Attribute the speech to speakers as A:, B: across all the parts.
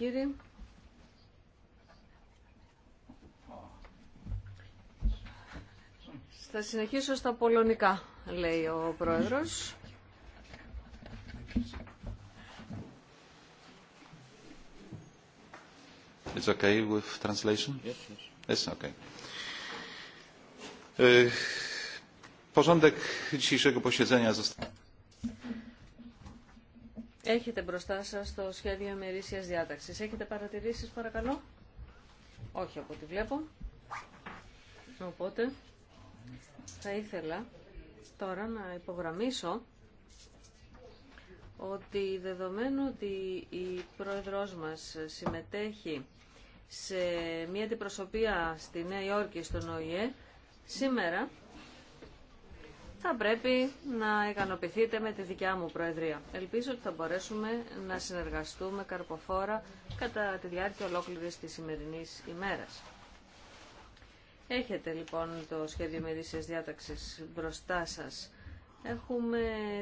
A: κύριοι. Θα συνεχίσω στα πολωνικά, λέει ο πρόεδρος.
B: It's okay with translation? Yes, yes. It's okay. Porządek dzisiejszego posiedzenia został...
A: Έχετε μπροστά σας το σχέδιο ημερήσιας διάταξης. Έχετε παρατηρήσεις παρακαλώ. Όχι από ό,τι βλέπω. Οπότε θα ήθελα τώρα να υπογραμμίσω ότι δεδομένου ότι η πρόεδρός μας συμμετέχει σε μια αντιπροσωπεία στη Νέα Υόρκη στον ΟΗΕ, σήμερα θα πρέπει να ικανοποιηθείτε με τη δικιά μου Προεδρία. Ελπίζω ότι θα μπορέσουμε να συνεργαστούμε καρποφόρα κατά τη διάρκεια ολόκληρης της σημερινής ημέρας. Έχετε λοιπόν το σχέδιο ημερήσιας διάταξης μπροστά σας. Έχουμε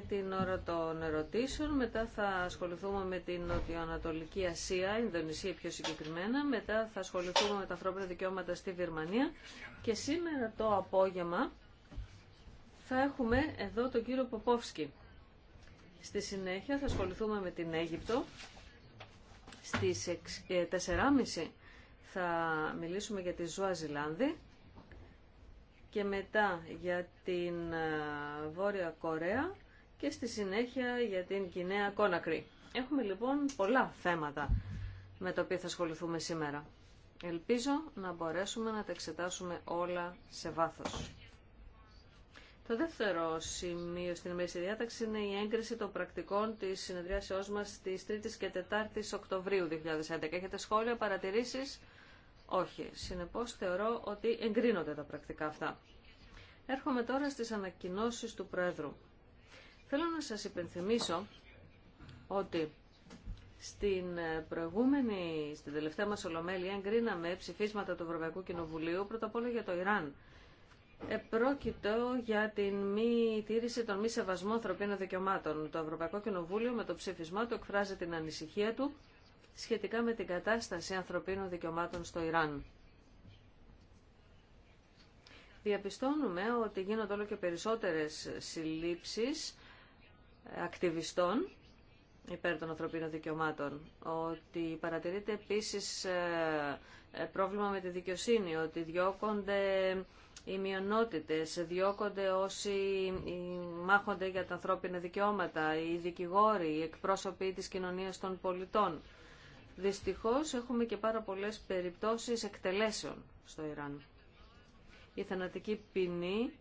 A: την ώρα των ερωτήσεων, μετά θα ασχοληθούμε με την Νοτιοανατολική Ασία, Ινδονησία πιο συγκεκριμένα, μετά θα ασχοληθούμε με τα ανθρώπινα δικαιώματα στη Βερμανία. και σήμερα το απόγευμα θα έχουμε εδώ τον κύριο Ποπόφσκι. Στη συνέχεια θα ασχοληθούμε με την Αίγυπτο. Στις 4.30 ε, θα μιλήσουμε για τη Ζουαζιλάνδη και μετά για την ε, Βόρεια Κορέα και στη συνέχεια για την Κινέα Κόνακρη. Έχουμε λοιπόν πολλά θέματα με τα οποία θα ασχοληθούμε σήμερα. Ελπίζω να μπορέσουμε να τα εξετάσουμε όλα σε βάθος. Το δεύτερο σημείο στην ημερήσια διάταξη είναι η έγκριση των πρακτικών τη συνεδριάσεώ μα τη 3η και 4η Οκτωβρίου 2011. Έχετε σχόλια, παρατηρήσει. Όχι. Συνεπώ θεωρώ ότι εγκρίνονται τα πρακτικά αυτά. Έρχομαι τώρα στι ανακοινώσει του Πρόεδρου. Θέλω να σα υπενθυμίσω ότι στην προηγούμενη, στην τελευταία μας ολομέλεια εγκρίναμε ψηφίσματα του Ευρωπαϊκού Κοινοβουλίου πρώτα απ' όλα για το Ιράν πρόκειται για την μη τήρηση των μη σεβασμών ανθρωπίνων δικαιωμάτων. Το Ευρωπαϊκό Κοινοβούλιο με το ψήφισμά του εκφράζει την ανησυχία του σχετικά με την κατάσταση ανθρωπίνων δικαιωμάτων στο Ιράν. Διαπιστώνουμε ότι γίνονται όλο και περισσότερες συλλήψεις ακτιβιστών υπέρ των ανθρωπίνων δικαιωμάτων, ότι παρατηρείται επίσης ε, ε, πρόβλημα με τη δικαιοσύνη, ότι διώκονται οι μειονότητες, διώκονται όσοι μάχονται για τα ανθρώπινα δικαιώματα, οι δικηγόροι, οι εκπρόσωποι της κοινωνίας των πολιτών. Δυστυχώς έχουμε και πάρα πολλές περιπτώσεις εκτελέσεων στο Ιράν. Η θανατική ποινή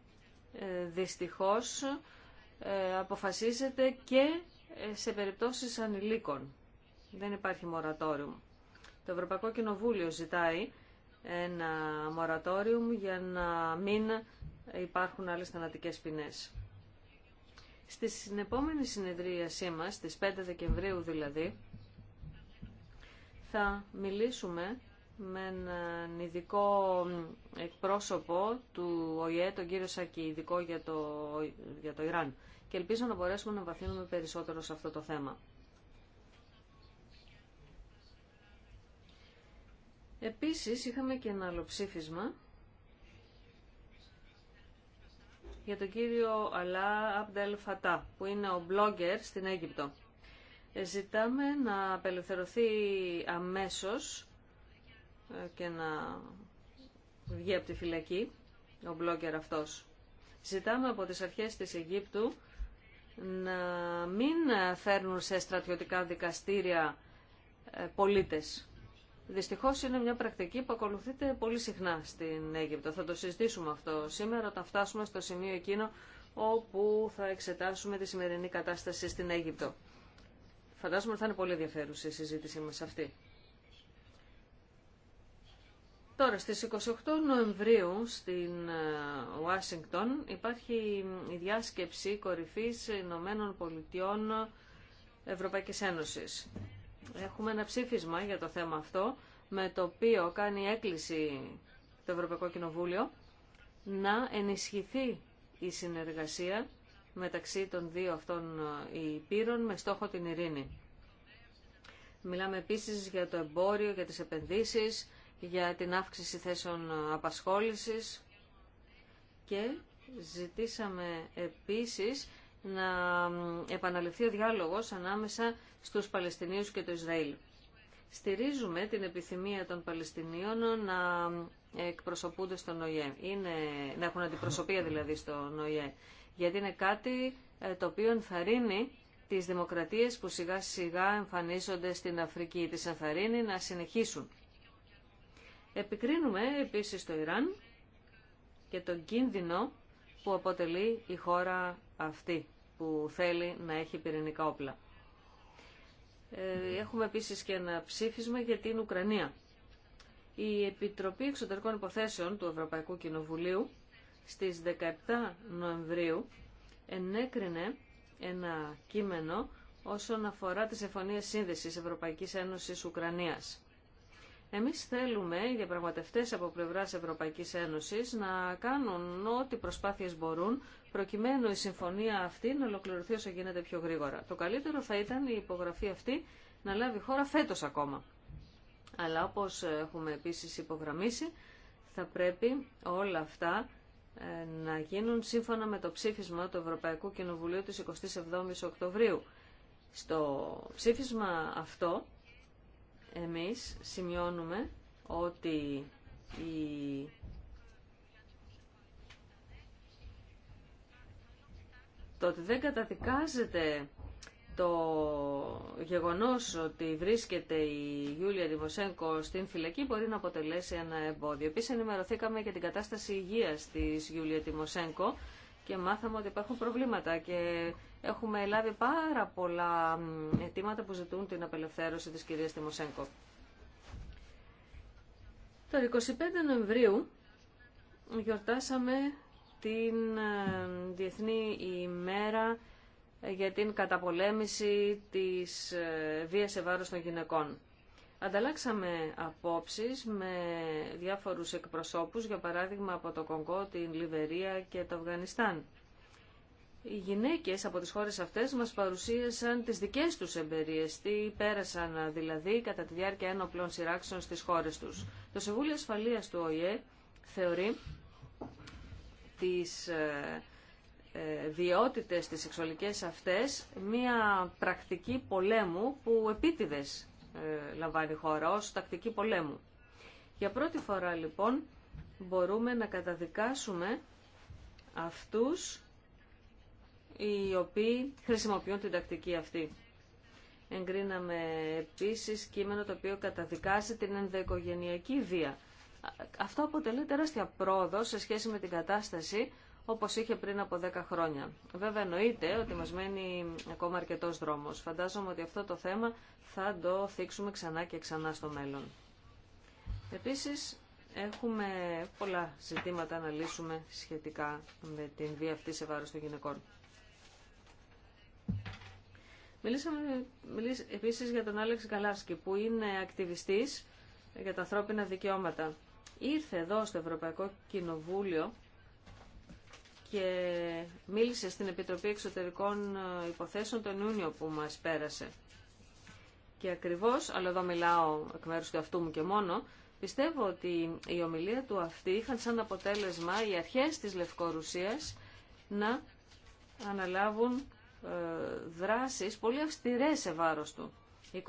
A: ε, δυστυχώς ε, αποφασίζεται και ε, σε περιπτώσεις ανηλίκων. Δεν υπάρχει μορατόριο. Το Ευρωπαϊκό Κοινοβούλιο ζητάει ένα μορατόριο για να μην υπάρχουν άλλες θανατικές ποινές. Στη συνεπόμενη συνεδρίασή μας, στις 5 Δεκεμβρίου δηλαδή, θα μιλήσουμε με έναν ειδικό εκπρόσωπο του ΟΗΕ, τον κύριο Σακή, ειδικό για το, για το Ιράν. Και ελπίζω να μπορέσουμε να βαθύνουμε περισσότερο σε αυτό το θέμα. Επίσης είχαμε και ένα άλλο ψήφισμα για τον κύριο Αλά Αμπτελ Φατά, που είναι ο blogger στην Αίγυπτο. Ε, ζητάμε να απελευθερωθεί αμέσως ε, και να βγει από τη φυλακή ο blogger αυτός. Ζητάμε από τις αρχές της Αιγύπτου να μην φέρνουν σε στρατιωτικά δικαστήρια ε, πολίτες Δυστυχώ είναι μια πρακτική που ακολουθείται πολύ συχνά στην Αίγυπτο. Θα το συζητήσουμε αυτό σήμερα όταν φτάσουμε στο σημείο εκείνο όπου θα εξετάσουμε τη σημερινή κατάσταση στην Αίγυπτο. Φαντάζομαι ότι θα είναι πολύ ενδιαφέρουσα η συζήτησή μας αυτή. Τώρα, στις 28 Νοεμβρίου στην ε, Ουάσιγκτον υπάρχει η διάσκεψη κορυφής Ηνωμένων Πολιτειών Ευρωπαϊκής Ένωσης. Έχουμε ένα ψήφισμα για το θέμα αυτό, με το οποίο κάνει έκκληση το Ευρωπαϊκό Κοινοβούλιο να ενισχυθεί η συνεργασία μεταξύ των δύο αυτών ε, υπήρων με στόχο την ειρήνη. Μιλάμε επίσης για το εμπόριο, για τις επενδύσεις, για την αύξηση θέσεων απασχόλησης και ζητήσαμε επίσης να επαναληφθεί ο διάλογος ανάμεσα στους Παλαιστινίους και το Ισραήλ. Στηρίζουμε την επιθυμία των Παλαιστινίων να εκπροσωπούνται στον ΟΗΕ, είναι, να έχουν αντιπροσωπεία δηλαδή στον ΟΗΕ, γιατί είναι κάτι ε, το οποίο ενθαρρύνει τις δημοκρατίες που σιγά σιγά εμφανίζονται στην Αφρική, τις ενθαρρύνει να συνεχίσουν. Επικρίνουμε επίσης το Ιράν και τον κίνδυνο που αποτελεί η χώρα αυτή που θέλει να έχει πυρηνικά όπλα. Ε, έχουμε επίσης και ένα ψήφισμα για την Ουκρανία. Η Επιτροπή Εξωτερικών Υποθέσεων του Ευρωπαϊκού Κοινοβουλίου στις 17 Νοεμβρίου ενέκρινε ένα κείμενο όσον αφορά τις Συμφωνία σύνδεσης Ευρωπαϊκής Ένωσης Ουκρανίας. Εμείς θέλουμε οι διαπραγματευτές από πλευράς Ευρωπαϊκής Ένωσης να κάνουν ό,τι προσπάθειες μπορούν προκειμένου η συμφωνία αυτή να ολοκληρωθεί όσο γίνεται πιο γρήγορα. Το καλύτερο θα ήταν η υπογραφή αυτή να λάβει χώρα φέτος ακόμα. Αλλά όπως έχουμε επίσης υπογραμμίσει, θα πρέπει όλα αυτά ε, να γίνουν σύμφωνα με το ψήφισμα του Ευρωπαϊκού Κοινοβουλίου της 27ης Οκτωβρίου. Στο ψήφισμα αυτό εμείς σημειώνουμε ότι η το ότι δεν καταδικάζεται το γεγονός ότι βρίσκεται η Γιούλια Τιμωσέγκο στην φυλακή μπορεί να αποτελέσει ένα εμπόδιο. Επίσης ενημερωθήκαμε για την κατάσταση υγείας της Γιούλια Τιμοσέγκο και μάθαμε ότι υπάρχουν προβλήματα και έχουμε λάβει πάρα πολλά αιτήματα που ζητούν την απελευθέρωση της κυρίας Τιμοσέγκο. Το 25 Νοεμβρίου γιορτάσαμε την ε, Διεθνή ημέρα για την καταπολέμηση της ε, βίας βάρος των γυναικών. Ανταλλάξαμε απόψεις με διάφορους εκπροσώπους, για παράδειγμα από το Κονγκό, την Λιβερία και το Αφγανιστάν. Οι γυναίκες από τις χώρες αυτές μας παρουσίασαν τις δικές τους εμπειρίες, τι πέρασαν δηλαδή κατά τη διάρκεια ένοπλων σειράξεων στις χώρες τους. Το Συμβούλιο Ασφαλείας του ΟΗΕ θεωρεί τις ε, ε, βιότητες, τις σεξουαλικές αυτές, μια πρακτική πολέμου που επίτηδες ε, λαμβάνει χώρα ως τακτική πολέμου. Για πρώτη φορά λοιπόν μπορούμε να καταδικάσουμε αυτούς οι οποίοι χρησιμοποιούν την τακτική αυτή. Εγκρίναμε επίσης κείμενο το οποίο καταδικάζει την ενδοοικογενειακή βία. Αυτό αποτελεί τεράστια πρόοδο σε σχέση με την κατάσταση όπως είχε πριν από 10 χρόνια. Βέβαια εννοείται ότι μας μένει ακόμα αρκετός δρόμος. Φαντάζομαι ότι αυτό το θέμα θα το θίξουμε ξανά και ξανά στο μέλλον. Επίσης, έχουμε πολλά ζητήματα να λύσουμε σχετικά με την βία αυτή σε βάρος των γυναικών. Μιλήσαμε μιλήσ, επίσης για τον Άλεξ Γκαλάσκι, που είναι ακτιβιστής για τα ανθρώπινα δικαιώματα. Ήρθε εδώ στο Ευρωπαϊκό Κοινοβούλιο και μίλησε στην Επιτροπή Εξωτερικών Υποθέσεων τον Ιούνιο που μας πέρασε. Και ακριβώς, αλλά εδώ μιλάω εκ μέρους του αυτού μου και μόνο, πιστεύω ότι η ομιλία του αυτή είχαν σαν αποτέλεσμα οι αρχές της Λευκορουσίας να αναλάβουν ε, δράσεις πολύ αυστηρές σε βάρος του. 24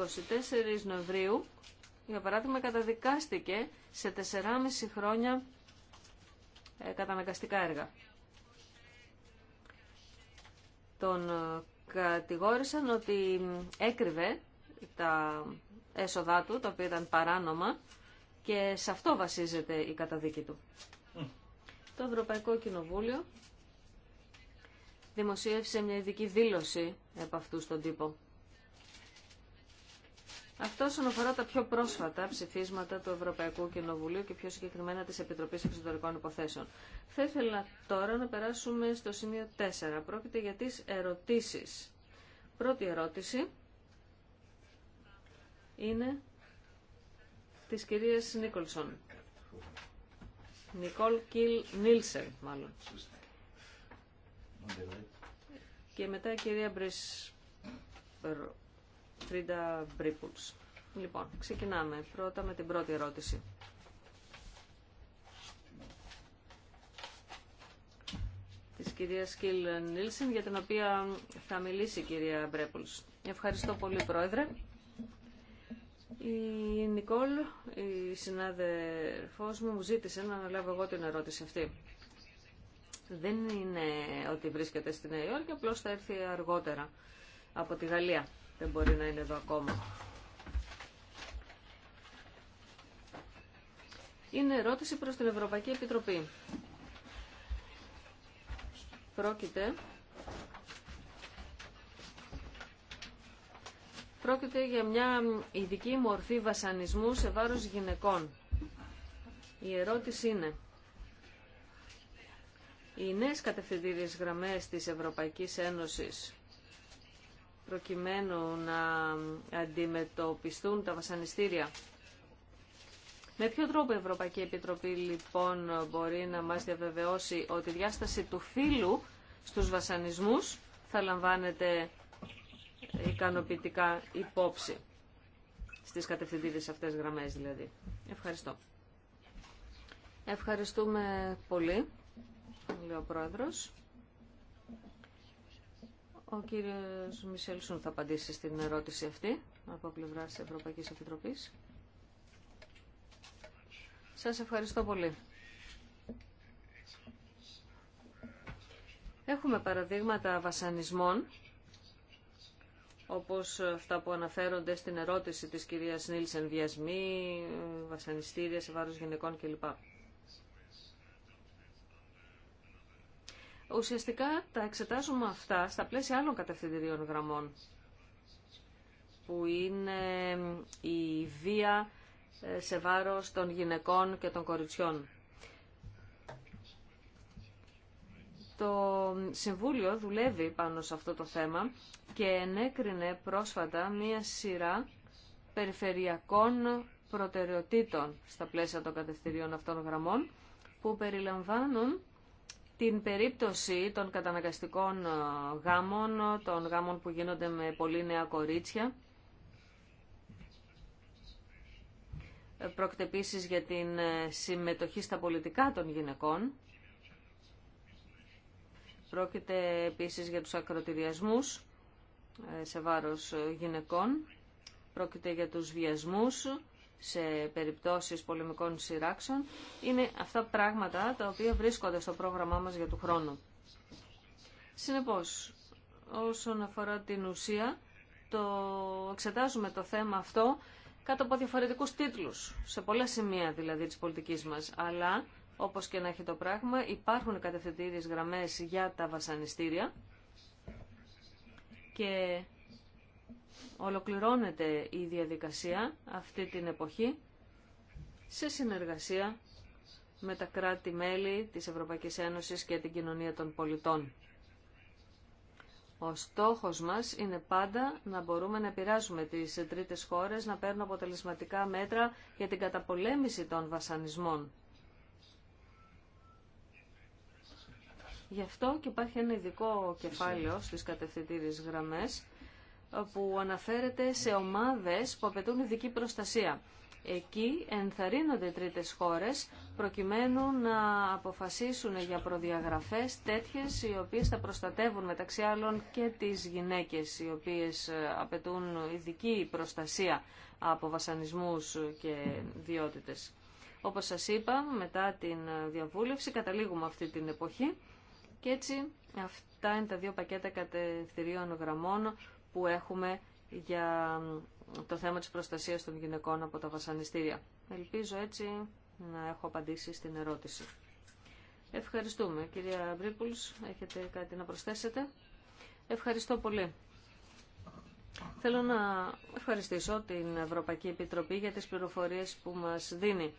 A: Νοεμβρίου, για παράδειγμα, καταδικάστηκε σε 4,5 χρόνια ε, καταναγκαστικά έργα. Τον ε, κατηγόρησαν ότι έκρυβε τα έσοδά του, τα οποία ήταν παράνομα και σε αυτό βασίζεται η καταδίκη του. Το Ευρωπαϊκό Κοινοβούλιο δημοσίευσε μια ειδική δήλωση από αυτού στον τύπο. Αυτό όσον αφορά τα πιο πρόσφατα ψηφίσματα του Ευρωπαϊκού Κοινοβουλίου και πιο συγκεκριμένα της Επιτροπής Εξωτερικών Υποθέσεων. Θα ήθελα τώρα να περάσουμε στο σημείο 4. Πρόκειται για τις ερωτήσεις. Πρώτη ερώτηση είναι της κυρίας Νίκολσον. Νικόλ Κιλ Νίλσερ, μάλλον. Και μετά η κυρία Μπρισπέρο. Φρίντα Μπρίπουλς. Λοιπόν, ξεκινάμε πρώτα με την πρώτη ερώτηση. Της κυρίας Κιλ Νίλσεν, για την οποία θα μιλήσει η κυρία Μπρέπουλς. Ευχαριστώ πολύ, Πρόεδρε. Η Νικόλ, η συνάδελφός μου, μου ζήτησε να αναλάβω εγώ την ερώτηση αυτή. Δεν είναι ότι βρίσκεται στην Νέα Υόρκη, απλώς θα έρθει αργότερα από τη Γαλλία δεν μπορεί να είναι εδώ ακόμα. Είναι ερώτηση προς την Ευρωπαϊκή Επιτροπή. Πρόκειται... Πρόκειται για μια ειδική μορφή βασανισμού σε βάρος γυναικών. Η ερώτηση είναι... Οι νέες κατευθυντήριες γραμμές της Ευρωπαϊκής Ένωσης προκειμένου να αντιμετωπιστούν τα βασανιστήρια. Με ποιο τρόπο η Ευρωπαϊκή Επιτροπή λοιπόν μπορεί να μας διαβεβαιώσει ότι η διάσταση του φύλου στους βασανισμούς θα λαμβάνεται ικανοποιητικά υπόψη στις κατευθυντήρες αυτές γραμμές δηλαδή. Ευχαριστώ. Ευχαριστούμε πολύ, λέει ο Πρόεδρος. Ο κύριος Μισελσούν θα απαντήσει στην ερώτηση αυτή από πλευρά της Ευρωπαϊκής Επιτροπής. Σας ευχαριστώ πολύ. Έχουμε παραδείγματα βασανισμών, όπως αυτά που αναφέρονται στην ερώτηση της κυρίας Νίλσεν βιασμοί, βασανιστήρια σε βάρος γυναικών κλπ. Ουσιαστικά τα εξετάζουμε αυτά στα πλαίσια άλλων κατευθυντηρίων γραμμών, που είναι η βία ε, σε βάρος των γυναικών και των κοριτσιών. Το Συμβούλιο δουλεύει πάνω σε αυτό το θέμα και ενέκρινε πρόσφατα μία σειρά περιφερειακών προτεραιοτήτων στα πλαίσια των κατευθυντηρίων αυτών γραμμών που περιλαμβάνουν την περίπτωση των καταναγκαστικών ε, γάμων, των γάμων που γίνονται με πολύ νέα κορίτσια. Ε, πρόκειται για την ε, συμμετοχή στα πολιτικά των γυναικών. Πρόκειται επίσης για τους ακροτηριασμούς σε βάρος γυναικών. Πρόκειται για τους βιασμούς σε περιπτώσεις πολεμικών σειράξεων, είναι αυτά πράγματα τα οποία βρίσκονται στο πρόγραμμά μας για του χρόνου. Συνεπώς, όσον αφορά την ουσία, το εξετάζουμε το θέμα αυτό κάτω από διαφορετικούς τίτλους, σε πολλά σημεία δηλαδή της πολιτικής μας, αλλά όπως και να έχει το πράγμα, υπάρχουν κατευθυντήριες γραμμές για τα βασανιστήρια και Ολοκληρώνεται η διαδικασία αυτή την εποχή σε συνεργασία με τα κράτη-μέλη της Ευρωπαϊκής Ένωσης και την κοινωνία των πολιτών. Ο στόχος μας είναι πάντα να μπορούμε να επηρεάζουμε τις τρίτες χώρες να παίρνουν αποτελεσματικά μέτρα για την καταπολέμηση των βασανισμών. Γι' αυτό και υπάρχει ένα ειδικό κεφάλαιο στις κατευθυντήριες γραμμές που αναφέρεται σε ομάδες που απαιτούν ειδική προστασία. Εκεί ενθαρρύνονται τρίτες χώρες προκειμένου να αποφασίσουν για προδιαγραφές τέτοιες οι οποίες θα προστατεύουν μεταξύ άλλων και τις γυναίκες οι οποίες ε, απαιτούν ειδική προστασία από βασανισμούς και διότητες. Όπως σας είπα, μετά την διαβούλευση καταλήγουμε αυτή την εποχή και έτσι αυτά είναι τα δύο πακέτα κατευθυρίων γραμμών που έχουμε για το θέμα της προστασίας των γυναικών από τα βασανιστήρια. Ελπίζω έτσι να έχω απαντήσει στην ερώτηση. Ευχαριστούμε. Κυρία Μπρίπουλς, έχετε κάτι να προσθέσετε. Ευχαριστώ πολύ. Θέλω να ευχαριστήσω την Ευρωπαϊκή Επιτροπή για τις πληροφορίες που μας δίνει.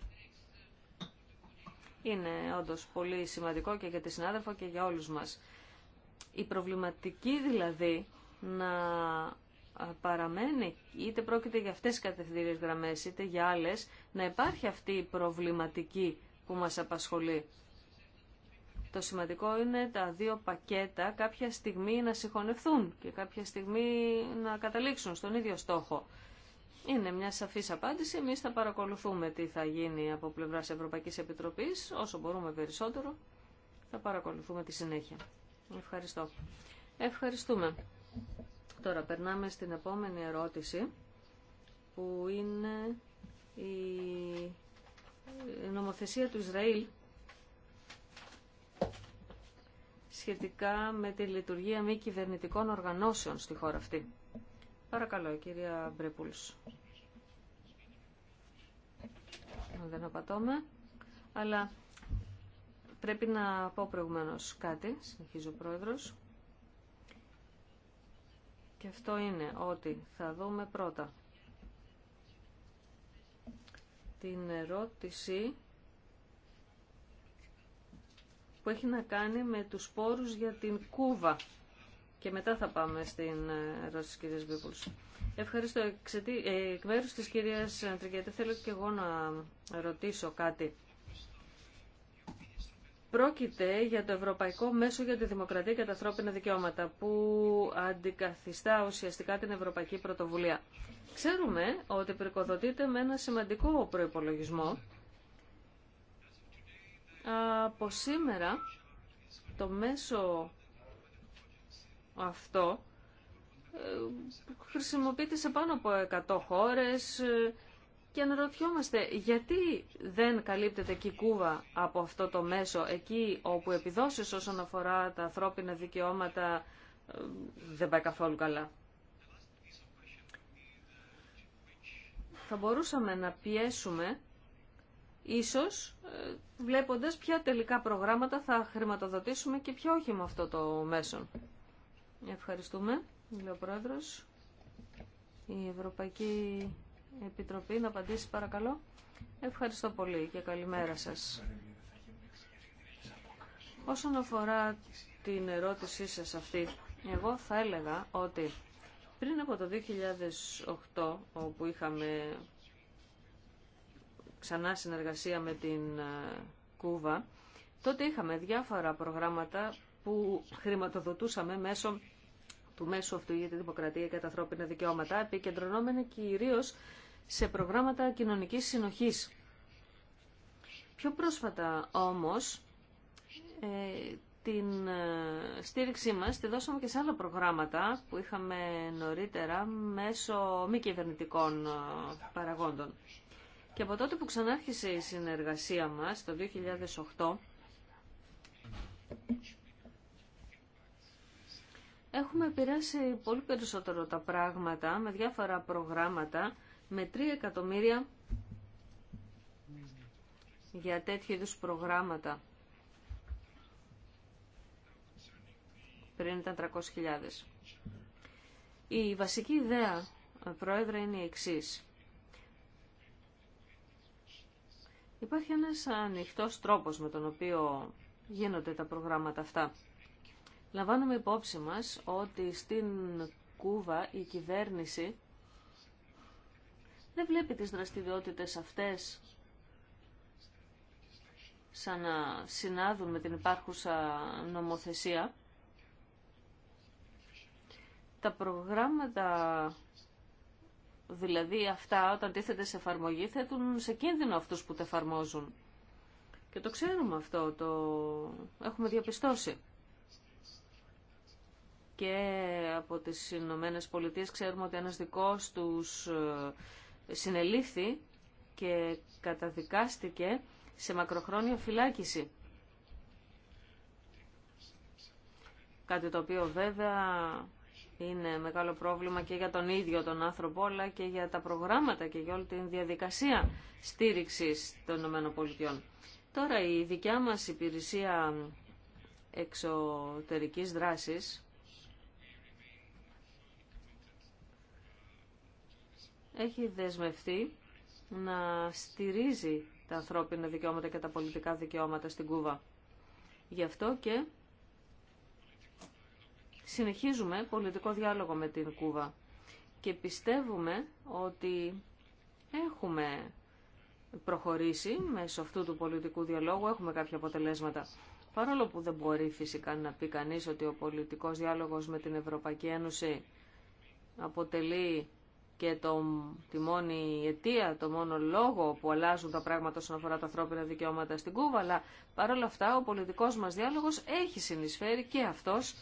A: Είναι όντως πολύ σημαντικό και για τη συνάδελφο και για όλους μας. Η προβληματική δηλαδή να παραμένει, είτε πρόκειται για αυτές τις κατευθύνες γραμμές, είτε για άλλες, να υπάρχει αυτή η προβληματική που μας απασχολεί. Το σημαντικό είναι τα δύο πακέτα κάποια στιγμή να συγχωνευθούν και κάποια στιγμή να καταλήξουν στον ίδιο στόχο. Είναι μια σαφής απάντηση. Εμείς θα παρακολουθούμε τι θα γίνει από πλευράς Ευρωπαϊκής Επιτροπής. Όσο μπορούμε περισσότερο, θα παρακολουθούμε τη συνέχεια. Ευχαριστώ. Ευχαριστούμε. Τώρα περνάμε στην επόμενη ερώτηση που είναι η νομοθεσία του Ισραήλ σχετικά με τη λειτουργία μη κυβερνητικών οργανώσεων στη χώρα αυτή. Παρακαλώ, κυρία Μπρεπούλς. Δεν απατώμε, αλλά πρέπει να πω προηγουμένως κάτι, ο πρόεδρος. Και αυτό είναι ότι θα δούμε πρώτα την ερώτηση που έχει να κάνει με τους σπόρους για την Κούβα. Και μετά θα πάμε στην ερώτηση της κυρίας Μπίπουλς. Ευχαριστώ. Ε, εκ μέρους της κυρίας Αντρικέτη θέλω και εγώ να ρωτήσω κάτι. Πρόκειται για το Ευρωπαϊκό Μέσο για τη Δημοκρατία και τα Ανθρώπινα Δικαιώματα, που αντικαθιστά ουσιαστικά την Ευρωπαϊκή Πρωτοβουλία. Ξέρουμε ότι πρικοδοτείται με ένα σημαντικό προϋπολογισμό. Από σήμερα, το μέσο αυτό ε, χρησιμοποιείται σε πάνω από 100 χώρες, ε, και αναρωτιόμαστε γιατί δεν καλύπτεται εκεί η Κούβα από αυτό το μέσο, εκεί όπου επιδόσεις όσον αφορά τα ανθρώπινα δικαιώματα ε, δεν πάει καθόλου καλά. Θα μπορούσαμε να πιέσουμε ίσως ε, βλέποντας ποια τελικά προγράμματα θα χρηματοδοτήσουμε και ποια όχι με αυτό το μέσο. Ευχαριστούμε, λέει ο Πρόεδρος. Η Ευρωπαϊκή Επιτροπή να απαντήσει παρακαλώ. Ευχαριστώ πολύ και καλημέρα σας. Όσον αφορά την ερώτησή σας αυτή, εγώ θα έλεγα ότι πριν από το 2008, όπου είχαμε ξανά συνεργασία με την ε, Κούβα, τότε είχαμε διάφορα προγράμματα που χρηματοδοτούσαμε μέσω του μέσου αυτού για τη δημοκρατία και τα ανθρώπινα δικαιώματα, επικεντρωνόμενοι κυρίως σε προγράμματα κοινωνικής συνοχής. Πιο πρόσφατα όμως, ε, την ε, στήριξή μας τη δώσαμε και σε άλλα προγράμματα που είχαμε νωρίτερα μέσω μη κυβερνητικών ε, παραγόντων. Και από τότε που ξανάρχισε η συνεργασία μας, το 2008, έχουμε επηρεάσει πολύ περισσότερο τα πράγματα με διάφορα προγράμματα με 3 εκατομμύρια για τέτοιου είδους προγράμματα. Πριν ήταν 300.000. Η βασική ιδέα, Πρόεδρε, είναι η εξής. Υπάρχει ένας ανοιχτός τρόπος με τον οποίο γίνονται τα προγράμματα αυτά. Λαμβάνουμε υπόψη μας ότι στην Κούβα η κυβέρνηση δεν βλέπει τις δραστηριότητες αυτές σαν να συνάδουν με την υπάρχουσα νομοθεσία. Τα προγράμματα, δηλαδή αυτά, όταν τίθεται σε εφαρμογή, θέτουν σε κίνδυνο αυτούς που τα εφαρμόζουν. Και το ξέρουμε αυτό, το έχουμε διαπιστώσει. Και από τις Ηνωμένε Πολιτείες ξέρουμε ότι ένας δικός τους ε, συνελήφθη και καταδικάστηκε σε μακροχρόνιο φυλάκιση. Κάτι το οποίο βέβαια είναι μεγάλο πρόβλημα και για τον ίδιο τον άνθρωπο, αλλά και για τα προγράμματα και για όλη την διαδικασία στήριξης των ΗΠΑ. Τώρα η δικιά μας υπηρεσία εξωτερικής δράσης έχει δεσμευτεί να στηρίζει τα ανθρώπινα δικαιώματα και τα πολιτικά δικαιώματα στην Κούβα. Γι' αυτό και συνεχίζουμε πολιτικό διάλογο με την Κούβα και πιστεύουμε ότι έχουμε προχωρήσει μέσω αυτού του πολιτικού διαλόγου, έχουμε κάποια αποτελέσματα. Παρόλο που δεν μπορεί φυσικά να πει κανείς ότι ο πολιτικός διάλογος με την Ευρωπαϊκή Ένωση αποτελεί και το, τη μόνη αιτία, το μόνο λόγο που αλλάζουν τα πράγματα όσον αφορά τα ανθρώπινα δικαιώματα στην Κούβα, αλλά παρόλα αυτά ο πολιτικός μας διάλογος έχει συνεισφέρει και αυτός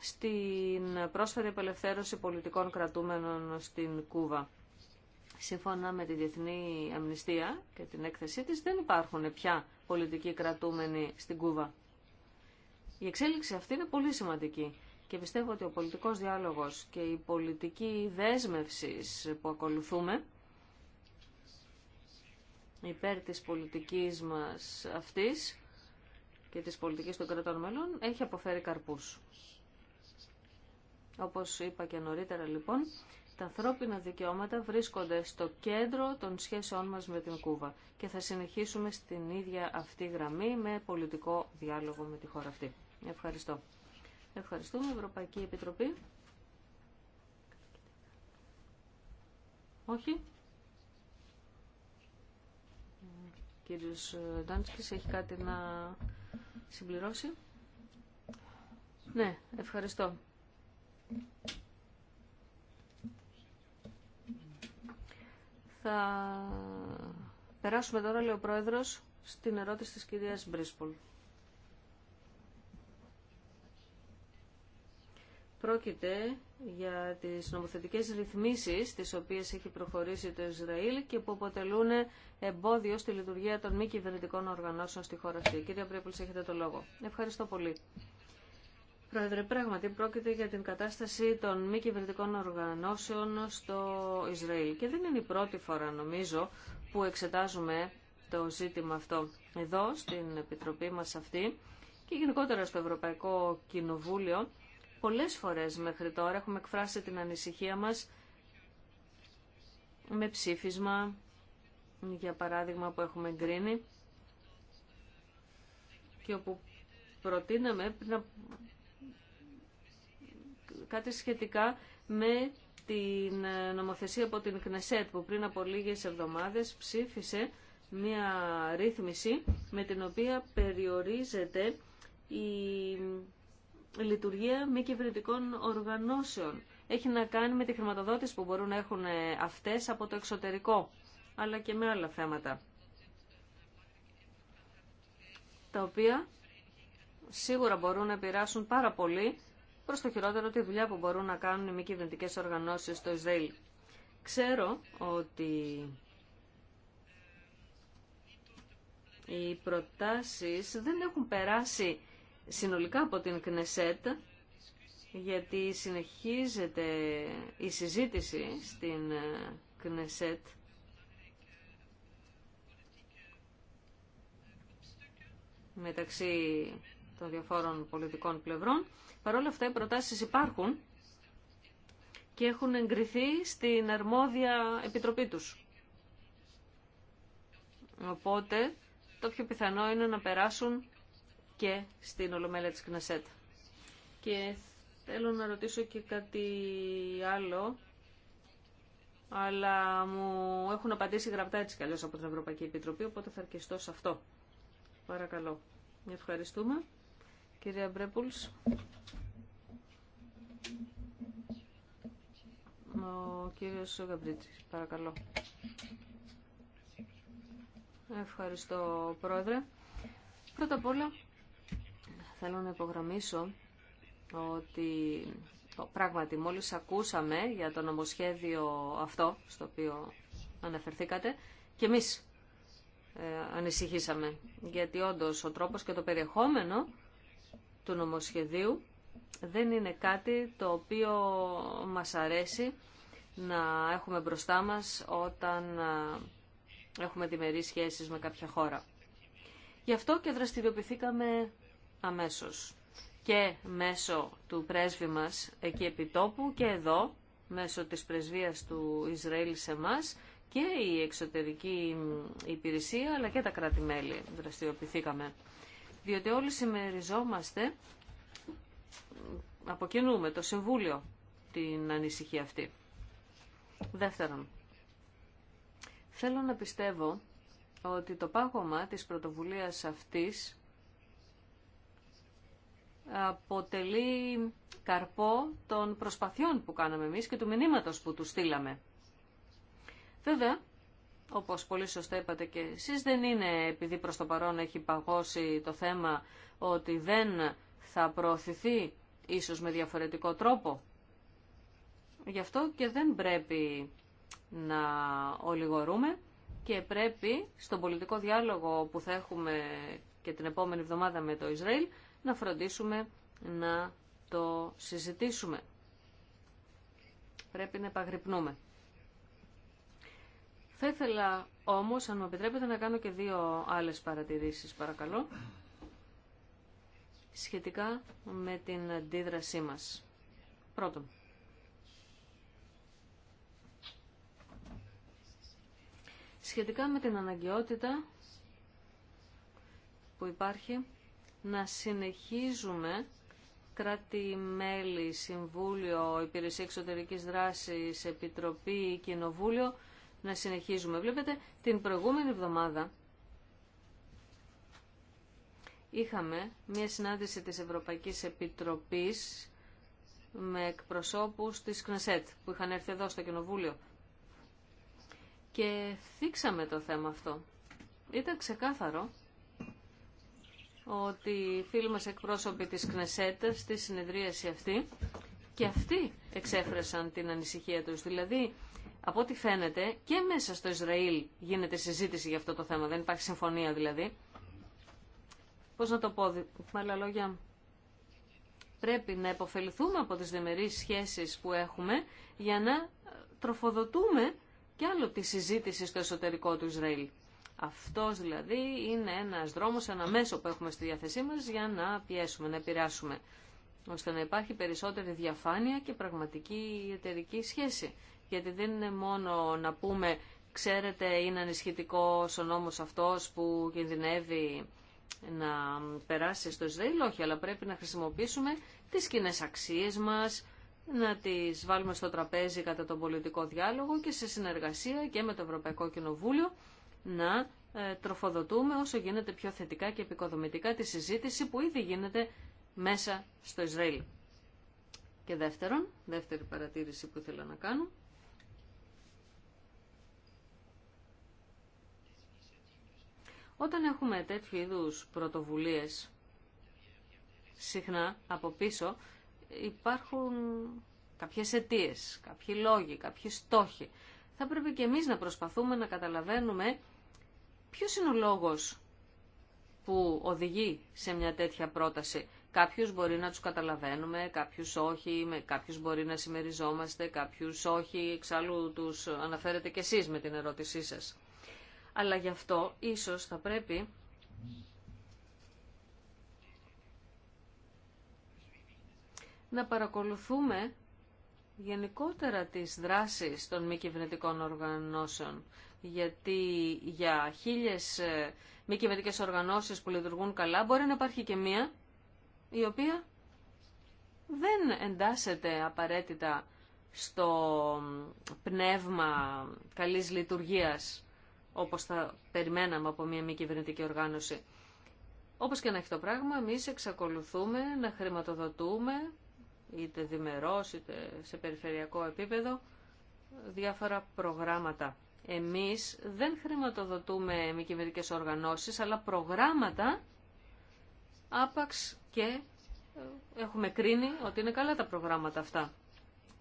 A: στην πρόσφερη απελευθέρωση πολιτικών κρατούμενων στην Κούβα. Σύμφωνα με τη Διεθνή Αμνηστία και την έκθεσή της δεν υπάρχουν πια πολιτικοί κρατούμενοι στην Κούβα. Η εξέλιξη αυτή είναι πολύ σημαντική. Και πιστεύω ότι ο πολιτικός διάλογος και η πολιτική δέσμευση που ακολουθούμε υπέρ της πολιτικής μας αυτής και της πολιτικής των κρατών μελών έχει αποφέρει καρπούς. Όπως είπα και νωρίτερα λοιπόν, τα ανθρώπινα δικαιώματα βρίσκονται στο κέντρο των σχέσεών μας με την Κούβα και θα συνεχίσουμε στην ίδια αυτή γραμμή με πολιτικό διάλογο με τη χώρα αυτή. Ευχαριστώ. Ευχαριστούμε, Ευρωπαϊκή Επιτροπή. Όχι. Κύριος Ντάνσκης έχει κάτι να συμπληρώσει. Ναι, ευχαριστώ. Θα περάσουμε τώρα, λέει ο Πρόεδρος, στην ερώτηση της κυρίας Μπρίσπολ. Πρόκειται για τις νομοθετικές ρυθμίσεις τις οποίες έχει προχωρήσει το Ισραήλ και που αποτελούν εμπόδιο στη λειτουργία των μη κυβερνητικών οργανώσεων στη χώρα αυτή. Κύριε Πρέπουλς, έχετε το λόγο. Ευχαριστώ πολύ. Πρόεδρε, πράγματι πρόκειται για την κατάσταση των μη κυβερνητικών οργανώσεων στο Ισραήλ. Και δεν είναι η πρώτη φορά, νομίζω, που εξετάζουμε το ζήτημα αυτό εδώ, στην Επιτροπή μας αυτή και γενικότερα στο Ευρωπαϊκό Κοινοβούλιο πολλές φορές μέχρι τώρα έχουμε εκφράσει την ανησυχία μας με ψήφισμα, για παράδειγμα που έχουμε εγκρίνει και όπου προτείναμε κάτι σχετικά με την ε, νομοθεσία από την ΚΝΕΣΕΤ που πριν από λίγες εβδομάδες ψήφισε μια ρύθμιση με την οποία περιορίζεται η λειτουργία μη κυβερνητικών οργανώσεων. Έχει να κάνει με τη χρηματοδότηση που μπορούν να έχουν ε, αυτές από το εξωτερικό, αλλά και με άλλα θέματα. Τα οποία σίγουρα μπορούν να επηρεάσουν πάρα πολύ προς το χειρότερο τη δουλειά που μπορούν να κάνουν οι μη κυβερνητικέ οργανώσεις στο Ισραήλ. Ξέρω ότι οι προτάσεις δεν έχουν περάσει συνολικά από την ΚΝΕΣΕΤ γιατί συνεχίζεται η συζήτηση στην ε, ΚΝΕΣΕΤ μεταξύ των διαφόρων πολιτικών πλευρών. Παρ' αυτά οι προτάσεις υπάρχουν και έχουν εγκριθεί στην αρμόδια επιτροπή τους. Οπότε το πιο πιθανό είναι να περάσουν και στην Ολομέλεια της Κνασέτ. Και θέλω να ρωτήσω και κάτι άλλο, αλλά μου έχουν απαντήσει γραπτά έτσι καλώς από την Ευρωπαϊκή Επιτροπή, οπότε θα αρκεστώ σε αυτό. Παρακαλώ. Ευχαριστούμε. Κυρία Μπρέπουλς. Ο κύριος Γαμπρίτσης, παρακαλώ. Ευχαριστώ, Πρόεδρε. Πρώτα απ' όλα, Θέλω να υπογραμμίσω ότι πράγματι μόλις ακούσαμε για το νομοσχέδιο αυτό στο οποίο αναφερθήκατε και εμείς ε, ανησυχήσαμε γιατί όντως ο τρόπος και το περιεχόμενο του νομοσχεδίου δεν είναι κάτι το οποίο μας αρέσει να έχουμε μπροστά μας όταν ε, έχουμε διμερείς σχέσεις με κάποια χώρα. Γι' αυτό και δραστηριοποιηθήκαμε αμέσως και μέσω του πρέσβη μας εκεί τόπου και εδώ μέσω της πρεσβείας του Ισραήλ σε μας και η εξωτερική υπηρεσία αλλά και τα κράτη-μέλη δραστηριοποιηθήκαμε. Διότι όλοι συμμεριζόμαστε, αποκοινούμε το Συμβούλιο την ανησυχία αυτή. Δεύτερον, θέλω να πιστεύω ότι το πάγωμα της πρωτοβουλίας αυτής αποτελεί καρπό των προσπαθειών που κάναμε εμείς και του μηνύματος που του στείλαμε. Βέβαια, όπως πολύ σωστά είπατε και εσείς, δεν είναι επειδή προς το παρόν έχει παγώσει το θέμα ότι δεν θα προωθηθεί ίσως με διαφορετικό τρόπο. Γι' αυτό και δεν πρέπει να ολιγορούμε και πρέπει στον πολιτικό διάλογο που θα έχουμε και την επόμενη εβδομάδα με το Ισραήλ να φροντίσουμε να το συζητήσουμε. Πρέπει να επαγρυπνούμε. Θα ήθελα όμως, αν μου επιτρέπετε, να κάνω και δύο άλλες παρατηρήσεις, παρακαλώ, σχετικά με την αντίδρασή μας. Πρώτον, σχετικά με την αναγκαιότητα που υπάρχει να συνεχίζουμε κράτη, μέλη, Συμβούλιο, Υπηρεσία Εξωτερικής Δράσης, Επιτροπή, Κοινοβούλιο, να συνεχίζουμε. Βλέπετε, την προηγούμενη εβδομάδα είχαμε μια συνάντηση της Ευρωπαϊκής Επιτροπής με εκπροσώπους της ΚΝΕΣΕΤ που είχαν έρθει εδώ στο Κοινοβούλιο και θίξαμε το θέμα αυτό. Ήταν ξεκάθαρο ότι οι φίλοι μας εκπρόσωποι της Κνεσέτα στη συνεδρίαση αυτή και αυτοί εξέφρασαν την ανησυχία τους. Δηλαδή, από ό,τι φαίνεται, και μέσα στο Ισραήλ γίνεται συζήτηση για αυτό το θέμα. Δεν υπάρχει συμφωνία δηλαδή. Πώς να το πω, με άλλα λόγια, πρέπει να υποφεληθούμε από τις διμερείς σχέσεις που έχουμε για να τροφοδοτούμε και άλλο τη συζήτηση στο εσωτερικό του Ισραήλ. Αυτό δηλαδή είναι ένας δρόμος, ένα μέσο που έχουμε στη διάθεσή μας για να πιέσουμε, να επηρεάσουμε ώστε να υπάρχει περισσότερη διαφάνεια και πραγματική εταιρική σχέση. Γιατί δεν είναι μόνο να πούμε, ξέρετε, είναι ανισχυτικό ο νόμος αυτός που κινδυνεύει να περάσει στο Ισραήλ, όχι, αλλά πρέπει να χρησιμοποιήσουμε τις κοινέ αξίες μας, να τις βάλουμε στο τραπέζι κατά τον πολιτικό διάλογο και σε συνεργασία και με το Ευρωπαϊκό Κοινοβούλιο να ε, τροφοδοτούμε όσο γίνεται πιο θετικά και επικοδομητικά τη συζήτηση που ήδη γίνεται μέσα στο Ισραήλ. Και δεύτερον, δεύτερη παρατήρηση που ήθελα να κάνω, Όταν έχουμε τέτοιου είδους πρωτοβουλίες, συχνά από πίσω υπάρχουν κάποιες αιτίες, κάποιοι λόγοι, κάποιοι στόχοι. Θα πρέπει και εμείς να προσπαθούμε να καταλαβαίνουμε Ποιος είναι ο λόγος που οδηγεί σε μια τέτοια πρόταση. Κάποιους μπορεί να τους καταλαβαίνουμε, κάποιους όχι, με κάποιους μπορεί να συμμεριζόμαστε, κάποιους όχι, εξάλλου τους αναφέρετε κι εσείς με την ερώτησή σας. Αλλά γι' αυτό ίσως θα πρέπει να παρακολουθούμε γενικότερα τις δράσεις των μη κυβερνητικών οργανώσεων γιατί για χίλιες ε, μη κυβερνητικέ οργανώσεις που λειτουργούν καλά μπορεί να υπάρχει και μία η οποία δεν εντάσσεται απαραίτητα στο πνεύμα καλής λειτουργίας όπως θα περιμέναμε από μια μη κυβερνητική οργάνωση. Όπως και να έχει το πράγμα, εμείς εξακολουθούμε να χρηματοδοτούμε είτε διμερώς είτε σε περιφερειακό επίπεδο διάφορα προγράμματα εμείς δεν χρηματοδοτούμε μη κυβερνητικέ οργανώσεις, αλλά προγράμματα άπαξ και ε, έχουμε κρίνει ότι είναι καλά τα προγράμματα αυτά.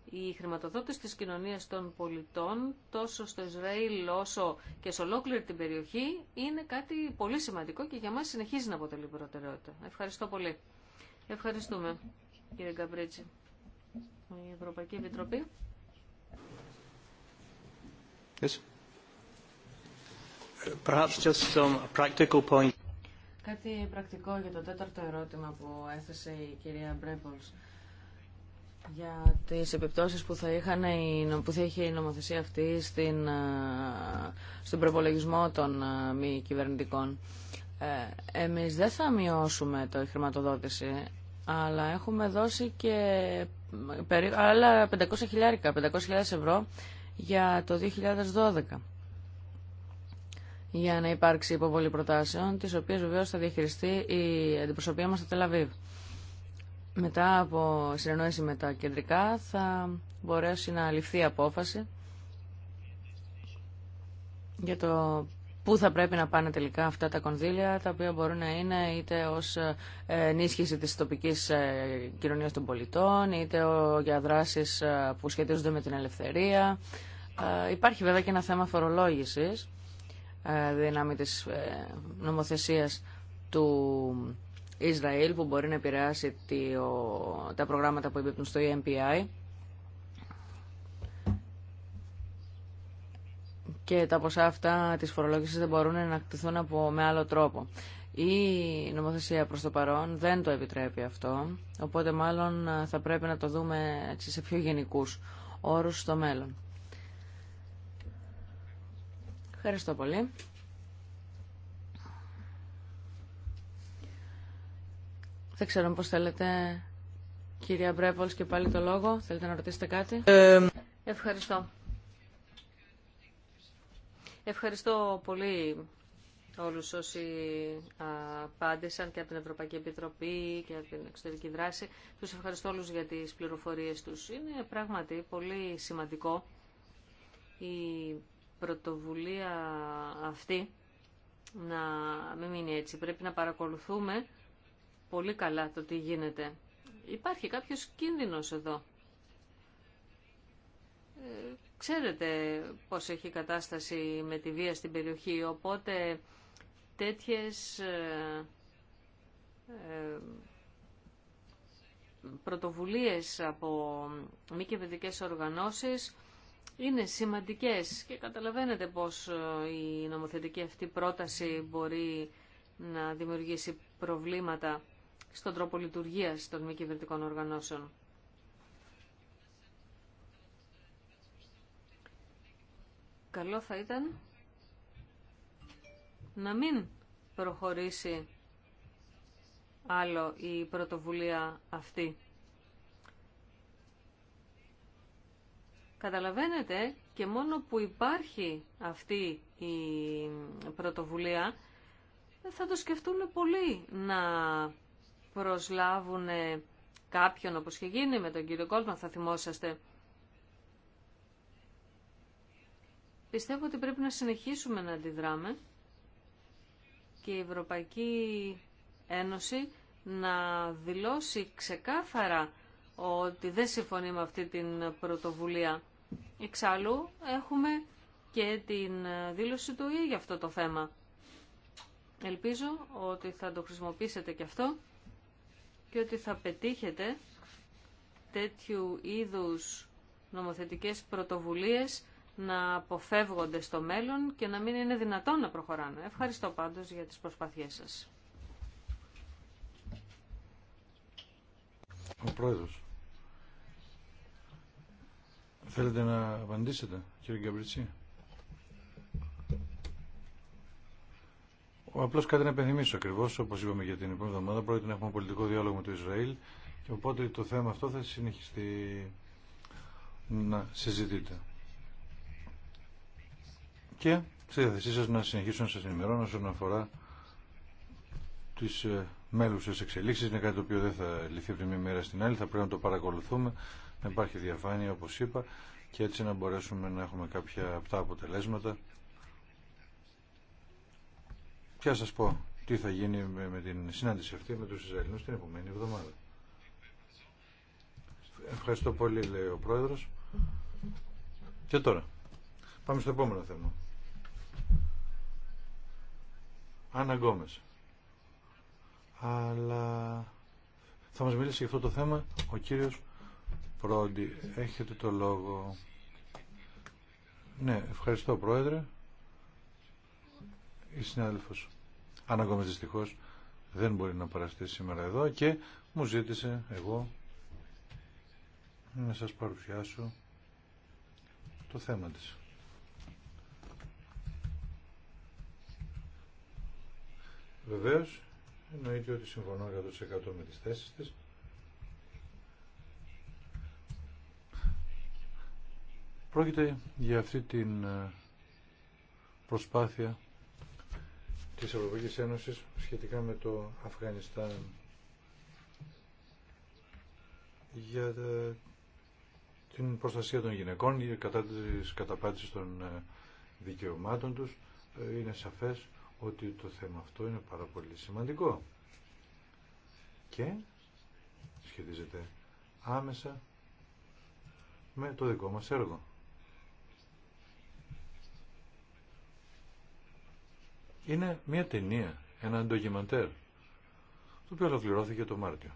A: Η χρηματοδότηση της κοινωνίας των πολιτών τόσο στο Ισραήλ όσο και σε ολόκληρη την περιοχή είναι κάτι πολύ σημαντικό και για μας συνεχίζει να αποτελεί προτεραιότητα. Ευχαριστώ πολύ. Ευχαριστούμε κύριε Γκαμπρίτσι. Η Ευρωπαϊκή Επιτροπή.
B: Κάτι
C: πρακτικό για το τέταρτο ερώτημα που έθεσε η κυρία Μπρέμπολς για τις επιπτώσεις που θα, είχαν, είχε η νομοθεσία αυτή στον προπολογισμό των μη κυβερνητικών. Ε, εμείς δεν θα μειώσουμε το χρηματοδότηση, αλλά έχουμε δώσει και άλλα 500.000 ευρώ για το 2012 για να υπάρξει υποβολή προτάσεων, τις οποίες βεβαίως θα διαχειριστεί η αντιπροσωπεία μας στο Τελαβίβ. Μετά από συνεννόηση με τα κεντρικά θα μπορέσει να ληφθεί απόφαση για το πού θα πρέπει να πάνε τελικά αυτά τα κονδύλια, τα οποία μπορούν να είναι είτε ως ενίσχυση της τοπικής ε, κοινωνίας των πολιτών, είτε για δράσεις ε, που σχετίζονται με την ελευθερία. Ε, υπάρχει βέβαια και ένα θέμα φορολόγησης ε, δύναμη της ε, νομοθεσίας του Ισραήλ που μπορεί να επηρεάσει τα προγράμματα που εμπίπτουν στο EMPI και τα ποσά αυτά της φορολόγησης δεν μπορούν να κτηθούν από, με άλλο τρόπο. Η νομοθεσία προς το παρόν δεν το επιτρέπει αυτό, οπότε μάλλον θα πρέπει να το δούμε σε πιο γενικούς όρους στο μέλλον. Ευχαριστώ πολύ. Δεν ξέρω πώς θέλετε, κυρία Μπρέπολς, και πάλι το λόγο. Θέλετε να ρωτήσετε κάτι. Ε...
A: Ευχαριστώ. Ευχαριστώ πολύ όλους όσοι απάντησαν και από την Ευρωπαϊκή Επιτροπή και από την εξωτερική δράση. Τους ευχαριστώ όλους για τις πληροφορίες τους. Είναι πράγματι πολύ σημαντικό η πρωτοβουλία αυτή να μην μείνει έτσι. Πρέπει να παρακολουθούμε πολύ καλά το τι γίνεται. Υπάρχει κάποιος κίνδυνος εδώ. Ε, ξέρετε πώς έχει κατάσταση με τη βία στην περιοχή, οπότε τέτοιες ε, ε, πρωτοβουλίες από μη κυβερνητικέ οργανώσεις είναι σημαντικές και καταλαβαίνετε πως ε, η νομοθετική αυτή πρόταση μπορεί να δημιουργήσει προβλήματα στον τρόπο λειτουργίας των μη κυβερνητικών οργανώσεων. Καλό θα ήταν να μην προχωρήσει άλλο η πρωτοβουλία αυτή Καταλαβαίνετε και μόνο που υπάρχει αυτή η πρωτοβουλία θα το σκεφτούν πολύ να προσλάβουν κάποιον όπως είχε γίνει με τον κύριο Κόλμα, θα θυμόσαστε. Πιστεύω ότι πρέπει να συνεχίσουμε να αντιδράμε και η Ευρωπαϊκή Ένωση να δηλώσει ξεκάθαρα ότι δεν συμφωνεί με αυτή την πρωτοβουλία Εξάλλου έχουμε και την ε, δήλωση του ΙΕ για αυτό το θέμα. Ελπίζω ότι θα το χρησιμοποιήσετε και αυτό και ότι θα πετύχετε τέτοιου είδους νομοθετικές πρωτοβουλίες να αποφεύγονται στο μέλλον και να μην είναι δυνατόν να προχωράνε. Ευχαριστώ πάντως για τις προσπάθειές σας.
D: Ο Πρόεδρος. Θέλετε να απαντήσετε, κύριε Γκαμπριτσί. Απλώ κάτι να επενθυμίσω ακριβώ, όπω είπαμε για την επόμενη εβδομάδα, πρόκειται να έχουμε πολιτικό διάλογο με το Ισραήλ και οπότε το θέμα αυτό θα συνεχιστεί να συζητείτε. Και στη διάθεσή σα να συνεχίσω να σα ενημερώνω όσον αφορά τι ε, μέλουσε εξελίξει. Είναι κάτι το οποίο δεν θα λυθεί από τη μία μέρα στην άλλη, θα πρέπει να το παρακολουθούμε να υπάρχει διαφάνεια όπως είπα και έτσι να μπορέσουμε να έχουμε κάποια τα αποτελέσματα. Ποια σας πω τι θα γίνει με την συνάντηση αυτή με τους Ισραηλινούς την επόμενη εβδομάδα. Ευχαριστώ πολύ λέει ο Πρόεδρος. Και τώρα πάμε στο επόμενο θέμα. Άννα Γκόμες. Αλλά θα μας μιλήσει για αυτό το θέμα ο κύριος Πρόντι, έχετε το λόγο. Ναι, ευχαριστώ Πρόεδρε. Η συνάδελφος ακόμα δυστυχώς δεν μπορεί να παραστεί σήμερα εδώ και μου ζήτησε εγώ να σας παρουσιάσω το θέμα της. Βεβαίως, εννοείται ότι συμφωνώ 100% με τις θέσεις της Πρόκειται για αυτή την ε, προσπάθεια της Ευρωπαϊκής Ένωσης σχετικά με το Αφγανιστάν για ε, την προστασία των γυναικών κατά της καταπάτησης των ε, δικαιωμάτων τους είναι σαφές ότι το θέμα αυτό είναι πάρα πολύ σημαντικό και σχετίζεται άμεσα με το δικό μας έργο. είναι μια ταινία, ένα ντοκιμαντέρ, το οποίο ολοκληρώθηκε το Μάρτιο.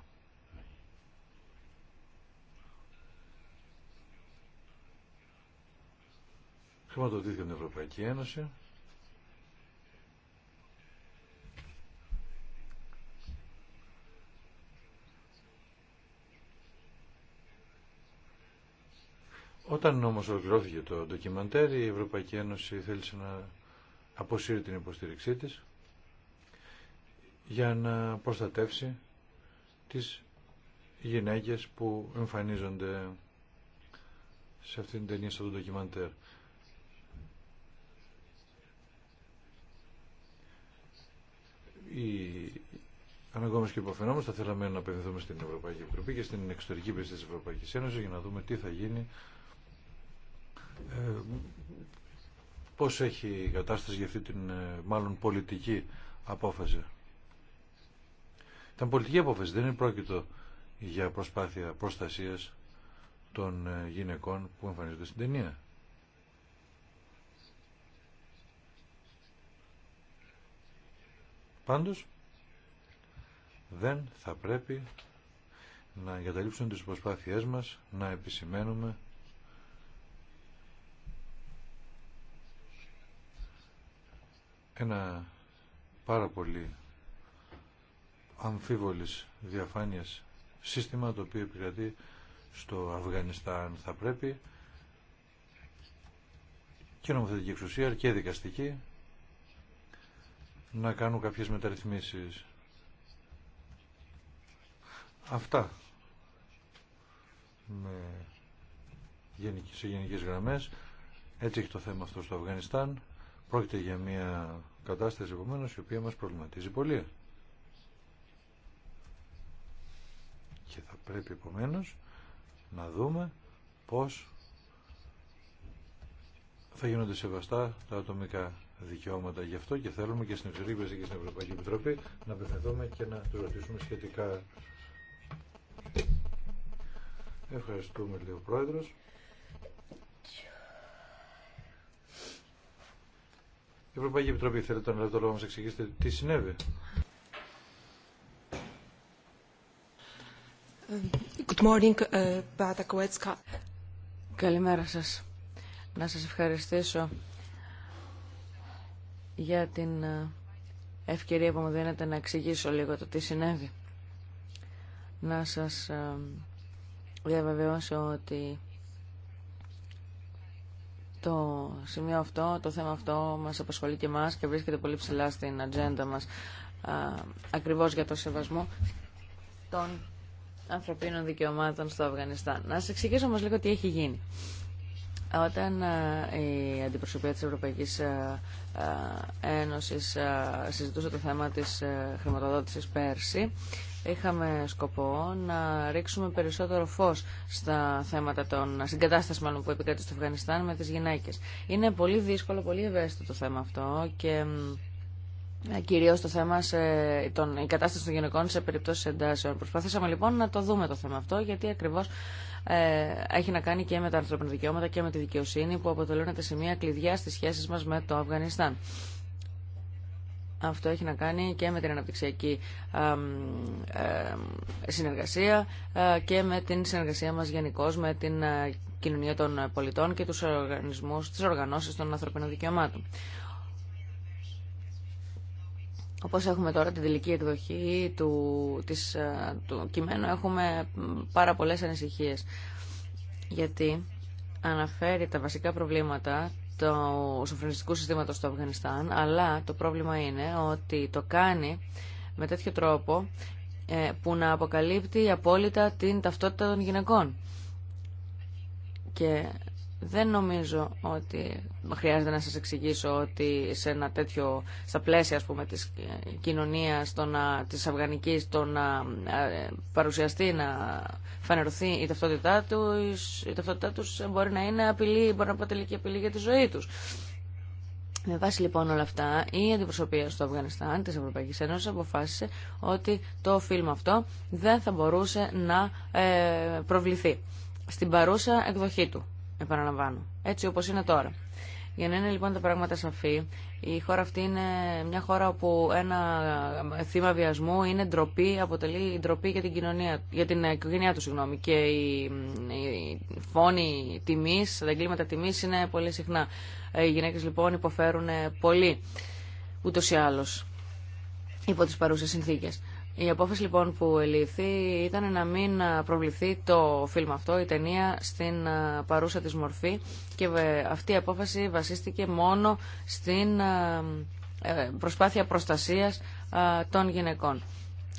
D: Χρηματοδοτήθηκε την Ευρωπαϊκή Ένωση. Όταν όμως ολοκληρώθηκε το ντοκιμαντέρ, η Ευρωπαϊκή Ένωση θέλησε να αποσύρει την υποστήριξή της για να προστατεύσει τις γυναίκες που εμφανίζονται σε αυτήν την ταινία, σε αυτό το ντοκιμαντέρ. Οι αναγκόμενες και υποφαινόμενες θα θέλαμε να απευθυνθούμε στην Ευρωπαϊκή Επιτροπή και στην εξωτερική υπηρεσία της Ευρωπαϊκής Ένωσης για να δούμε τι θα γίνει ε, Πώς έχει η κατάσταση για αυτή την ε, μάλλον πολιτική απόφαση. Ήταν πολιτική απόφαση, δεν είναι πρόκειτο για προσπάθεια προστασίας των ε, γυναικών που εμφανίζονται στην ταινία. Πάντως, δεν θα πρέπει να εγκαταλείψουν τις προσπάθειές μας, να επισημαίνουμε ένα πάρα πολύ αμφίβολης διαφάνειας σύστημα το οποίο επικρατεί στο Αφγανιστάν θα πρέπει και νομοθετική εξουσία και δικαστική να κάνουν κάποιες μεταρρυθμίσεις. Αυτά με γενικές, σε γενικές γραμμές. Έτσι έχει το θέμα αυτό στο Αφγανιστάν. Πρόκειται για μια κατάσταση επομένως η οποία μας προβληματίζει πολύ. Και θα πρέπει επομένως να δούμε πώς θα γίνονται σεβαστά τα ατομικά δικαιώματα. Γι' αυτό και θέλουμε και στην Ευρωπαϊκή και στην Ευρωπαϊκή Επιτροπή να απευθυνθούμε και να του ρωτήσουμε σχετικά. Ευχαριστούμε, λίγο Πρόεδρος. Η Ευρωπαϊκή Επιτροπή θέλετε να λάβετε το λόγο μας εξηγήσετε τι συνέβη.
C: Good morning, uh, Καλημέρα σας. Να σας ευχαριστήσω για την ε, ευκαιρία που μου δίνετε να εξηγήσω λίγο το τι συνέβη. Να σας ε, διαβεβαιώσω ότι το σημείο αυτό, το θέμα αυτό μας απασχολεί και μας και βρίσκεται πολύ ψηλά στην ατζέντα μας ακριβώς για το σεβασμό των ανθρωπίνων δικαιωμάτων στο Αφγανιστάν. Να σας εξηγήσω όμως λίγο τι έχει γίνει. Όταν ε, η αντιπροσωπεία της Ευρωπαϊκής ε, ε, Ένωσης συζητούσε το θέμα της χρηματοδότησης πέρσι, είχαμε σκοπό να ρίξουμε περισσότερο φως στα θέματα των συγκατάσταση μάλλον που επικρατεί στο Αφγανιστάν με τις γυναίκες. Είναι πολύ δύσκολο, πολύ ευαίσθητο το θέμα αυτό και Κυρίω το θέμα σε, τον, η κατάσταση των γυναικών σε περιπτώσει εντάσεων. Προσπαθήσαμε λοιπόν να το δούμε το θέμα αυτό, γιατί ακριβώ ε, έχει να κάνει και με τα ανθρώπινα δικαιώματα και με τη δικαιοσύνη που αποτελούν τα σημεία κλειδιά στις σχέσεις μας με το Αφγανιστάν. Αυτό έχει να κάνει και με την αναπτυξιακή ε, συνεργασία ε, και με την συνεργασία μας γενικώ με την κοινωνία των πολιτών και τους οργανισμούς, τις οργανώσεις των ανθρωπίνων δικαιωμάτων. Όπως έχουμε τώρα την τελική εκδοχή του, της, ε, του κειμένου, έχουμε πάρα πολλές ανησυχίες. Γιατί αναφέρει τα βασικά προβλήματα του σοφρονιστικού συστήματος στο Αφγανιστάν, αλλά το πρόβλημα είναι ότι το κάνει με τέτοιο τρόπο ε, που να αποκαλύπτει απόλυτα την ταυτότητα των γυναικών. Και δεν νομίζω ότι χρειάζεται να σας εξηγήσω ότι σε ένα τέτοιο, στα πλαίσια ας πούμε, της κοινωνίας το να, της Αφγανικής το να ε, παρουσιαστεί, να φανερωθεί η ταυτότητά τους, η ταυτότητά τους μπορεί να είναι απειλή, μπορεί να αποτελεί και απειλή για τη ζωή τους. Με βάση λοιπόν όλα αυτά, η αντιπροσωπεία στο Αφγανιστάν της Ευρωπαϊκής Ένωσης αποφάσισε ότι το φιλμ αυτό δεν θα μπορούσε να ε, προβληθεί στην παρούσα εκδοχή του επαναλαμβάνω, έτσι όπως είναι τώρα. Για να είναι λοιπόν τα πράγματα σαφή, η χώρα αυτή είναι μια χώρα όπου ένα θύμα βιασμού είναι ντροπή, αποτελεί ντροπή για την, κοινωνία, για την οικογένειά του. Συγγνώμη. Και η, φόνοι φόνη τιμή, τα εγκλήματα τιμή είναι πολύ συχνά. Οι γυναίκε λοιπόν υποφέρουν πολύ, ούτω ή άλλω, υπό τι παρούσε συνθήκε. Η απόφαση λοιπόν που ελήφθη ήταν να μην προβληθεί το φιλμ αυτό, η ταινία, στην ε, παρούσα της μορφή και ε, αυτή η απόφαση βασίστηκε μόνο στην ε, προσπάθεια προστασίας των γυναικών.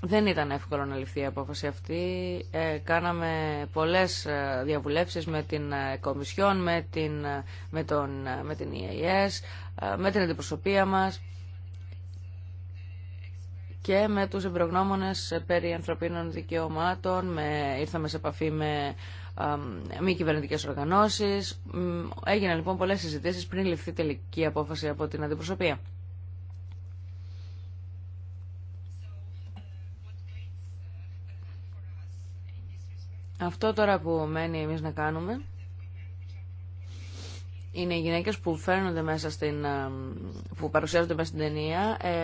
C: Δεν ήταν εύκολο να ληφθεί η απόφαση αυτή. κάναμε πολλές διαβουλεύσεις με την Κομισιόν, με την, με τον, με την EAS, με την αντιπροσωπεία μας και με τους εμπρογνώμονες περί ανθρωπίνων δικαιωμάτων, με, ήρθαμε σε επαφή με μη κυβερνητικέ οργανώσεις. Έγιναν λοιπόν πολλές συζητήσεις πριν ληφθεί τελική απόφαση από την αντιπροσωπεία. Αυτό τώρα που μένει εμείς να κάνουμε είναι οι γυναίκες που μέσα στην, ε, που παρουσιάζονται μέσα στην ταινία ε,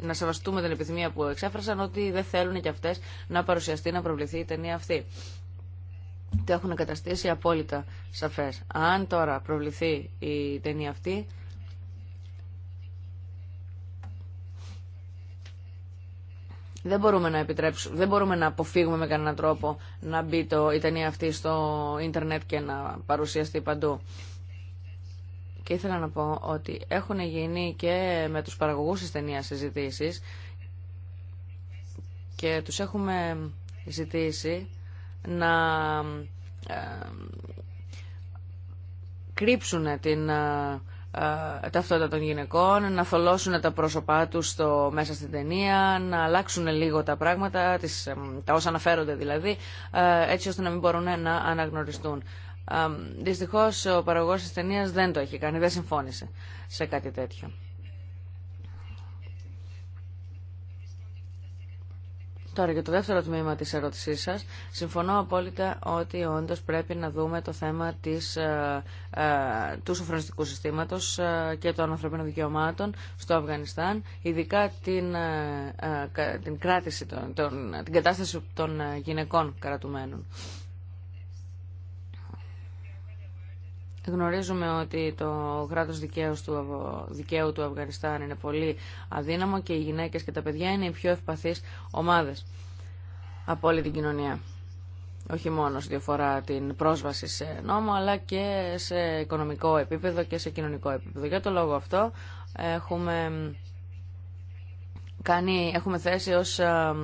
C: να σεβαστούμε την επιθυμία που εξέφρασαν ότι δεν θέλουν και αυτές να παρουσιαστεί, να προβληθεί η ταινία αυτή. Το έχουν καταστήσει απόλυτα σαφές. Αν τώρα προβληθεί η ταινία αυτή, Δεν μπορούμε να επιτρέψουμε, δεν μπορούμε να αποφύγουμε με κανέναν τρόπο να μπει το, η ταινία αυτή στο ίντερνετ και να παρουσιαστεί παντού. Και ήθελα να πω ότι έχουν γίνει και με τους παραγωγούς της ταινίας συζητήσεις και τους έχουμε ζητήσει να ε, κρύψουν την ε, ε, ταυτότητα των γυναικών, να θολώσουν τα πρόσωπά τους στο, μέσα στην ταινία, να αλλάξουν λίγο τα πράγματα, τις, τα όσα αναφέρονται δηλαδή, έτσι ώστε να μην μπορούν να αναγνωριστούν. Δυστυχώς ο παραγωγός της δεν το έχει κάνει, δεν συμφώνησε σε κάτι τέτοιο. Τώρα για το δεύτερο τμήμα της ερώτησής σας, συμφωνώ απόλυτα ότι όντως πρέπει να δούμε το θέμα της, ε, ε, του σοφρονιστικού συστήματος ε, και των ανθρωπίνων δικαιωμάτων στο Αφγανιστάν, ειδικά την, την, κράτηση των, την κατάσταση των γυναικών κρατουμένων. Γνωρίζουμε ότι το κράτος δικαίου του, δικαίου του Αφγανιστάν είναι πολύ αδύναμο και οι γυναίκες και τα παιδιά είναι οι πιο ευπαθείς ομάδες από όλη την κοινωνία. Όχι μόνο σε διαφορά την πρόσβαση σε νόμο, αλλά και σε οικονομικό επίπεδο και σε κοινωνικό επίπεδο. Για το λόγο αυτό έχουμε κάνει, έχουμε θέσει ως ε,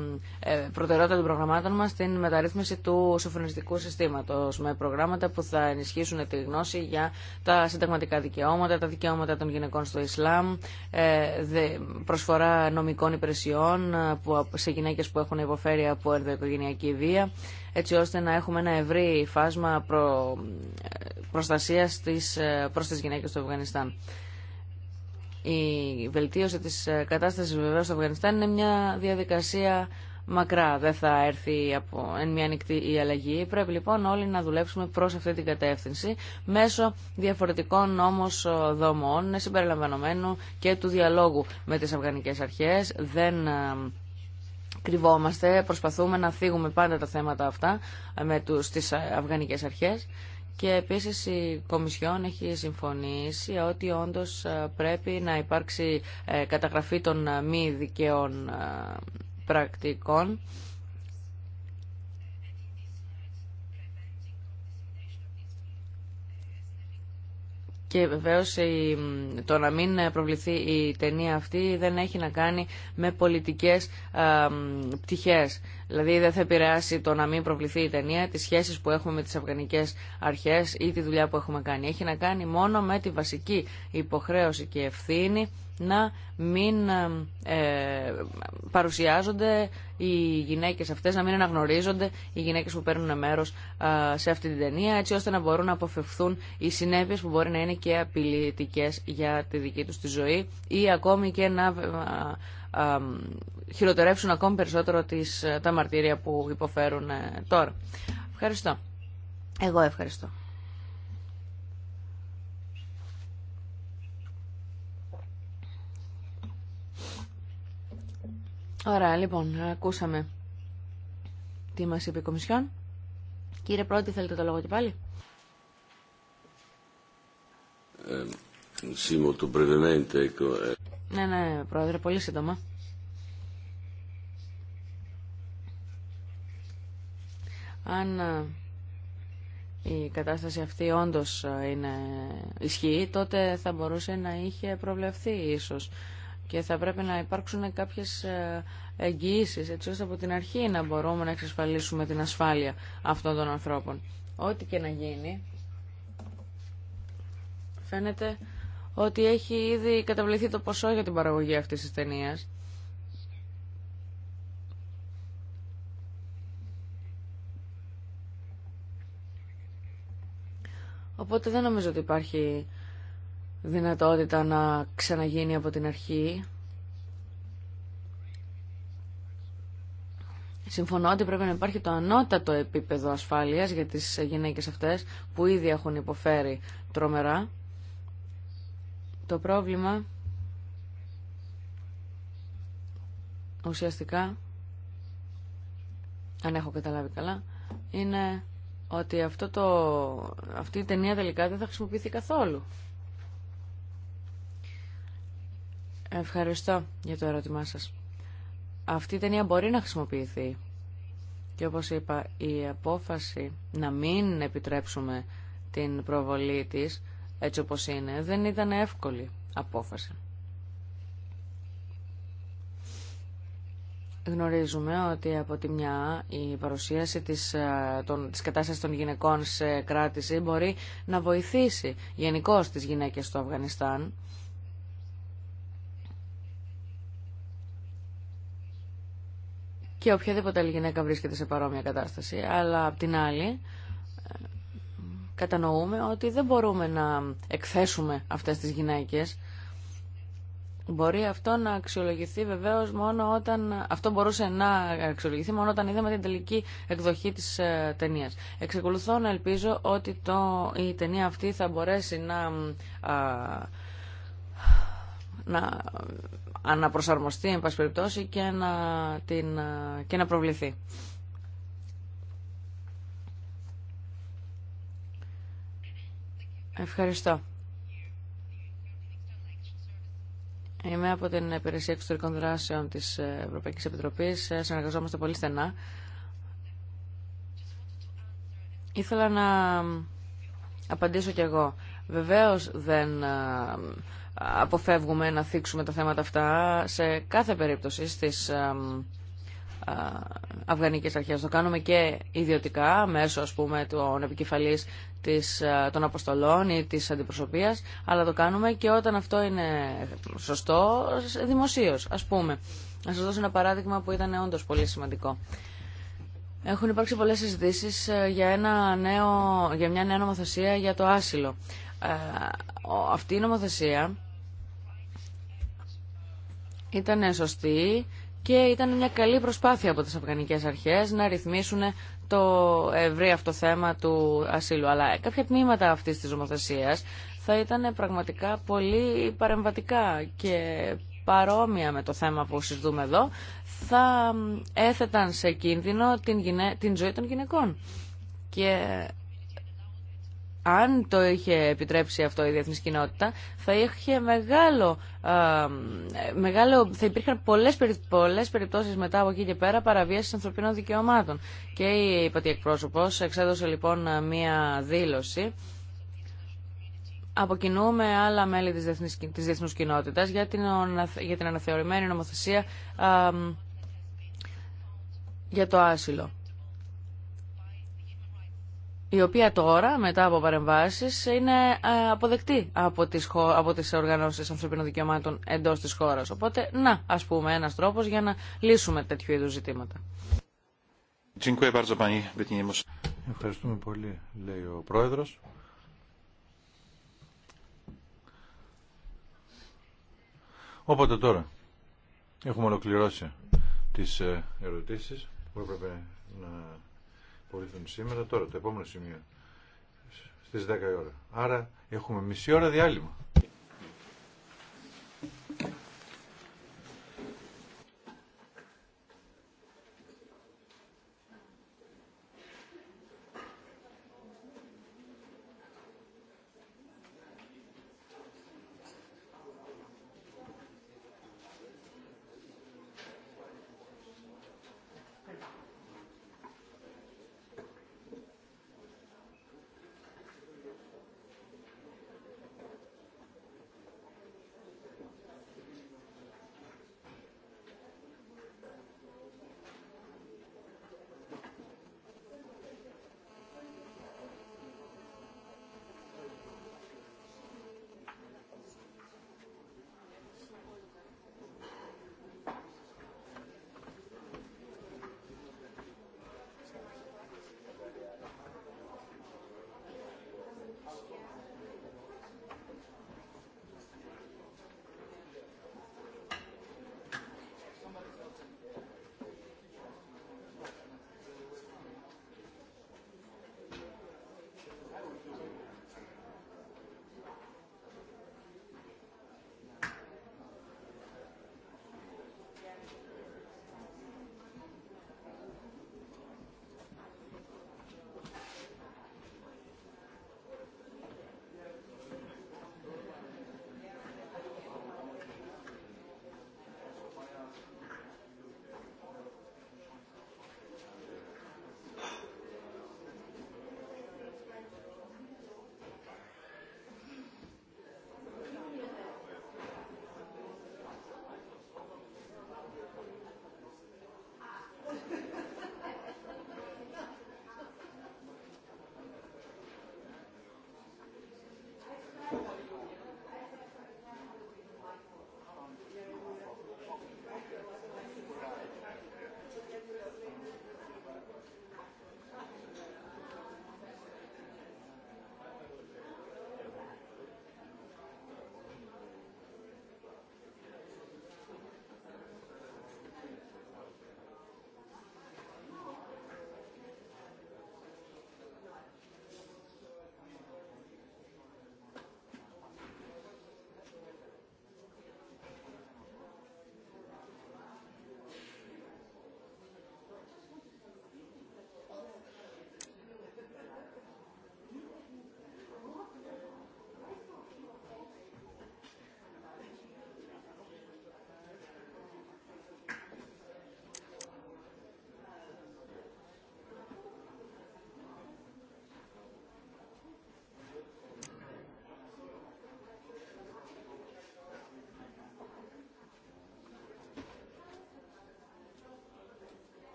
C: προτεραιότητα των προγραμμάτων μας την μεταρρύθμιση του σοφρονιστικού συστήματος με προγράμματα που θα ενισχύσουν τη γνώση για τα συνταγματικά δικαιώματα, τα δικαιώματα των γυναικών στο Ισλάμ, ε, προσφορά νομικών υπηρεσιών ε, σε γυναίκες που έχουν υποφέρει από ενδοοικογενειακή βία έτσι ώστε να έχουμε ένα ευρύ φάσμα προ... προστασίας της... προς τις γυναίκες του Αφγανιστάν. Η βελτίωση της ε, κατάστασης βεβαίως στο Αφγανιστάν είναι μια διαδικασία μακρά. Δεν θα έρθει από εν μια ανοιχτή η αλλαγή. Πρέπει λοιπόν όλοι να δουλέψουμε προς αυτή την κατεύθυνση μέσω διαφορετικών όμως ε, δομών συμπεριλαμβανομένου και του διαλόγου με τις αφγανικές αρχές. Δεν ε, κρυβόμαστε, προσπαθούμε να θίγουμε πάντα τα θέματα αυτά με τους, αφγανικές αρχές. Και επίσης η Κομισιόν έχει συμφωνήσει ότι όντως ε, πρέπει να υπάρξει ε, καταγραφή των ε, μη δικαίων πρακτικών Και βεβαίω το να μην προβληθεί η ταινία αυτή δεν έχει να κάνει με πολιτικέ πτυχέ. Δηλαδή δεν θα επηρεάσει το να μην προβληθεί η ταινία τι σχέσει που έχουμε με τι αφγανικέ αρχέ ή τη δουλειά που έχουμε κάνει. Έχει να κάνει μόνο με τη βασική υποχρέωση και ευθύνη να μην ε, παρουσιάζονται οι γυναίκες αυτές, να μην αναγνωρίζονται οι γυναίκες που παίρνουν μέρος ε, σε αυτή την ταινία, έτσι ώστε να μπορούν να αποφευθούν οι συνέπειες που μπορεί να είναι και απειλητικέ για τη δική τους τη ζωή ή ακόμη και να ε, ε χειροτερεύσουν ακόμη περισσότερο τις, τα μαρτύρια που υποφέρουν τώρα. Ευχαριστώ. Εγώ ευχαριστώ. Ωραία, λοιπόν, ακούσαμε τι μας είπε η Κομισιόν. Κύριε Πρόεδρε, θέλετε το λόγο και πάλι.
D: Ε, ε.
C: Ναι, ναι, Πρόεδρε, πολύ σύντομα. Αν ε, η κατάσταση αυτή όντως είναι ισχύει, τότε θα μπορούσε να είχε προβλεφθεί ίσως και θα πρέπει να υπάρξουν κάποιες ε, εγγυήσεις έτσι ώστε από την αρχή να μπορούμε να εξασφαλίσουμε την ασφάλεια αυτών των ανθρώπων. Ό,τι και να γίνει φαίνεται ότι έχει ήδη καταβληθεί το ποσό για την παραγωγή αυτής της ταινία. Οπότε δεν νομίζω ότι υπάρχει δυνατότητα να ξαναγίνει από την αρχή. Συμφωνώ ότι πρέπει να υπάρχει το ανώτατο επίπεδο ασφάλειας για τις γυναίκες αυτές που ήδη έχουν υποφέρει τρομερά. Το πρόβλημα ουσιαστικά, αν έχω καταλάβει καλά, είναι ότι αυτό το, αυτή η ταινία τελικά δεν θα χρησιμοποιηθεί καθόλου. Ευχαριστώ για το ερώτημά σας. Αυτή η ταινία μπορεί να χρησιμοποιηθεί. Και όπως είπα, η απόφαση να μην επιτρέψουμε την προβολή της, έτσι όπως είναι, δεν ήταν εύκολη απόφαση. Γνωρίζουμε ότι από τη μια η παρουσίαση της, των, της κατάστασης των γυναικών σε κράτηση μπορεί να βοηθήσει γενικώ τις γυναίκες στο Αφγανιστάν και οποιαδήποτε άλλη γυναίκα βρίσκεται σε παρόμοια κατάσταση. Αλλά απ' την άλλη κατανοούμε ότι δεν μπορούμε να εκθέσουμε αυτές τις γυναίκες. Μπορεί αυτό να αξιολογηθεί βεβαίως μόνο όταν... Αυτό μπορούσε να αξιολογηθεί μόνο όταν είδαμε την τελική εκδοχή της ε, ταινία. Εξεκολουθώ να ελπίζω ότι το, η ταινία αυτή θα μπορέσει να... να αναπροσαρμοστεί εν πάση περιπτώσει και να, την, και να προβληθεί. Ευχαριστώ. Είμαι από την Υπηρεσία Εξωτερικών Δράσεων της Ευρωπαϊκής Επιτροπής. Συνεργαζόμαστε πολύ στενά. Ήθελα να απαντήσω κι εγώ. Βεβαίως δεν ε, αποφεύγουμε να θίξουμε τα θέματα αυτά σε κάθε περίπτωση στις ε, ε, αφγανικές αρχές. Το κάνουμε και ιδιωτικά μέσω ας πούμε των επικεφαλής της, των αποστολών ή της αντιπροσωπείας αλλά το κάνουμε και όταν αυτό είναι σωστό δημοσίως ας πούμε. Να σας δώσω ένα παράδειγμα που ήταν όντως πολύ σημαντικό. Έχουν υπάρξει πολλές συζητήσει ε, για, ένα νέο, για μια νέα νομοθεσία για το άσυλο. Ε, αυτή η νομοθεσία ήταν σωστή και ήταν μια καλή προσπάθεια από τις αφγανικές αρχές να ρυθμίσουν το ευρύ αυτό θέμα του ασύλου. Αλλά κάποια τμήματα αυτής της νομοθεσίας θα ήταν πραγματικά πολύ παρεμβατικά και παρόμοια με το θέμα που συζητούμε εδώ, θα έθεταν σε κίνδυνο την, την ζωή των γυναικών. Και αν το είχε επιτρέψει αυτό η διεθνής κοινότητα, θα είχε μεγάλο, μεγάλο θα υπήρχαν πολλές, περιπτώσεις μετά από εκεί και πέρα παραβίασης ανθρωπίνων δικαιωμάτων. Και η Πατή Εκπρόσωπος εξέδωσε λοιπόν μία δήλωση Αποκινούμε άλλα μέλη της, διεθνής, της κοινότητας για την, για την αναθεωρημένη νομοθεσία α, για το άσυλο η οποία τώρα, μετά από παρεμβάσεις, είναι ε, αποδεκτή από τις, από τις οργανώσεις ανθρωπίνων δικαιωμάτων εντός της χώρας. Οπότε, να, ας πούμε, ένας τρόπος για να λύσουμε τέτοιου είδους ζητήματα.
B: Ευχαριστούμε πολύ, λέει ο Πρόεδρος. Οπότε τώρα
D: έχουμε ολοκληρώσει τις ε, ερωτήσεις που έπρεπε να απορριφθούν σήμερα. Τώρα το επόμενο σημείο στις 10 η ώρα. Άρα έχουμε μισή ώρα διάλειμμα.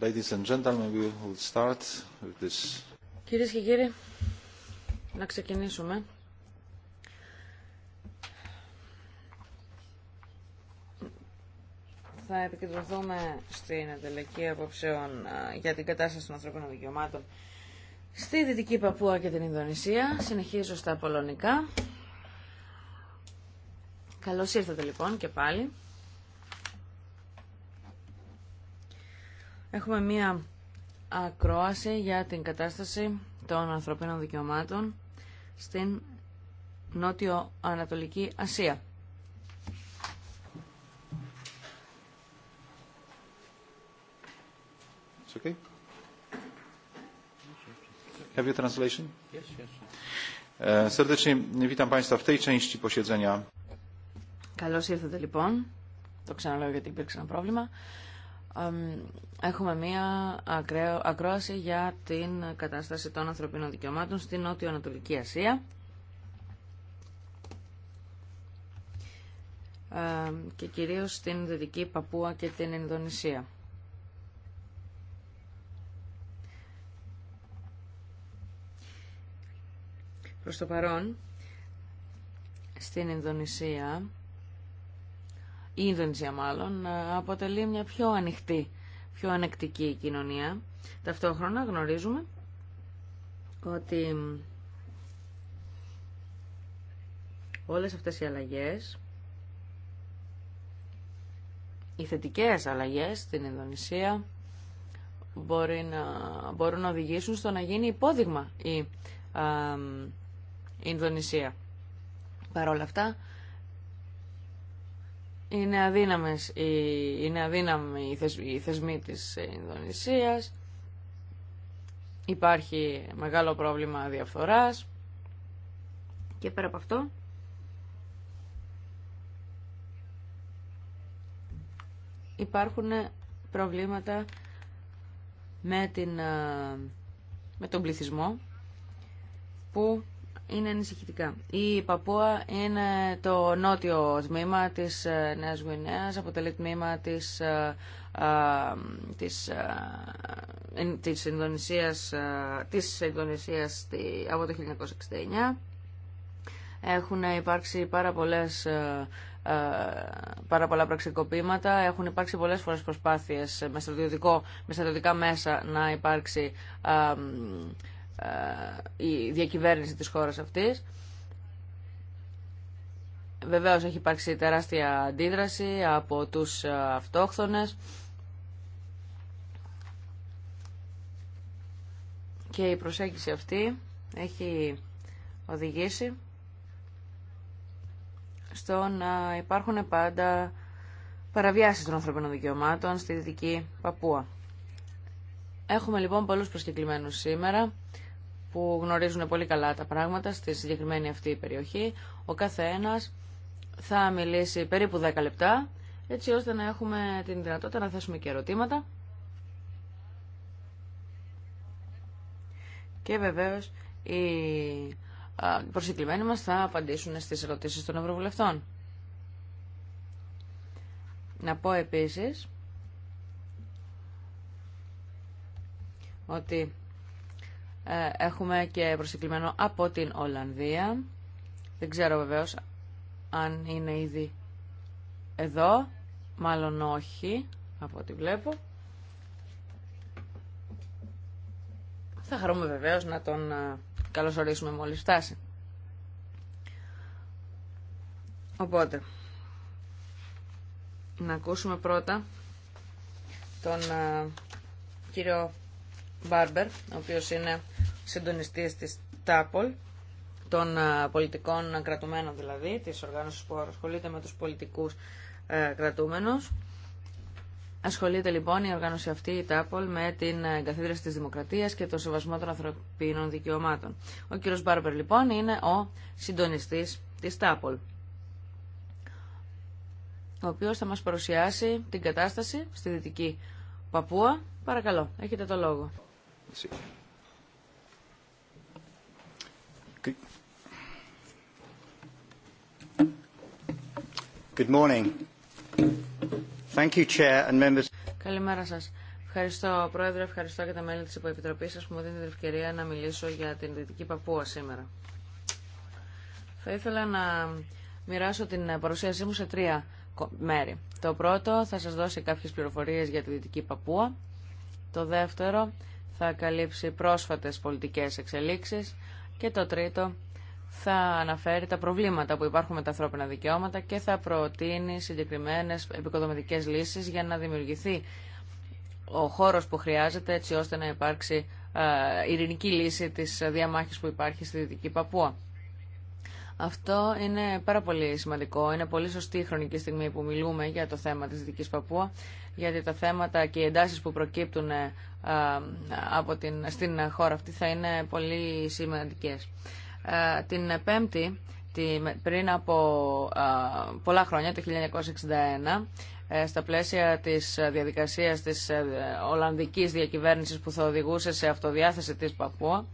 B: Κυρίε
C: Κυρίες και κύριοι, να ξεκινήσουμε. Θα επικεντρωθούμε στην ανταλλαγή απόψεων για την κατάσταση των ανθρώπινων δικαιωμάτων στη Δυτική Παππούα και την Ινδονησία. Συνεχίζω στα πολωνικά. Καλώς ήρθατε λοιπόν και πάλι. Έχουμε μία ακρόαση για την κατάσταση των ανθρωπίνων δικαιωμάτων στην Νότιο Ανατολική Ασία.
B: It's okay.
E: Have you translation? Yes,
B: yes. Uh, serdecznie witam Państwa w tej części posiedzenia.
C: Καλώς ήρθατε λοιπόν. Το ξαναλέω γιατί υπήρξε ένα πρόβλημα έχουμε μία ακρόαση για την κατάσταση των ανθρωπίνων δικαιωμάτων στην Νότιο-Ανατολική Ασία. και κυρίως στην Δυτική Παπούα και την Ινδονησία. Προς το παρόν, στην Ινδονησία η Ινδονησία μάλλον, ε, αποτελεί μια πιο ανοιχτή, πιο ανεκτική κοινωνία. Ταυτόχρονα γνωρίζουμε ότι όλες αυτές οι αλλαγές, οι θετικές αλλαγές στην Ινδονησία μπορεί να, μπορούν να οδηγήσουν στο να γίνει υπόδειγμα η, ε, ε, Ινδονησία. Παρ' αυτά, είναι, αδύναμες, είναι αδύναμοι οι θεσμοί της Ινδονησίας. Υπάρχει μεγάλο πρόβλημα διαφθοράς. Και πέρα από αυτό... Υπάρχουν προβλήματα με, την, με τον πληθυσμό που είναι ανησυχητικά. Η Παπούα είναι το νότιο τμήμα της ε, Νέας Γουινέας, αποτελεί τμήμα της, ε, ε, της, της Ινδονησίας, της Ινδονησίας από το 1969. Έχουν υπάρξει πάρα, πολλές, πάρα πολλά πραξικοπήματα, έχουν υπάρξει πολλές φορές προσπάθειες με, με στρατιωτικά μέσα να υπάρξει ε, η διακυβέρνηση της χώρας αυτής. Βεβαίως έχει υπάρξει τεράστια αντίδραση από τους ε, αυτόχθονες και η προσέγγιση αυτή έχει οδηγήσει στο να υπάρχουν πάντα παραβιάσεις των ανθρωπίνων δικαιωμάτων στη Δυτική Παπούα. Έχουμε λοιπόν πολλούς προσκεκλημένους σήμερα που γνωρίζουν πολύ καλά τα πράγματα στη συγκεκριμένη αυτή περιοχή. Ο καθένας θα μιλήσει περίπου 10 λεπτά, έτσι ώστε να έχουμε την δυνατότητα να θέσουμε και ερωτήματα. Και βεβαίως οι προσυκλημένοι μας θα απαντήσουν στις ερωτήσεις των Ευρωβουλευτών. Να πω επίσης ότι ε, έχουμε και προσκεκλημένο από την Ολλανδία. Δεν ξέρω βεβαίω αν είναι ήδη εδώ. Μάλλον όχι, από ό,τι βλέπω. Θα χαρούμε βεβαίω να τον ε, καλωσορίσουμε μόλι φτάσει. Οπότε, να ακούσουμε πρώτα τον ε, κύριο Μπάρμπερ, ο οποίος είναι συντονιστής της ΤΑΠΟΛ, των ε, πολιτικών κρατουμένων δηλαδή, της οργάνωσης που ασχολείται με τους πολιτικούς ε, κρατούμενους. Ασχολείται λοιπόν η οργάνωση αυτή, η ΤΑΠΟΛ, με την ε, εγκαθίδρυση της δημοκρατίας και το σεβασμό των ανθρωπίνων δικαιωμάτων. Ο κύριος Μπάρμπερ λοιπόν είναι ο συντονιστής της ΤΑΠΟΛ, ο οποίος θα μας παρουσιάσει την κατάσταση στη Δυτική Παππούα. Παρακαλώ, έχετε το λόγο. Καλημέρα σας. Ευχαριστώ, Πρόεδρε, ευχαριστώ και τα μέλη της Υποεπιτροπής σας που μου δίνετε την ευκαιρία να μιλήσω για την Δυτική Παππούα σήμερα. Θα ήθελα να μοιράσω την παρουσίασή μου σε τρία μέρη. Το πρώτο θα σας δώσει κάποιες πληροφορίες για τη Δυτική Παππούα. Το δεύτερο θα καλύψει πρόσφατες πολιτικές εξελίξεις και το τρίτο θα αναφέρει τα προβλήματα που υπάρχουν με τα ανθρώπινα δικαιώματα και θα προτείνει συγκεκριμένες επικοδομητικές λύσεις για να δημιουργηθεί ο χώρος που χρειάζεται έτσι ώστε να υπάρξει ειρηνική λύση της διαμάχης που υπάρχει στη Δυτική Παππούα. Αυτό είναι πάρα πολύ σημαντικό. Είναι πολύ σωστή η χρονική στιγμή που μιλούμε για το θέμα της Δυτικής Παππούα γιατί τα θέματα και οι εντάσει που προκύπτουν ε, από την, στην χώρα αυτή θα είναι πολύ σημαντικές. Ε, την Πέμπτη, πριν από πολλά χρόνια, το 1961, ε, στα πλαίσια της διαδικασίας της Ολλανδικής διακυβέρνησης που θα οδηγούσε σε αυτοδιάθεση της Παππούα,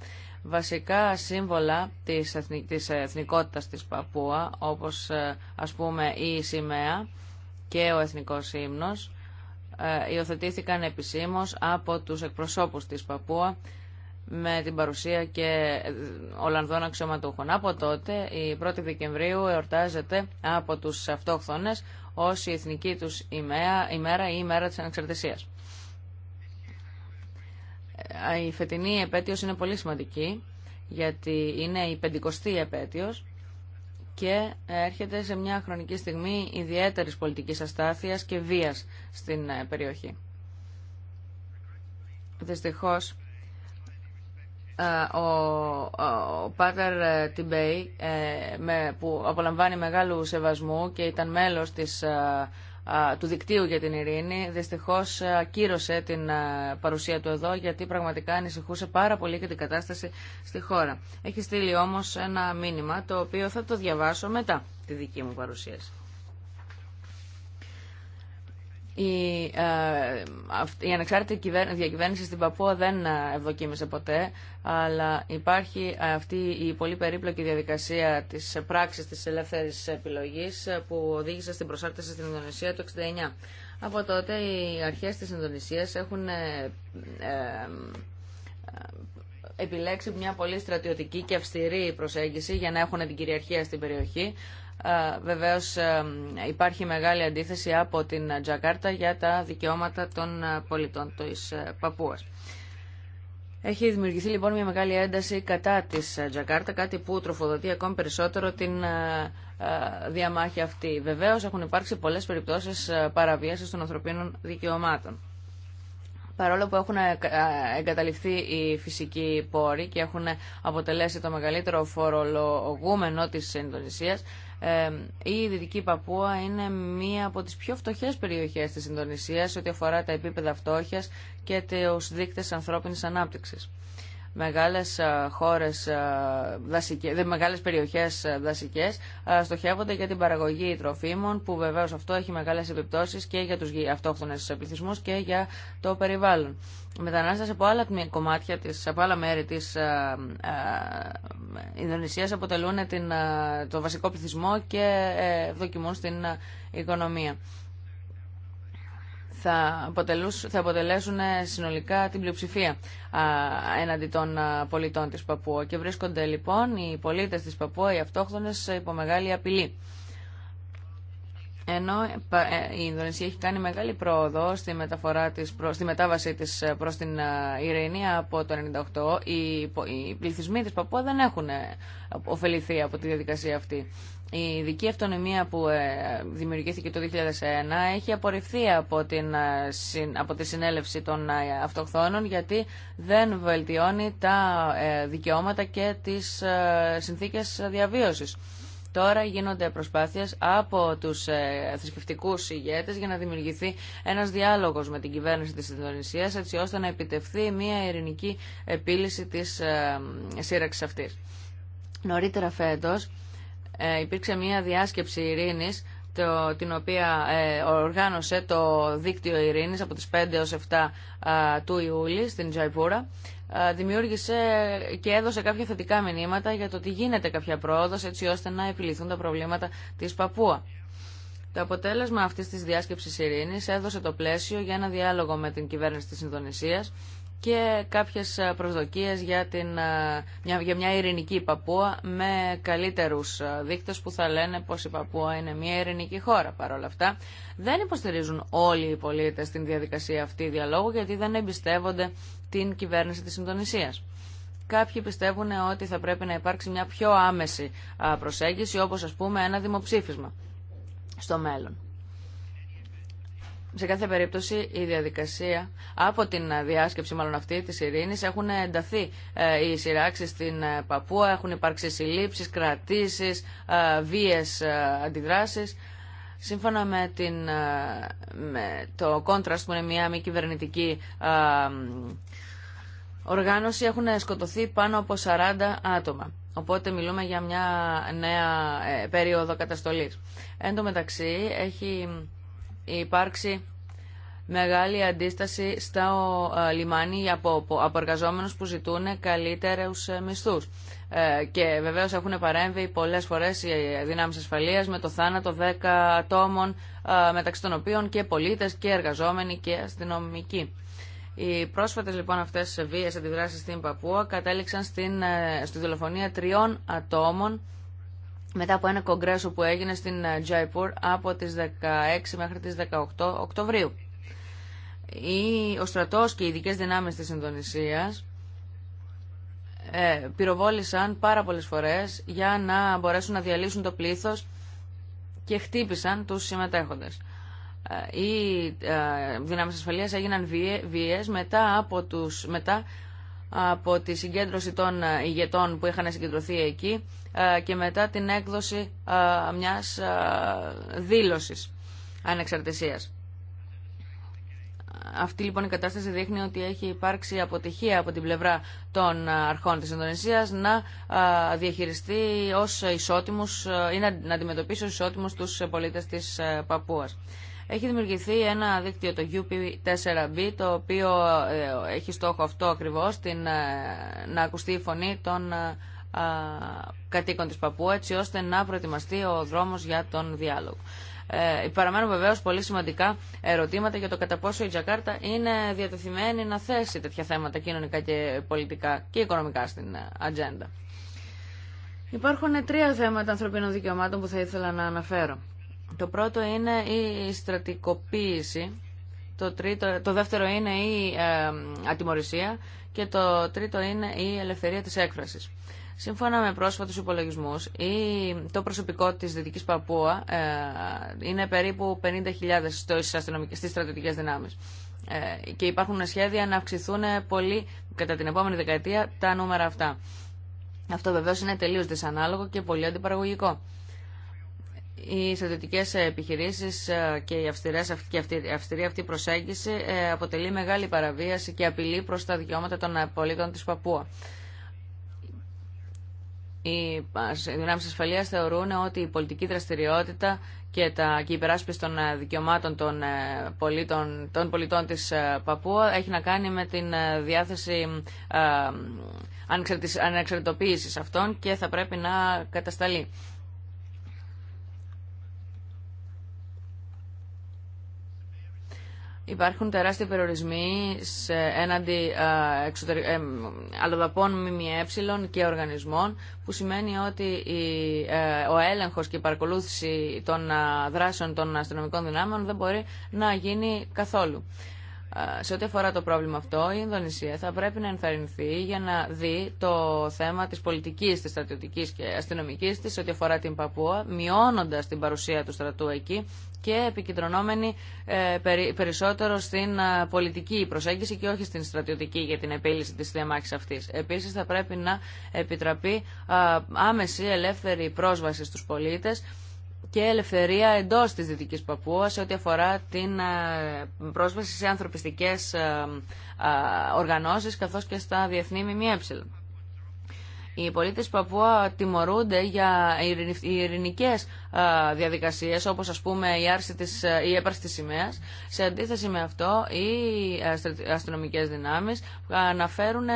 C: βασικά σύμβολα της, της εθνικότητας της Παππούα, όπως ας πούμε η σημαία και ο εθνικός ύμνος, ε, υιοθετήθηκαν επισήμως από τους εκπροσώπους της Παπούα με την παρουσία και ε, Ολλανδών αξιωματούχων. Από τότε, η 1η Δεκεμβρίου εορτάζεται από τους αυτόχθονες ως η εθνική τους ημέρα, ημέρα ή ημέρα της ανεξαρτησίας. Ε, η φετινή επέτειος είναι πολύ σημαντική, γιατί είναι η πεντηκοστή επέτειος και έρχεται σε μια χρονική στιγμή ιδιαίτερης πολιτικής αστάθειας και βίας στην ε, περιοχή. Δυστυχώς, ε, ο, ο Πάτερ Τιμπέι, ε, που απολαμβάνει μεγάλου σεβασμού και ήταν μέλος της του δικτύου για την ειρήνη δυστυχώς ακύρωσε την παρουσία του εδώ γιατί πραγματικά ανησυχούσε πάρα πολύ και την κατάσταση στη χώρα. Έχει στείλει όμως ένα μήνυμα το οποίο θα το διαβάσω μετά τη δική μου παρουσίαση. Η, ε, η ανεξάρτητη διακυβέρνηση στην Παππούα δεν ε, ευδοκίμησε ποτέ, αλλά υπάρχει αυτή η πολύ περίπλοκη διαδικασία της πράξης της ελεύθερης επιλογής ε, που οδήγησε στην προσάρτηση στην Ινδονησία το 1969. Από τότε οι αρχές της Ινδονησίας έχουν ε, ε, επιλέξει μια πολύ στρατιωτική και αυστηρή προσέγγιση για να έχουν την κυριαρχία στην περιοχή ε, Βεβαίω, ε, υπάρχει μεγάλη αντίθεση από την Τζακάρτα για τα δικαιώματα των ε, πολιτών τη Παππούας. Έχει δημιουργηθεί λοιπόν μια μεγάλη ένταση κατά της Τζακάρτα, κάτι που τροφοδοτεί ακόμη περισσότερο την διαμάχη αυτή. Βεβαίω, έχουν υπάρξει πολλές περιπτώσεις παραβίασης των ανθρωπίνων δικαιωμάτων παρόλο που έχουν ε, ε, εγκαταληφθεί οι φυσικοί πόροι και έχουν αποτελέσει το μεγαλύτερο φορολογούμενο της Ινδονησίας, ε, η Δυτική Παππούα είναι μία από τις πιο φτωχές περιοχές της Ινδονησίας ό,τι αφορά τα επίπεδα φτώχειας και τους δείκτες ανθρώπινης ανάπτυξης μεγάλες ε, χώρες, ε, δασικές, μεγάλες περιοχές ε, δασικές στοχεύονται για την παραγωγή τροφίμων που βεβαίως αυτό έχει μεγάλες επιπτώσεις και για τους αυτόχθονες πληθυσμούς και για το περιβάλλον. Μετανάστες από άλλα κομμάτια, της, από άλλα μέρη της Ινδονησίας αποτελούν την, το βασικό πληθυσμό και δοκιμούν στην οικονομία θα, θα αποτελέσουν ε, συνολικά την πλειοψηφία έναντι των πολιτών της Παππούα. Και βρίσκονται λοιπόν οι πολίτες της Παππούα, οι αυτόχθονες, υπό μεγάλη απειλή. Ενώ ε, η Ινδονησία έχει κάνει μεγάλη πρόοδο στη, μεταφορά της, στη μετάβαση της ε, προς την ειρηνία από το 1998, οι, πληθυσμοί της Παππούα δεν έχουν ωφεληθεί από τη διαδικασία αυτή η ειδική αυτονομία που ε, δημιουργήθηκε το 2001 έχει απορριφθεί από, την, ε, από τη συνέλευση των ε, αυτοχθόνων γιατί δεν βελτιώνει τα δικαιώματα και τις συνθήκες διαβίωσης. Τώρα γίνονται προσπάθειες από τους θρησκευτικούς ηγέτες για να δημιουργηθεί ένας διάλογος με την κυβέρνηση της Ινδονησίας έτσι ώστε να επιτευχθεί μια ειρηνική επίλυση της σύραξης αυτής. Νωρίτερα φέτος, ε, υπήρξε μια διάσκεψη ειρήνης το, την οποία ε, οργάνωσε το δίκτυο ειρήνης από τις 5 έως 7 του Ιούλη στην Τζαϊπούρα δημιούργησε και έδωσε κάποια θετικά μηνύματα για το ότι γίνεται κάποια πρόοδος έτσι ώστε να επιληθούν τα προβλήματα της Παππούα. Το αποτέλεσμα αυτής της διάσκεψης ειρήνης έδωσε το πλαίσιο για ένα διάλογο με την κυβέρνηση της Ινδονησίας και κάποιες ε, προσδοκίες για, την, ε, μια ειρηνική Παππούα με καλύτερους ε, δείκτες που θα λένε πως η Παππούα είναι μια ειρηνική χώρα. Παρ' όλα αυτά δεν υποστηρίζουν όλοι οι πολίτες την διαδικασία αυτή διαλόγου γιατί δεν εμπιστεύονται την κυβέρνηση της συντονισίας. Κάποιοι πιστεύουν ότι θα πρέπει να υπάρξει μια πιο άμεση προσέγγιση όπως ας πούμε ένα δημοψήφισμα στο μέλλον σε κάθε περίπτωση η διαδικασία από την διάσκεψη μάλλον αυτή της ειρήνης έχουν ενταθεί ε, οι σειράξει στην ε, Παππούα, έχουν υπάρξει συλλήψεις, κρατήσεις, ε, βίες αντιδράσεις. Σύμφωνα με, την, με το Contrast που είναι μια μη κυβερνητική οργάνωση έχουν σκοτωθεί πάνω από 40 άτομα. Οπότε μιλούμε για μια νέα περίοδο καταστολής. Εν τω μεταξύ έχει υπάρξει μεγάλη αντίσταση στα ε, λιμάνι από, από εργαζόμενους που ζητούν καλύτερους ε, μισθούς. Ε, και βεβαίως έχουν παρέμβει πολλές φορές οι δυνάμεις ασφαλείας με το θάνατο 10 ατόμων μεταξύ των οποίων και πολίτες και εργαζόμενοι και αστυνομικοί. Οι πρόσφατες λοιπόν αυτές βίες αντιδράσεις στην Παππούα κατέληξαν στην, στη δολοφονία τριών ατόμων μετά από ένα κογκρέσο που έγινε στην Τζαϊπούρ ε, από τις 16 μέχρι τις 18 Οκτωβρίου. Ο στρατός και οι ειδικέ δυνάμεις της Ινδονησίας ε, πυροβόλησαν πάρα πολλές φορές για να μπορέσουν να διαλύσουν το πλήθος και χτύπησαν τους συμμετέχοντες. Ε, οι δυνάμεις ασφαλείας έγιναν βίες μετά από, τους, μετά από τη συγκέντρωση των ε, ηγετών που είχαν συγκεντρωθεί εκεί ε, και μετά την έκδοση ε, μιας δήλωσης ανεξαρτησίας. Αυτή λοιπόν η κατάσταση δείχνει ότι έχει υπάρξει αποτυχία από την πλευρά των αρχών της Ινδονησίας να διαχειριστεί ως ισότιμους ή να αντιμετωπίσει ως ισότιμους τους πολίτες της Παπούας. Έχει δημιουργηθεί ένα δίκτυο, το UP4B, το οποίο ε, έχει στόχο αυτό ακριβώς, την, ε, να ακουστεί η φωνή των ε, κατοίκων της Παππού, έτσι ώστε να προετοιμαστεί ο δρόμος για τον διάλογο. Ε, παραμένουν βεβαίω πολύ σημαντικά ερωτήματα για το κατά πόσο η Τζακάρτα είναι διατεθειμένη να θέσει τέτοια θέματα κοινωνικά και πολιτικά και οικονομικά στην ατζέντα. Υπάρχουν τρία θέματα ανθρωπίνων δικαιωμάτων που θα ήθελα να αναφέρω. Το πρώτο είναι η στρατικοποίηση, το, τρίτο, το δεύτερο είναι η ε, ατιμορρησία και το τρίτο είναι η ελευθερία της έκφρασης. Σύμφωνα με πρόσφατους υπολογισμούς, το προσωπικό της Δυτικής Παππούα ε, είναι περίπου 50.000 στις στρατιωτικές δυνάμεις. Ε, και υπάρχουν σχέδια να αυξηθούν πολύ κατά την επόμενη δεκαετία τα νούμερα αυτά. Αυτό βεβαίως είναι τελείως δυσανάλογο και πολύ αντιπαραγωγικό. Οι στρατιωτικέ επιχειρήσεις ε, και η αυστηρή αυτή προσέγγιση ε, αποτελεί μεγάλη παραβίαση και απειλή προς τα δικαιώματα των πολίτων της Παππούα. Οι δυνάμει ασφαλεία θεωρούν ότι η πολιτική δραστηριότητα και, τα, και η υπεράσπιση των ε, δικαιωμάτων των πολιτών, των πολιτών της Παππούα έχει να κάνει με την διάθεση ανεξαρτητοποίησης αυτών και θα πρέπει να κατασταλεί. Υπάρχουν τεράστιοι περιορισμοί σε, έναντι εξωτερ, ε, αλλοδαπών ΜΜΕ και οργανισμών που σημαίνει ότι ε, ο έλεγχος και η παρακολούθηση των δράσεων των αστυνομικών δυνάμεων δεν μπορεί να γίνει καθόλου σε ό,τι αφορά το πρόβλημα αυτό, η Ινδονησία θα πρέπει να ενθαρρυνθεί για να δει το θέμα της πολιτικής, της στρατιωτικής και αστυνομικής της σε ό,τι αφορά την Παπούα, μειώνοντα την παρουσία του στρατού εκεί και επικεντρωνόμενη ε, περισσότερο στην ε, πολιτική προσέγγιση και όχι στην στρατιωτική για την επίλυση της διαμάχης αυτής. Επίσης θα πρέπει να επιτραπεί ε, άμεση ελεύθερη πρόσβαση στους πολίτες και ελευθερία εντός της Δυτικής Παππούας σε ό,τι αφορά την ε, πρόσβαση σε ανθρωπιστικές ε, ε, οργανώσεις καθώς και στα διεθνή ΜΜΕ. Οι πολίτε Παππούα τιμωρούνται για ειρηνικέ διαδικασίες, όπω α πούμε η, άρση της, η έπαρση τη σημαία. Σε αντίθεση με αυτό, οι αστυνομικέ δυνάμεις αναφέρουν ε,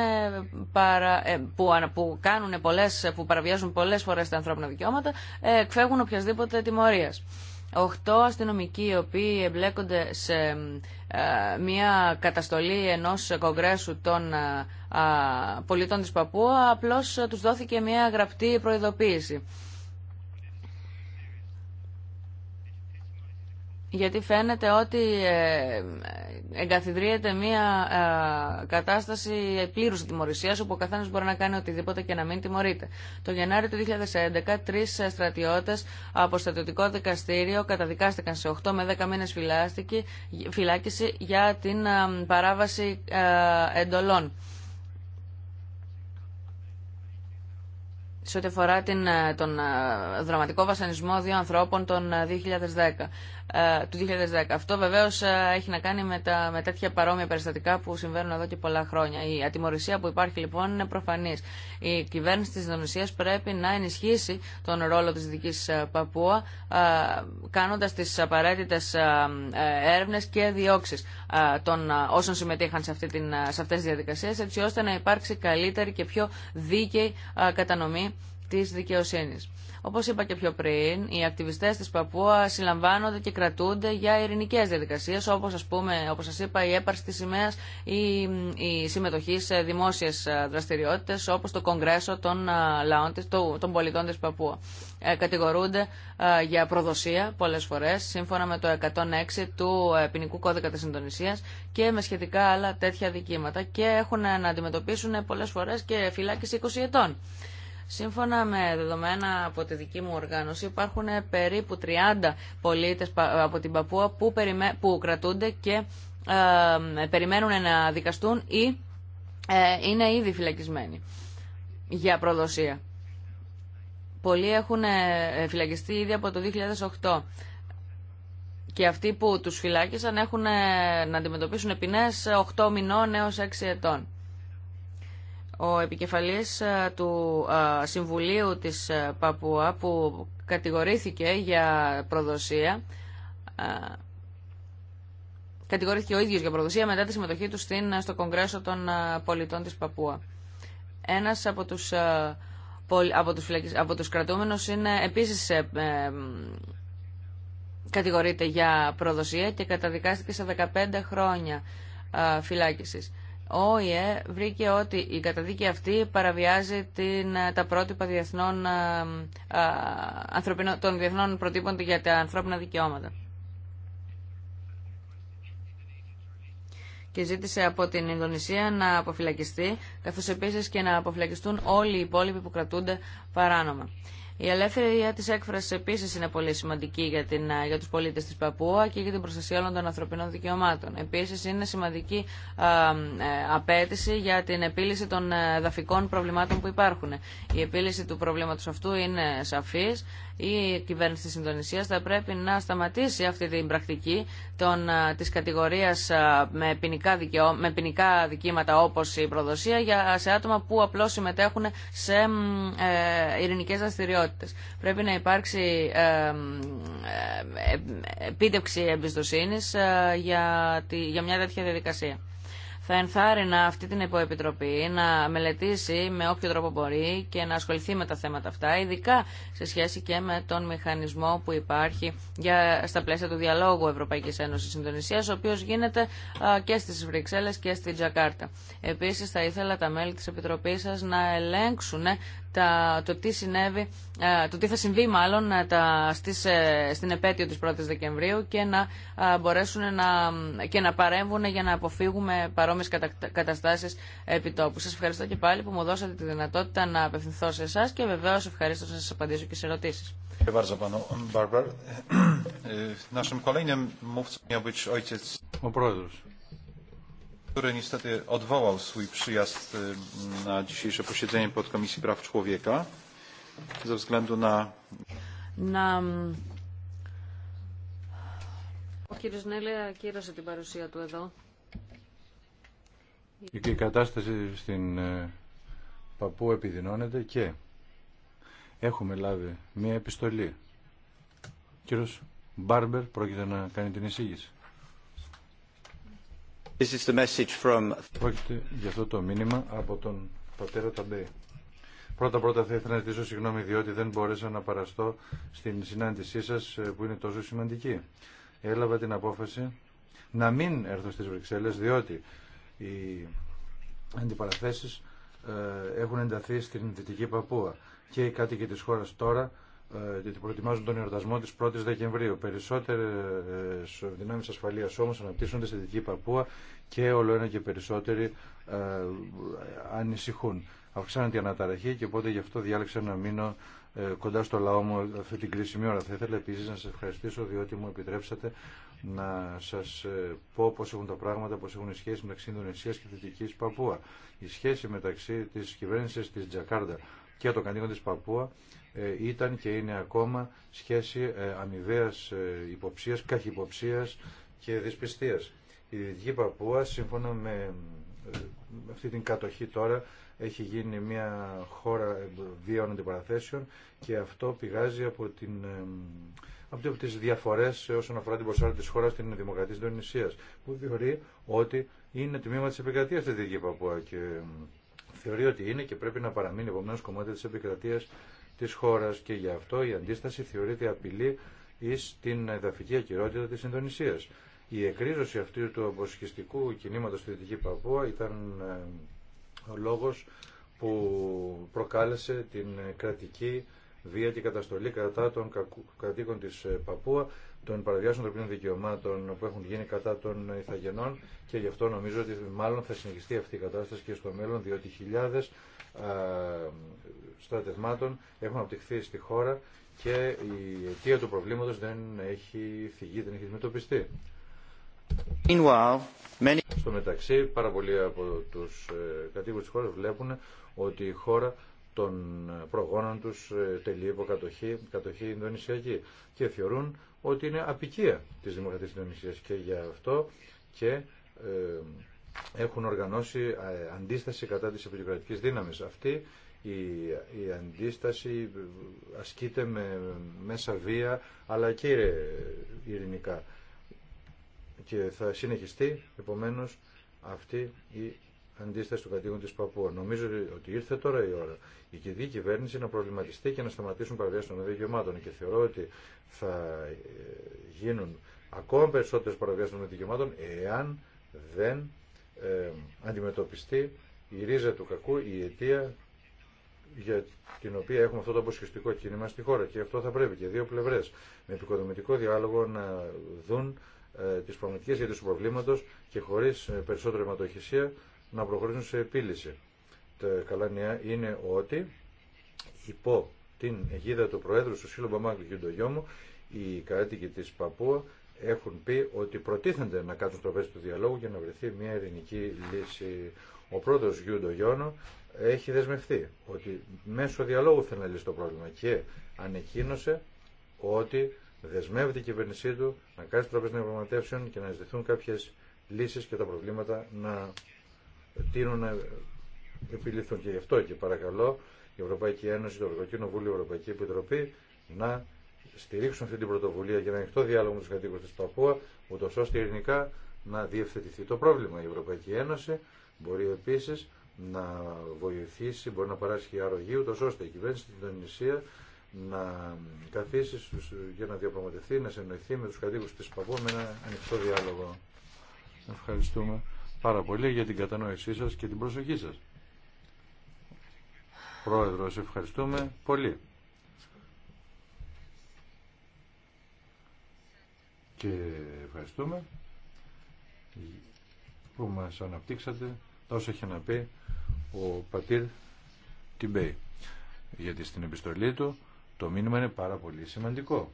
C: παρα, ε, που, που, πολλές, που παραβιάζουν πολλέ φορέ τα ανθρώπινα δικαιώματα, ε, εκφεύγουν οποιασδήποτε τιμωρία. Οχτώ αστυνομικοί οι οποίοι εμπλέκονται σε ε, μια καταστολή ενός κογκρέσου των ε, πολιτών της Παπούα απλώς ε, τους δόθηκε μια γραπτή προειδοποίηση. γιατί φαίνεται ότι ε, εγκαθιδρύεται μια ε, κατάσταση πλήρου τιμωρησία όπου ο καθένας μπορεί να κάνει οτιδήποτε και να μην τιμωρείται. Το Γενάρη του 2011 τρεις ε, στρατιώτες από στρατιωτικό δικαστήριο καταδικάστηκαν σε 8 με 10 μήνες φυλάκιση για την παράβαση εντολών. σε ό,τι αφορά τον δραματικό βασανισμό δύο ανθρώπων τον 2010. Ε, του 2010. Αυτό βεβαίω ε, έχει να κάνει με, τα, με τέτοια παρόμοια περιστατικά που συμβαίνουν εδώ και πολλά χρόνια. Η ατιμορρησία που υπάρχει λοιπόν είναι προφανή. Η κυβέρνηση τη Ινδονησία πρέπει να ενισχύσει τον ρόλο τη δική ε, Παππούα κάνοντα τι απαραίτητε έρευνε και διώξει των όσων συμμετείχαν σε, σε αυτές διαδικασίες, έτσι ώστε να υπάρξει καλύτερη και πιο δίκαιη κατανομή της δικαιοσύνης. Όπως είπα και πιο πριν, οι ακτιβιστές της Παππούα συλλαμβάνονται και κρατούνται για ειρηνικές διαδικασίες, όπως, ας πούμε, όπως σας είπα η έπαρση της σημαίας ή η συμμετοχή σε δημόσιες ε, δραστηριότητες, όπως το Κογκρέσο των, ε, λαών, των πολιτών της Παππούα. Ε, κατηγορούνται για προδοσία πολλές φορές, σύμφωνα με το 106 του ποινικού κώδικα της Συντονισίας και με σχετικά άλλα τέτοια δικήματα και έχουν να αντιμετωπίσουν πολλές φορές και φυλάκιση 20 ετών. Σύμφωνα με δεδομένα από τη δική μου οργάνωση υπάρχουν περίπου 30 πολίτες από την Παπούα που, περιμέ... που κρατούνται και περιμένουν να δικαστούν ή ε, είναι ήδη φυλακισμένοι για προδοσία. Πολλοί έχουν ε, φυλακιστεί ήδη από το 2008 και αυτοί που τους φυλάκισαν έχουν ε, να αντιμετωπίσουν ποινές 8 μηνών έως 6 ετών. Ο επικεφαλής ε, του ε, Συμβουλίου της ε, Παπούα που κατηγορήθηκε για προδοσία κατηγορήθηκε ο ίδιος για προδοσία μετά τη συμμετοχή του στο Κογκρέσο των Πολιτών της Παπούα. Ένας από τους, από τους, από τους κρατούμενους είναι επίσης κατηγορείται για προδοσία και καταδικάστηκε σε 15 χρόνια φυλάκισης ο ΙΕ βρήκε ότι η καταδίκη αυτή παραβιάζει την, ε, τα πρότυπα διεθνών, ε, ε, α, των διεθνών προτύπων για τα ανθρώπινα δικαιώματα. και ζήτησε από την Ινδονησία να αποφυλακιστεί, καθώς επίσης και να αποφυλακιστούν όλοι οι υπόλοιποι που κρατούνται παράνομα. Η ελεύθερη τη έκφραση επίσης είναι πολύ σημαντική για, την, για τους πολίτες της Παπούα και για την προστασία όλων των ανθρωπινών δικαιωμάτων. Επίσης είναι σημαντική ε, απέτηση για την επίλυση των ε, δαφικών προβλημάτων που υπάρχουν. Η επίλυση του προβλήματος αυτού είναι σαφής η κυβέρνηση της Ινδονησίας θα πρέπει να σταματήσει αυτή την πρακτική των, της κατηγορίας με ποινικά, δικαιώ, με δικήματα όπως η προδοσία για, σε άτομα που απλώς συμμετέχουν σε ε, ειρηνικές δραστηριότητε. Πρέπει να υπάρξει ε, ε, ε επίτευξη εμπιστοσύνης για, για μια τέτοια διαδικασία θα ενθάρρυνα αυτή την υποεπιτροπή να μελετήσει με όποιο τρόπο μπορεί και να ασχοληθεί με τα θέματα αυτά, ειδικά σε σχέση και με τον μηχανισμό που υπάρχει για, στα πλαίσια του διαλόγου Ευρωπαϊκής Ένωσης Συντονισίας, ο οποίο γίνεται και στις Βρυξέλλες και στην Τζακάρτα. Επίσης θα ήθελα τα μέλη τη Επιτροπή σα να ελέγξουν τα, το, τι συνέβη, ε, το τι θα συμβεί μάλλον ε, τα, στις, ε, στην επέτειο της 1ης Δεκεμβρίου και να μπορέσουν να, και να παρέμβουν για να αποφύγουμε παρόμοιες κατα, καταστάσεις επιτόπου. Σας ευχαριστώ και πάλι που μου δώσατε τη δυνατότητα να απευθυνθώ σε εσά και βεβαίως ευχαριστώ να σας απαντήσω και σε ερωτήσεις.
B: który niestety odwołał swój przyjazd na dzisiejsze posiedzenie podkomisji praw człowieka ze względu na...
C: να mm,
A: Ο κύριος Νέλε ακύρωσε την παρουσία του εδώ.
D: Η κατάσταση στην ε, Παππού επιδεινώνεται και έχουμε λάβει μία επιστολή. κύριος Μπάρμπερ πρόκειται να κάνει την εισήγηση.
B: This is
D: για αυτό το μήνυμα από τον πατέρα Ταμπέ. Πρώτα-πρώτα θα ήθελα να ζητήσω συγγνώμη διότι δεν μπόρεσα να παραστώ στην συνάντησή σας ε, που είναι τόσο σημαντική. Έλαβα την απόφαση να μην έρθω στις Βρυξέλλες διότι οι αντιπαραθέσεις ε, έχουν ενταθεί στην Δυτική Παπούα και οι κάτοικοι της χώρας τώρα ε, γιατί προετοιμάζουν τον εορτασμό τη 1 η Δεκεμβρίου. περισσοτερε δυναμει ασφαλεια όμω αναπτύσσονται στη Δυτική Παππούα και όλο ένα και περισσότεροι ε, ανησυχούν. Αυξάνεται η αναταραχή και οπότε γι' αυτό διάλεξα να μείνω ε, κοντά στο λαό μου αυτή την κρίσιμη ώρα. Θα ήθελα επίση να σα ευχαριστήσω διότι μου επιτρέψατε να σα πω πώ έχουν τα πράγματα, πώς έχουν οι σχέσει μεταξύ Ινδονησία και Δυτική Παππούα. Η σχέση μεταξύ τη κυβέρνηση, τη Τζακάρντα και το κατοίκων τη Παππούα ε, ήταν και είναι ακόμα σχέση ε, αμοιβαίας ε, υποψίας, καχυποψίας και δυσπιστίας. Η Δυτική Παππούα, σύμφωνα με αυτή την κατοχή τώρα, έχει γίνει μια χώρα βίων αντιπαραθέσεων και αυτό πηγάζει από, την, από τις διαφορές όσον αφορά την προσάρτηση της χώρας στην Δημοκρατία της Ινδονησίας, που θεωρεί ότι είναι τμήμα της επικρατείας της Δυτική Παππούα και θεωρεί ότι είναι και πρέπει να παραμείνει επομένως κομμάτι της επικρατείας της χώρας και γι' αυτό η αντίσταση θεωρείται απειλή εις την εδαφική ακυρότητα της Ινδονησίας. Η εκρίζωση αυτού του αποσχιστικού κινήματος στη Δυτική Παππούα ήταν ε, ο λόγος που προκάλεσε την κρατική βία και καταστολή κατά των κατοίκων της ε, Παππούα, των παραδιάσεων των δικαιωμάτων που έχουν γίνει κατά των Ιθαγενών και γι' αυτό νομίζω ότι μάλλον θα συνεχιστεί αυτή η κατάσταση και στο μέλλον, διότι χιλιάδες στρατευμάτων έχουν αποτυχθεί στη χώρα και η αιτία του προβλήματος δεν έχει φυγεί, δεν έχει αντιμετωπιστεί. Στο μεταξύ, πάρα πολλοί από τους ε, κατοίκους της χώρας βλέπουν ότι η χώρα των προγόνων τους ε, τελεί υποκατοχή, κατοχή Ινδονησιακή και θεωρούν ότι είναι απικία της Δημοκρατίας Ινδονησίας και για αυτό και ε, έχουν οργανώσει αντίσταση κατά της επικοινωνικής δύναμης. Αυτή η, η αντίσταση ασκείται με μέσα βία αλλά και ειρηνικά και θα συνεχιστεί επομένως αυτή η αντίσταση του κατοίκων της Παππού. Νομίζω ότι ήρθε τώρα η ώρα η κυβέρνηση να προβληματιστεί και να σταματήσουν παραβιάσεις των δικαιωμάτων και θεωρώ ότι θα ε, γίνουν ακόμα περισσότερες παραβιάσεις των δικαιωμάτων εάν δεν ε, αντιμετωπιστεί η ρίζα του κακού, η αιτία για την οποία έχουμε αυτό το αποσχεστικό κίνημα στη χώρα και αυτό θα πρέπει και δύο πλευρέ με επικοδομητικό διάλογο να δουν ε, τις πραγματικές για του προβλήματο και χωρί ε, περισσότερη αιματοχυσία να προχωρήσουν σε επίλυση. Τα καλά νέα είναι ότι υπό την αιγίδα του Προέδρου του Σύλλογου Μπαμάκλου και οι κάτοικοι τη Παππούα έχουν πει ότι προτίθενται να κάτσουν στο βέστη του διαλόγου για να βρεθεί μια ειρηνική λύση. Ο πρώτος Γιούντο Γιώνο έχει δεσμευτεί ότι μέσω διαλόγου θέλει να λύσει το πρόβλημα και ανεκκίνωσε ότι δεσμεύεται η κυβέρνησή του να κάνει να διαπραγματεύσεων και να ζητηθούν κάποιε λύσει και τα προβλήματα να τείνουν να επιληθούν. Και γι' αυτό και παρακαλώ η Ευρωπαϊκή Ένωση, το Ευρωπαϊκό Κοινοβούλιο, η Ευρωπαϊκή Επιτροπή να στηρίξουν αυτή την πρωτοβουλία για να ανοιχτό διάλογο με του κατοίκου τη Παπούα, ούτω ώστε ειρηνικά να διευθετηθεί το πρόβλημα. Η Ευρωπαϊκή Ένωση μπορεί επίση να βοηθήσει, μπορεί να παράσχει αρρωγή, ούτω ώστε η κυβέρνηση στην Ινδονησία να καθίσει για να διαπραγματευτεί, να συνοηθεί με του κατοίκου τη Παππού με ένα ανοιχτό διάλογο. Ευχαριστούμε πάρα πολύ για την κατανόησή σα και την προσοχή σας. Πρόεδρος, ευχαριστούμε πολύ. Και ευχαριστούμε που μας αναπτύξατε τόσο έχει να πει ο πατήρ Τιμπέη. Γιατί στην επιστολή του το μήνυμα είναι πάρα πολύ σημαντικό.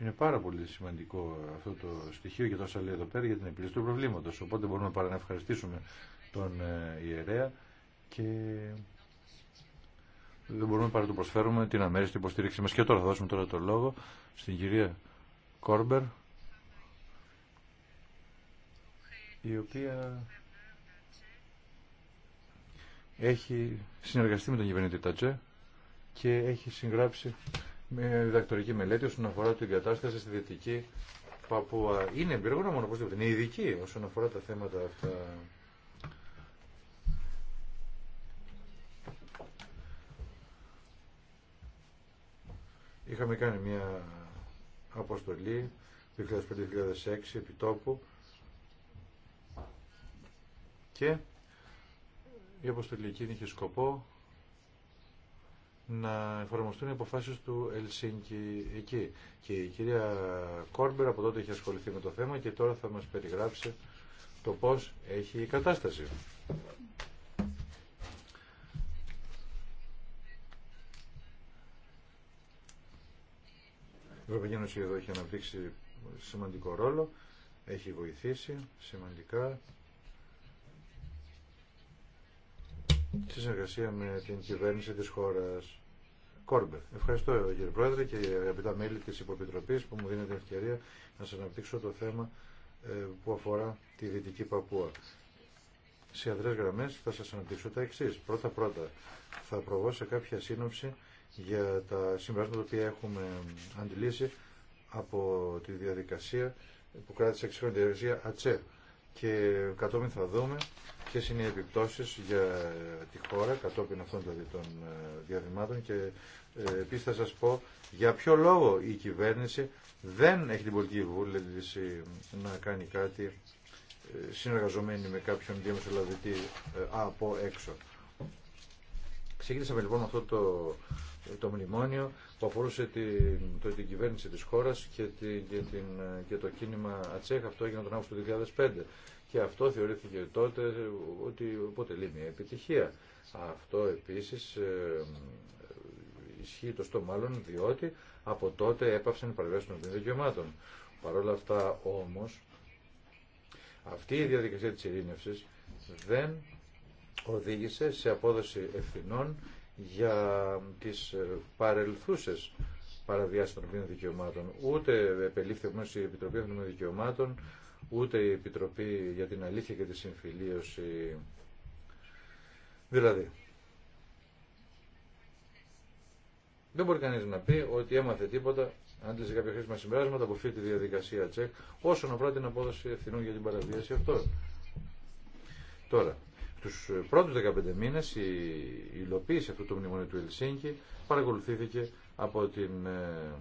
D: Είναι πάρα πολύ σημαντικό αυτό το στοιχείο για τόσα λέει εδώ πέρα για την επίλυση του προβλήματος. Οπότε μπορούμε παρά να ευχαριστήσουμε τον ε, ιερέα και δεν μπορούμε παρά να του προσφέρουμε την αμέριστη υποστήριξη μας. Και τώρα θα δώσουμε τώρα το λόγο στην κυρία Κόρμπερ η οποία έχει συνεργαστεί με τον κυβερνήτη Τατζέ και έχει συγγράψει με διδακτορική μελέτη όσον αφορά την κατάσταση στη Δυτική παπουά. Είναι εμπειρογνώμων, Είναι ειδική όσον αφορά τα θέματα αυτά. Είχαμε κάνει μια αποστολή 2005-2006 επιτόπου και η αποστολή εκείνη είχε σκοπό να εφαρμοστούν οι αποφάσεις του Ελσίνκη εκεί. Και η κυρία Κόρμπερ από τότε είχε ασχοληθεί με το θέμα και τώρα θα μας περιγράψει το πώς έχει η κατάσταση. Η Ευρωπαϊκή Ένωση εδώ έχει αναπτύξει σημαντικό ρόλο, έχει βοηθήσει σημαντικά στη συνεργασία με την κυβέρνηση της χώρας Κόρμπερ. Ευχαριστώ κύριε Πρόεδρε και αγαπητά μέλη της Υποπιτροπής που μου δίνετε ευκαιρία να σας αναπτύξω το θέμα ε, που αφορά τη Δυτική Παπούα. Σε αδρές γραμμές θα σας αναπτύξω τα εξής. Πρώτα-πρώτα θα προβώ σε κάποια σύνοψη για τα συμπεράσματα που έχουμε αντιλήσει από τη διαδικασία που κράτησε 6 διαδικασία ΑΤΣΕ και κατόπιν θα δούμε ποιε είναι οι επιπτώσεις για τη χώρα κατόπιν αυτών δηλαδή των ε, διαδημάτων. και ε, επίσης θα σας πω για ποιο λόγο η κυβέρνηση δεν έχει την πολιτική βούληση να κάνει κάτι ε, συνεργαζομένη με κάποιον διαμεσολαβητή από έξω. Ξεκίνησαμε λοιπόν αυτό το, το μνημόνιο που αφορούσε την, το, την κυβέρνηση της χώρας και, την, την, και το κίνημα Ατσέχ. Αυτό έγινε τον Αύγουστο του 2005 και αυτό θεωρήθηκε τότε ότι αποτελεί μια επιτυχία. Αυτό επίσης ε, ισχύει το στο μάλλον διότι από τότε έπαυσαν οι παρεμβάσεις των δικαιωμάτων. Παρ' όλα αυτά όμως αυτή η διαδικασία της ειρήνευσης δεν οδήγησε σε απόδοση ευθυνών για τις ε, παρελθούσες παραβιάσεις των δικαιωμάτων. Ούτε επελήφθη η Επιτροπή των Δικαιωμάτων, ούτε η Επιτροπή για την Αλήθεια και τη Συμφιλίωση. Δηλαδή, δεν μπορεί κανείς να πει ότι έμαθε τίποτα αν τις κάποια χρήσιμα συμπεράσματα από αυτή τη διαδικασία τσεκ όσον αφορά την απόδοση ευθυνών για την παραβίαση αυτών. Τώρα, τους ε, πρώτους 15 μήνες η υλοποίηση αυτού του μνημονίου του Ελσίνκη παρακολουθήθηκε από την ε,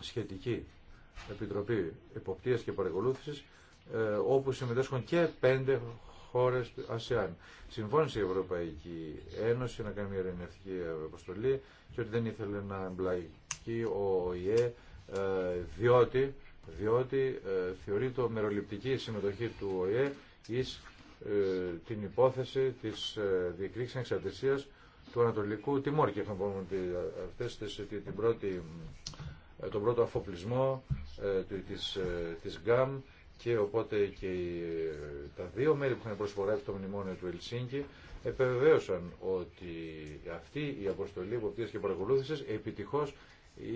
D: σχετική Επιτροπή Εποπτείας και Παρακολούθησης ε, όπου συμμετέσχουν και πέντε χώρες του ΑΣΕΑΝ. Συμφώνησε η Ευρωπαϊκή Ένωση να κάνει μια ειρηνευτική αποστολή και ότι δεν ήθελε να εμπλακεί ο ΟΗΕ διότι, διότι θεωρεί το μεροληπτική συμμετοχή του ΟΗΕ εις ε, την υπόθεση της ε, εξαρτησία του Ανατολικού Τιμόρ και έχουμε ότι αυτές την πρώτη, ε, τον πρώτο αφοπλισμό ε, της, της ΓΑΜ και οπότε και τα δύο μέρη που είχαν προσφοράσει το μνημόνιο του Ελσίνκη επιβεβαίωσαν ότι αυτή η αποστολή που και παρακολούθησης επιτυχώς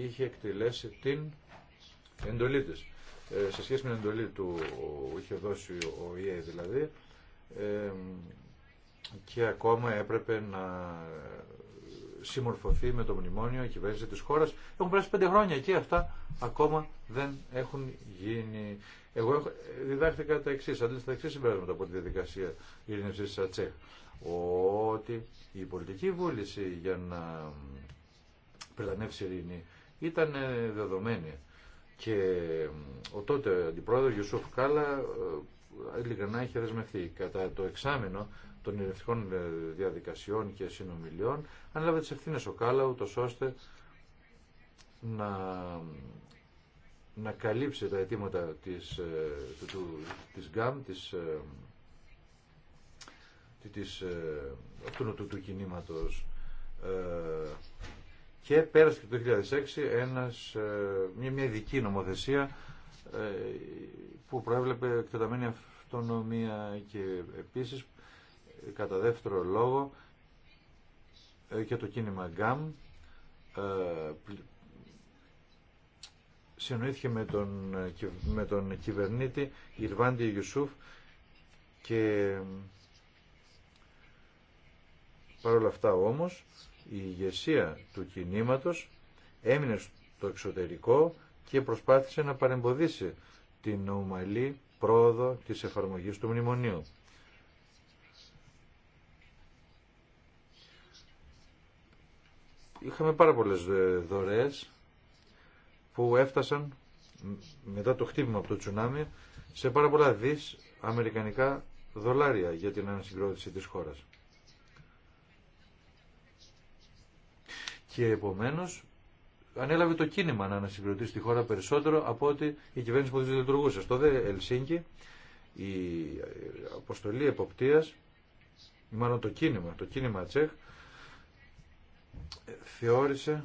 D: είχε εκτελέσει την εντολή της. σε σχέση με την εντολή του είχε δώσει ο ΙΕ δηλαδή, και ακόμα έπρεπε να συμμορφωθεί με το μνημόνιο η κυβέρνηση της χώρας. Έχουν περάσει πέντε χρόνια και αυτά ακόμα δεν έχουν γίνει. Εγώ έχω, ε, διδάχθηκα τα εξή, δεν τα εξής συμπεράσματα από τη διαδικασία ειρήνευση τη ΑΤΣΕΧ. Ότι η πολιτική βούληση για να περτανεύσει ειρήνη ήταν ε, δεδομένη. Και ο τότε αντιπρόεδρος Γιουσούφ Κάλα ε, λιγανά είχε δεσμευτεί. Κατά το εξάμεινο των ειρηνευτικών ε, διαδικασιών και συνομιλιών ανέλαβε τις ευθύνες ο Κάλα ούτως ώστε να, να καλύψει τα αιτήματα της, ε, του, της ΓΑΜ, της, ε, της, του, του, του κινήματος και πέρασε το 2006 ένας, μια, μια ειδική νομοθεσία ε, που προέβλεπε εκτεταμένη αυτονομία και επίσης κατά δεύτερο λόγο ε, και το κίνημα ΓΑΜ ε, συνοήθηκε με τον, με τον κυβερνήτη Ιρβάντι Ιουσούφ και παρόλα αυτά όμως η ηγεσία του κινήματος έμεινε στο εξωτερικό και προσπάθησε να παρεμποδίσει την ομαλή πρόοδο της εφαρμογής του μνημονίου. Είχαμε πάρα πολλές δωρεές που έφτασαν μετά το χτύπημα από το τσουνάμι σε πάρα πολλά δις αμερικανικά δολάρια για την ανασυγκρότηση της χώρας. Και επομένως ανέλαβε το κίνημα να ανασυγκροτήσει τη χώρα περισσότερο από ότι η κυβέρνηση που δεν λειτουργούσε. Στο δε Ελσίνκι η αποστολή εποπτεία, μάλλον το κίνημα, το κίνημα Τσέχ, θεώρησε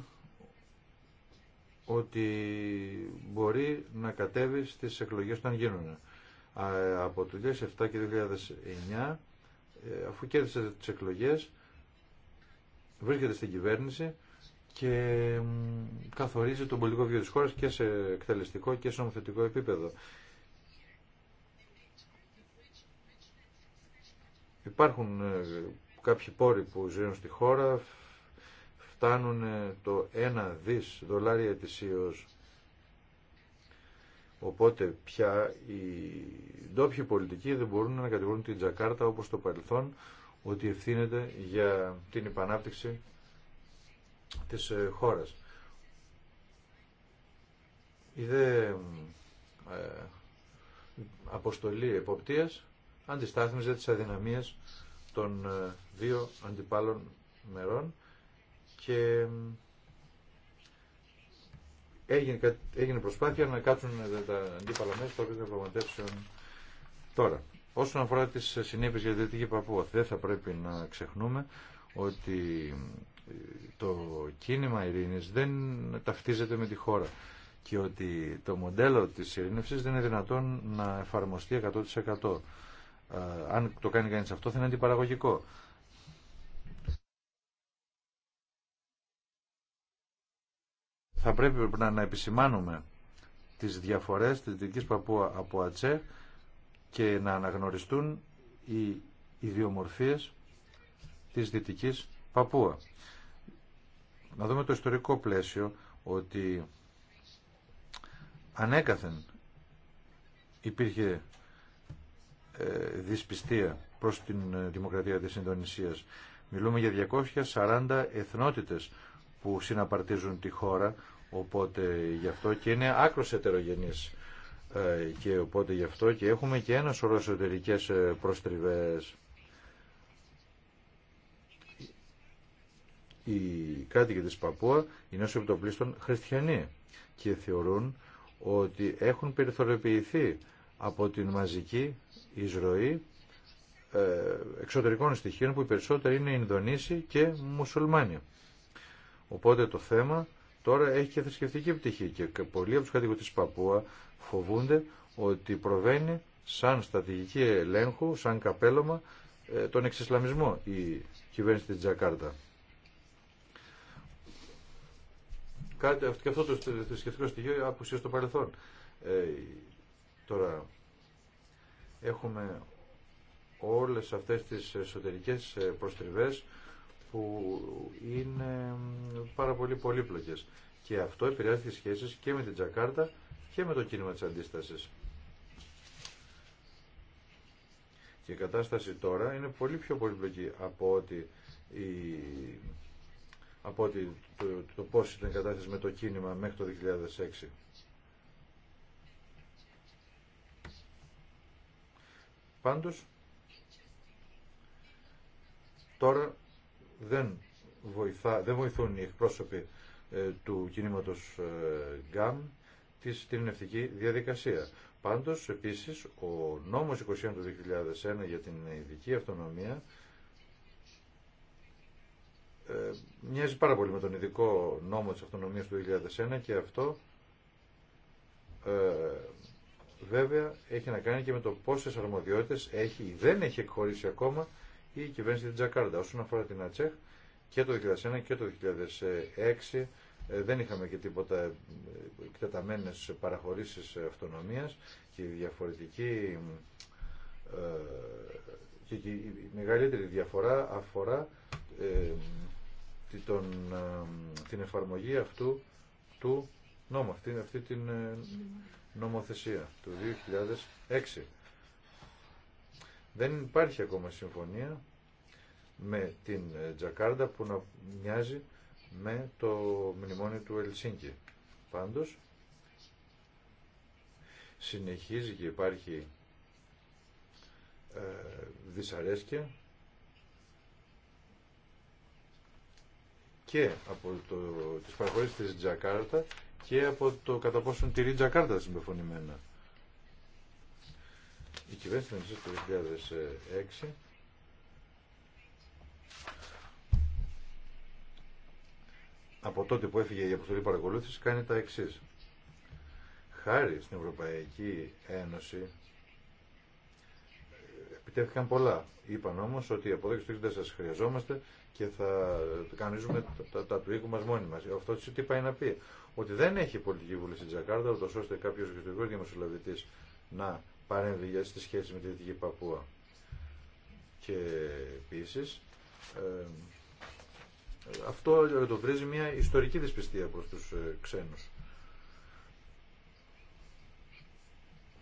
D: ότι μπορεί να κατέβει στις εκλογές όταν γίνουν. Από το 2007 και 2009, ε, αφού κέρδισε τις εκλογές, βρίσκεται στην κυβέρνηση και καθορίζει τον πολιτικό βίο της χώρας και σε εκτελεστικό και σε νομοθετικό επίπεδο. Υπάρχουν ε, κάποιοι πόροι που ζουν στη χώρα, φτάνουν ε, το 1 δις δολάρια ετησίως. Οπότε πια οι ντόπιοι πολιτικοί δεν μπορούν να κατηγορούν την Τζακάρτα όπως το παρελθόν ότι ευθύνεται για την υπανάπτυξη της ε, χώρας. Η δε ε, αποστολή εποπτείας αντιστάθμιζε τις αδυναμίες των ε, δύο αντιπάλων μερών και έγινε, έγινε προσπάθεια να κάτσουν τα αντίπαλα μέσα των διαπραγματεύσεων τώρα. Όσον αφορά τις συνέπειες για τη Δυτική Παππού, δεν θα πρέπει να ξεχνούμε ότι το κίνημα ειρήνης δεν ταυτίζεται με τη χώρα και ότι το μοντέλο της ειρήνευσης δεν είναι δυνατόν να εφαρμοστεί 100%. Αν το κάνει κανείς αυτό θα είναι αντιπαραγωγικό. Θα πρέπει να, επισημάνουμε τις διαφορές της Δυτικής Παππούα από ΑΤΣΕ και να αναγνωριστούν οι ιδιομορφίες της Δυτικής Παππούα να δούμε το ιστορικό πλαίσιο ότι ανέκαθεν υπήρχε ε, δυσπιστία προς την ε, δημοκρατία της Ινδονησίας. Μιλούμε για 240 εθνότητες που συναπαρτίζουν τη χώρα, οπότε γι' αυτό και είναι άκρος ετερογενής ε, και οπότε γι' αυτό και έχουμε και ένα σωρό εσωτερικές προστριβές. οι κάτοικοι της Παππούα είναι ως επιτοπλίστων χριστιανοί και θεωρούν ότι έχουν περιθωριοποιηθεί από την μαζική εισρωή ε, εξωτερικών στοιχείων που οι περισσότεροι είναι Ινδονήσοι και Μουσουλμάνοι. Οπότε το θέμα τώρα έχει και θρησκευτική πτυχή και πολλοί από τους κατοίκους της Παππούα φοβούνται ότι προβαίνει σαν στρατηγική ελέγχου, σαν καπέλωμα ε, τον εξισλαμισμό η κυβέρνηση της Τζακάρτα. Κάτι, και αυτό το σχετικό στοιχείο άκουσε στο παρελθόν. Ε, τώρα έχουμε όλες αυτές τις εσωτερικές ε, προστριβές που είναι πάρα πολύ πολύπλοκες. Και αυτό επηρεάζει τις σχέσεις και με την Τζακάρτα και με το κίνημα της αντίστασης. Και η κατάσταση τώρα είναι πολύ πιο πολύπλοκη από ότι η από ότι το, το πώς ήταν η κατάσταση με το κίνημα μέχρι το 2006. Πάντως, τώρα δεν, βοηθά, δεν βοηθούν οι εκπρόσωποι ε, του κινήματος ε, ΓΑΜ της, την διαδικασία. Πάντως, επίσης, ο νόμος 21 του 2001 για την ειδική αυτονομία ε, μοιάζει πάρα πολύ με τον ειδικό νόμο της αυτονομίας του 2001 και αυτό ε, βέβαια έχει να κάνει και με το πόσες αρμοδιότητες έχει ή δεν έχει εκχωρήσει ακόμα η κυβέρνηση της Τζακάρντα. Όσον αφορά την ΑΤΣΕΧ και το 2001 και το 2006 ε, δεν είχαμε και τίποτα ε, εκτεταμένες παραχωρήσεις αυτονομίας και η διαφορετική ε, και η μεγαλύτερη διαφορά αφορά ε, την εφαρμογή αυτού του νόμου, αυτή, την ε, νομοθεσία του 2006. Δεν υπάρχει ακόμα συμφωνία με την ε, Τζακάρντα που να μοιάζει με το μνημόνιο του Ελσίνκη. Πάντως, συνεχίζει και υπάρχει ε, δυσαρέσκεια και από το, τις παραχωρήσεις της Τζακάρτα και από το κατά πόσον τηρεί Τζακάρτα συμπεφωνημένα. Η κυβέρνηση της 2006 από τότε που έφυγε η αποστολή παρακολούθηση κάνει τα εξή. Χάρη στην Ευρωπαϊκή Ένωση επιτεύχθηκαν πολλά. Είπαν όμω ότι από εδώ και στο χρειαζόμαστε και θα κανονίζουμε τα, τα, του οίκου μα μόνοι μα. Αυτό τι πάει να πει. Ότι δεν έχει πολιτική βούλη στην Τζακάρτα, ούτω ώστε κάποιο εξωτερικό δημοσιολογητή να παρέμβει στη σχέση με τη Δυτική Παπούα. Και επίση, ε, αυτό το βρίζει μια ιστορική δυσπιστία προς τους ε, ξένους.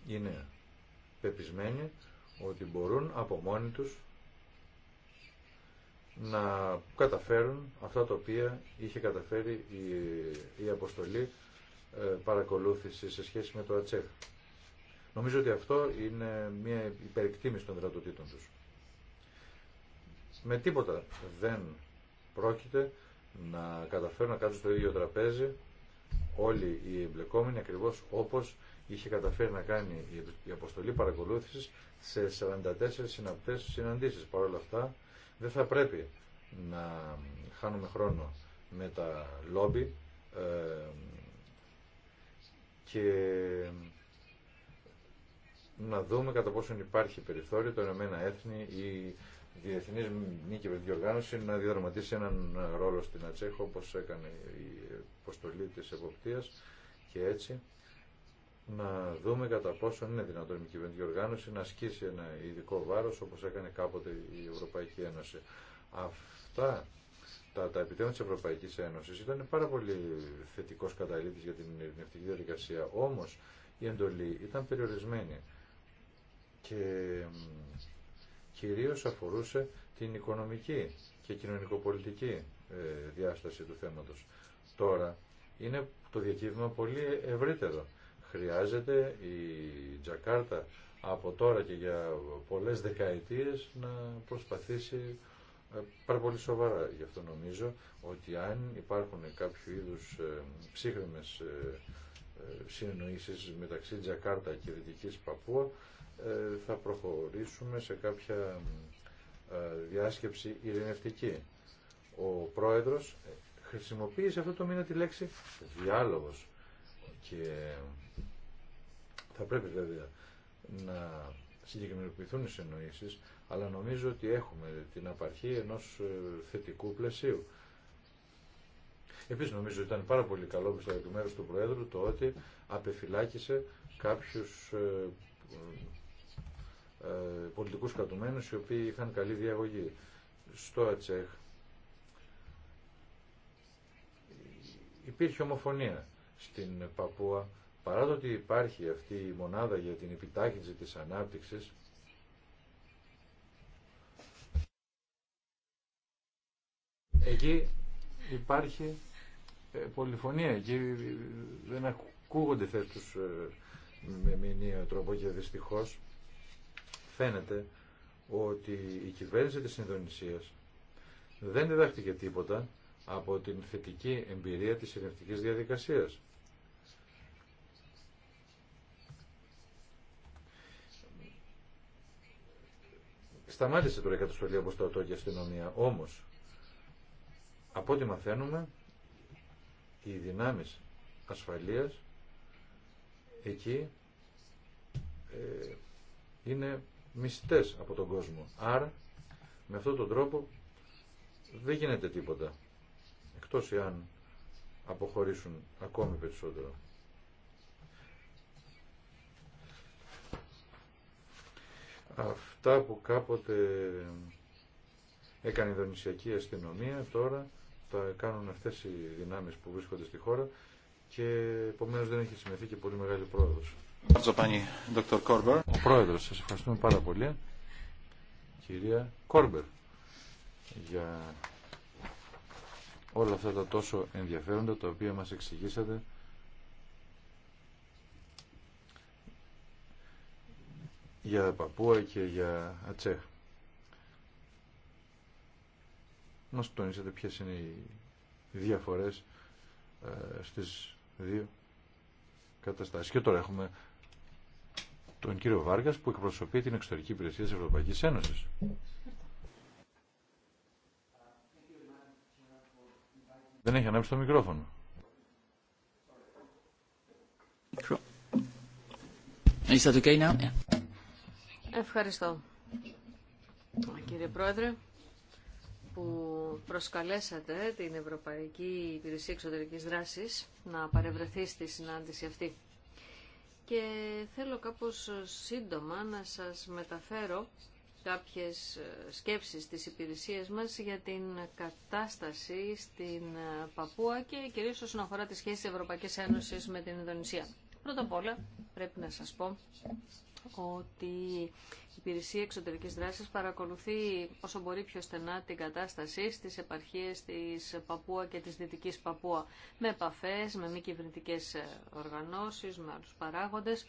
D: Είναι πεπισμένοι ότι μπορούν από μόνοι τους να καταφέρουν αυτά τα οποία είχε καταφέρει η, η αποστολή ε, παρακολούθηση σε σχέση με το ΑΤΣΕΧ. Νομίζω ότι αυτό είναι μια υπερεκτίμηση των δρατοτήτων τους. Με τίποτα δεν πρόκειται να καταφέρουν να κάτσουν στο ίδιο τραπέζι όλοι οι εμπλεκόμενοι ακριβώς όπως είχε καταφέρει να κάνει η αποστολή παρακολούθησης σε 44 συναπτές συναντήσεις. Παρ' όλα αυτά δεν θα πρέπει να χάνουμε χρόνο με τα λόμπι ε, και να δούμε κατά πόσο υπάρχει περιθώριο το Ηνωμένα Έθνη ή διεθνή μη κυβερνητική οργάνωση να διαδραματίσει έναν ρόλο στην Ατσέχο όπως έκανε η αποστολή της εποπτείας και έτσι να δούμε κατά πόσο είναι δυνατόν η κυβερνητική οργάνωση να ασκήσει ένα ειδικό βάρος όπως έκανε κάποτε η Ευρωπαϊκή Ένωση. Αυτά τα, τα τη της Ευρωπαϊκής Ένωσης ήταν πάρα πολύ θετικός καταλήτης για την ειρηνευτική διαδικασία, όμως η εντολή ήταν περιορισμένη και κυρίως αφορούσε την οικονομική και κοινωνικοπολιτική ε, διάσταση του θέματος. Τώρα είναι το διακύβημα πολύ ευρύτερο Χρειάζεται η Τζακάρτα από τώρα και για πολλές δεκαετίες να προσπαθήσει ε, πάρα πολύ σοβαρά. Γι' αυτό νομίζω ότι αν υπάρχουν κάποιο είδους ε, ψύχρεμες ε, συνεννοήσεις μεταξύ Τζακάρτα και Δυτικής Παππούα θα προχωρήσουμε σε κάποια διάσκεψη ειρηνευτική. Ο πρόεδρος χρησιμοποίησε αυτό το μήνα τη λέξη διάλογος και θα πρέπει βέβαια να συγκεκριμενοποιηθούν οι συνοήσεις, αλλά νομίζω ότι έχουμε την απαρχή ενός ε, θετικού πλαισίου. Επίσης νομίζω ότι ήταν πάρα πολύ καλό από το μέρους του Προέδρου το ότι απεφυλάκησε κάποιους ε, ε, πολιτικούς κατουμένους οι οποίοι είχαν καλή διαγωγή. Στο ΑΤΣΕΧ υπήρχε ομοφωνία στην Παπούα παρά το ότι υπάρχει αυτή η μονάδα για την επιτάχυνση της ανάπτυξης, εκεί υπάρχει ε, πολυφωνία, εκεί δεν ακούγονται θέτους ε, με μηνύο τρόπο και δυστυχώς φαίνεται ότι η κυβέρνηση της Ινδονησίας δεν διδάχτηκε τίποτα από την θετική εμπειρία της ειρηνευτικής διαδικασίας. σταμάτησε τώρα η καταστολή όπως το και αστυνομία. όμω, από ό,τι μαθαίνουμε, οι δυνάμει ασφαλεία, εκεί ε, είναι μισθέ από τον κόσμο. Άρα, με αυτόν τον τρόπο δεν γίνεται τίποτα. Εκτός εάν αποχωρήσουν ακόμη περισσότερο. αυτά που κάποτε έκανε η Δονησιακή αστυνομία, τώρα τα κάνουν αυτές οι δυνάμεις που βρίσκονται στη χώρα και επομένω δεν έχει σημειωθεί και πολύ μεγάλη πρόοδος. Ο πρόεδρος, σας ευχαριστούμε πάρα πολύ, κυρία Κόρμπερ, για όλα αυτά τα τόσο ενδιαφέροντα τα οποία μας εξηγήσατε. για παπούα και για Ατσέχ. Μας τονίσετε ποιες είναι οι διαφορές ε, στις δύο καταστάσεις. Και τώρα έχουμε τον κύριο Βάργας που εκπροσωπεί την εξωτερική υπηρεσία της Ευρωπαϊκής Ένωσης. Δεν έχει ανάψει το
B: μικρόφωνο.
E: Is that okay now?
A: Ευχαριστώ, κύριε Πρόεδρε, που προσκαλέσατε την Ευρωπαϊκή Υπηρεσία Εξωτερικής Δράσης να παρευρεθεί στη συνάντηση αυτή. Και θέλω κάπως σύντομα να σας μεταφέρω κάποιες σκέψεις της υπηρεσίας μας για την κατάσταση στην Παπούα και κυρίως όσον αφορά τις σχέσεις της Ευρωπαϊκής Ένωσης με την Ινδονησία. Πρώτα απ' όλα πρέπει να σας πω ότι η Υπηρεσία Εξωτερικής Δράσης παρακολουθεί όσο μπορεί πιο στενά την κατάσταση στις επαρχίες της Παπούα και της Δυτικής Παπούα με επαφές, με μη κυβερνητικέ οργανώσεις, με άλλους παράγοντες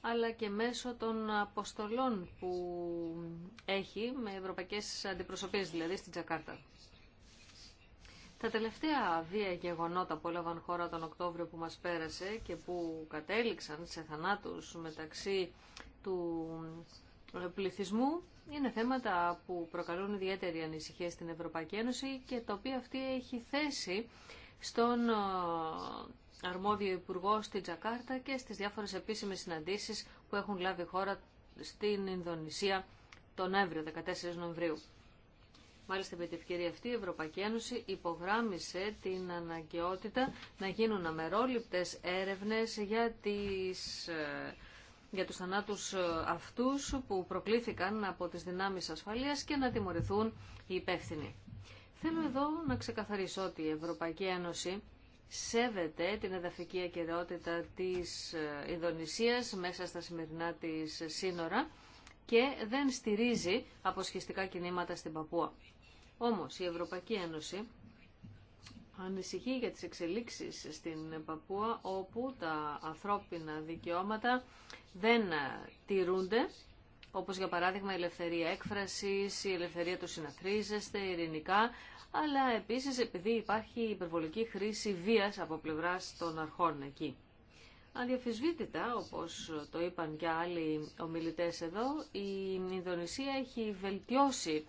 A: αλλά και μέσω των αποστολών που έχει με ευρωπαϊκές αντιπροσωπείες, δηλαδή στην Τζακάρτα. Τα τελευταία βία γεγονότα που έλαβαν χώρα τον Οκτώβριο που μας πέρασε και που κατέληξαν σε θανάτους μεταξύ του πληθυσμού είναι θέματα που προκαλούν ιδιαίτερη ανησυχία στην Ευρωπαϊκή Ένωση και το οποίο αυτή έχει θέσει στον ε, αρμόδιο υπουργό στη Τζακάρτα και στις διάφορες επίσημες συναντήσεις που έχουν λάβει χώρα στην Ινδονησία τον Νοέμβριο, 14 Νοεμβρίου. Μάλιστα με την ευκαιρία αυτή η Ευρωπαϊκή Ένωση υπογράμμισε την αναγκαιότητα να γίνουν αμερόληπτες έρευνες για, ε, για τους θανάτους ε, αυτούς που προκλήθηκαν από τις δυνάμεις ασφαλείας και να τιμωρηθούν οι υπεύθυνοι. Θέλω εδώ να ξεκαθαρίσω ότι η Ευρωπαϊκή Ένωση σέβεται την εδαφική ακαιρεότητα της ε, Ινδονησίας μέσα στα σημερινά της σύνορα και δεν στηρίζει αποσχιστικά κινήματα στην Παππούα. Όμως η Ευρωπαϊκή Ένωση ανησυχεί για τις εξελίξεις στην Παπουά, όπου τα ανθρώπινα δικαιώματα δεν τηρούνται όπως για παράδειγμα η ελευθερία έκφρασης, η ελευθερία του συναθρίζεστε ειρηνικά, αλλά επίσης επειδή υπάρχει υπερβολική χρήση βίας από πλευράς των αρχών εκεί. Αδιαφυσβήτητα, όπως το είπαν και άλλοι ομιλητές εδώ, η Ινδονησία έχει βελτιώσει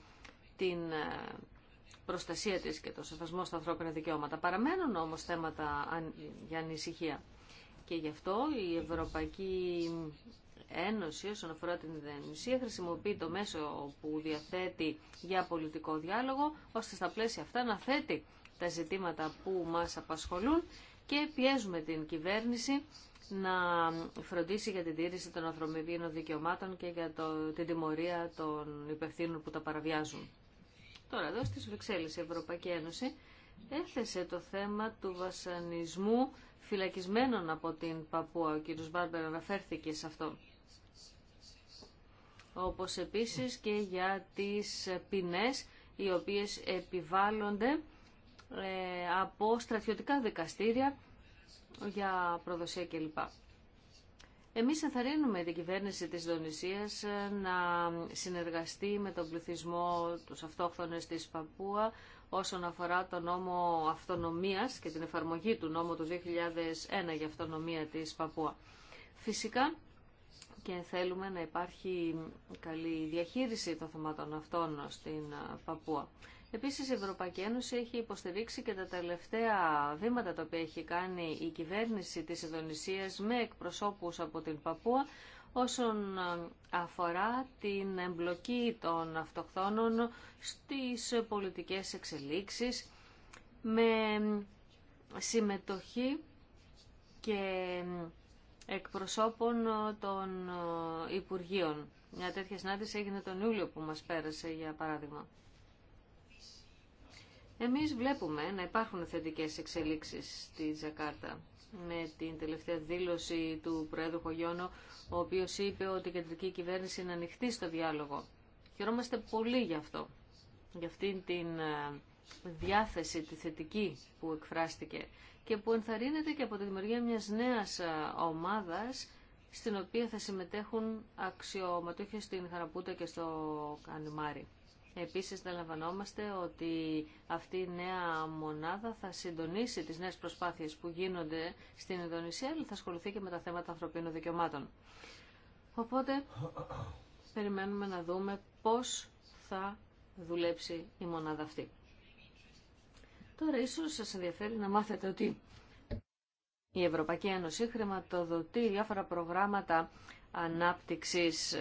A: την ε, προστασία της και το σεβασμό στα ανθρώπινα δικαιώματα. Παραμένουν όμως θέματα για ανησυχία. Και γι' αυτό η Ευρωπαϊκή Ένωση όσον αφορά την ιδανησία χρησιμοποιεί το μέσο που διαθέτει για πολιτικό διάλογο ώστε στα πλαίσια αυτά να θέτει τα ζητήματα που μας απασχολούν και πιέζουμε την κυβέρνηση να φροντίσει για την τήρηση των ανθρωπίνων δικαιωμάτων και για την τιμωρία των υπευθύνων που τα παραβιάζουν. Τώρα εδώ στις Βρυξέλλες η Ευρωπαϊκή Ένωση έθεσε το θέμα του βασανισμού φυλακισμένων από την Παπούα. Ο κ. Μπάρμπερ αναφέρθηκε σε αυτό. Όπως επίσης και για τις ποινές οι οποίες επιβάλλονται ε, από στρατιωτικά δικαστήρια για προδοσία κλπ. Εμείς ενθαρρύνουμε την κυβέρνηση της Δονησίας ε, να συνεργαστεί με τον πληθυσμό τους αυτόχθονες της Παπούα όσον αφορά τον νόμο αυτονομίας και την εφαρμογή του νόμου του 2001 για αυτονομία της Παπούα. Φυσικά και θέλουμε να υπάρχει καλή διαχείριση των θεμάτων αυτών στην ε, Παπούα. Επίσης η Ευρωπαϊκή Ένωση έχει υποστηρίξει και τα τελευταία βήματα τα οποία έχει κάνει η κυβέρνηση της Ινδονησίας με εκπροσώπους από την Παππούα όσον ε, αφορά την εμπλοκή των αυτοκτόνων στις πολιτικές εξελίξεις με συμμετοχή και εκπροσώπων των ε, Υπουργείων. Μια τέτοια συνάντηση έγινε τον Ιούλιο που μας πέρασε για παράδειγμα. Εμείς βλέπουμε να υπάρχουν θετικές εξελίξεις στη Τζακάρτα με την τελευταία δήλωση του Προέδρου Χογιώνο, ο οποίος είπε ότι η κεντρική κυβέρνηση είναι ανοιχτή στο διάλογο. Χαιρόμαστε πολύ γι' αυτό, γι' αυτήν την ε, διάθεση τη θετική που εκφράστηκε και που ενθαρρύνεται και από τη δημιουργία μιας νέας ε, ομάδας στην οποία θα συμμετέχουν αξιωματούχοι στην Χαραπούτα και στο Κανιμάρι. Επίσης λαμβανόμαστε ότι αυτή η νέα μονάδα θα συντονίσει τις νέες προσπάθειες που γίνονται στην Ινδονησία, αλλά θα ασχοληθεί και με τα θέματα ανθρωπίνων δικαιωμάτων. Οπότε περιμένουμε να δούμε πώς θα δουλέψει η μονάδα αυτή. Τώρα ίσως σας ενδιαφέρει να μάθετε ότι η Ευρωπαϊκή Ένωση χρηματοδοτεί διάφορα προγράμματα ανάπτυξης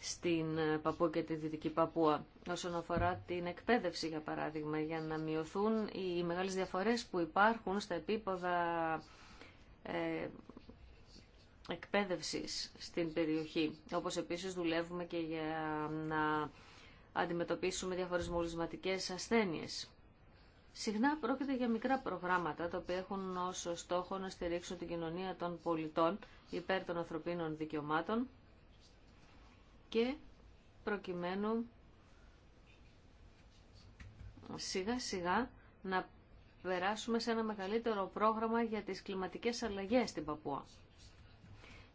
A: στην ε, Παππού και τη Δυτική Παππούα όσον αφορά την εκπαίδευση για παράδειγμα για να μειωθούν οι μεγάλες διαφορές που υπάρχουν στα επίπεδα ε, εκπαίδευσης στην περιοχή. Όπως επίσης δουλεύουμε και για να αντιμετωπίσουμε διαφορές μολυσματικές ασθένειες. Συχνά πρόκειται για μικρά προγράμματα τα οποία έχουν ως στόχο να στηρίξουν την κοινωνία των πολιτών υπέρ των ανθρωπίνων δικαιωμάτων και προκειμένου σιγά σιγά να περάσουμε σε ένα μεγαλύτερο πρόγραμμα για τις κλιματικές αλλαγές στην Παπούα.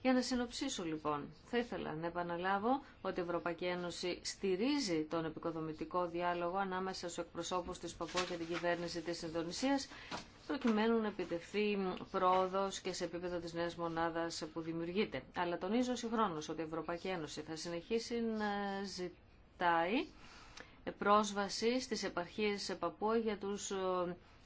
A: Για να συνοψίσω λοιπόν, θα ήθελα να επαναλάβω ότι η Ευρωπαϊκή Ένωση στηρίζει τον επικοδομητικό διάλογο ανάμεσα στους εκπροσώπους της Παππούα και την κυβέρνηση της Ινδονησίας προκειμένου να επιτευχθεί πρόοδο και σε επίπεδο της νέας μονάδας που δημιουργείται. Αλλά τονίζω συγχρόνω ότι η Ευρωπαϊκή Ένωση θα συνεχίσει να ζητάει πρόσβαση στις επαρχίες Παππούα για τους ε,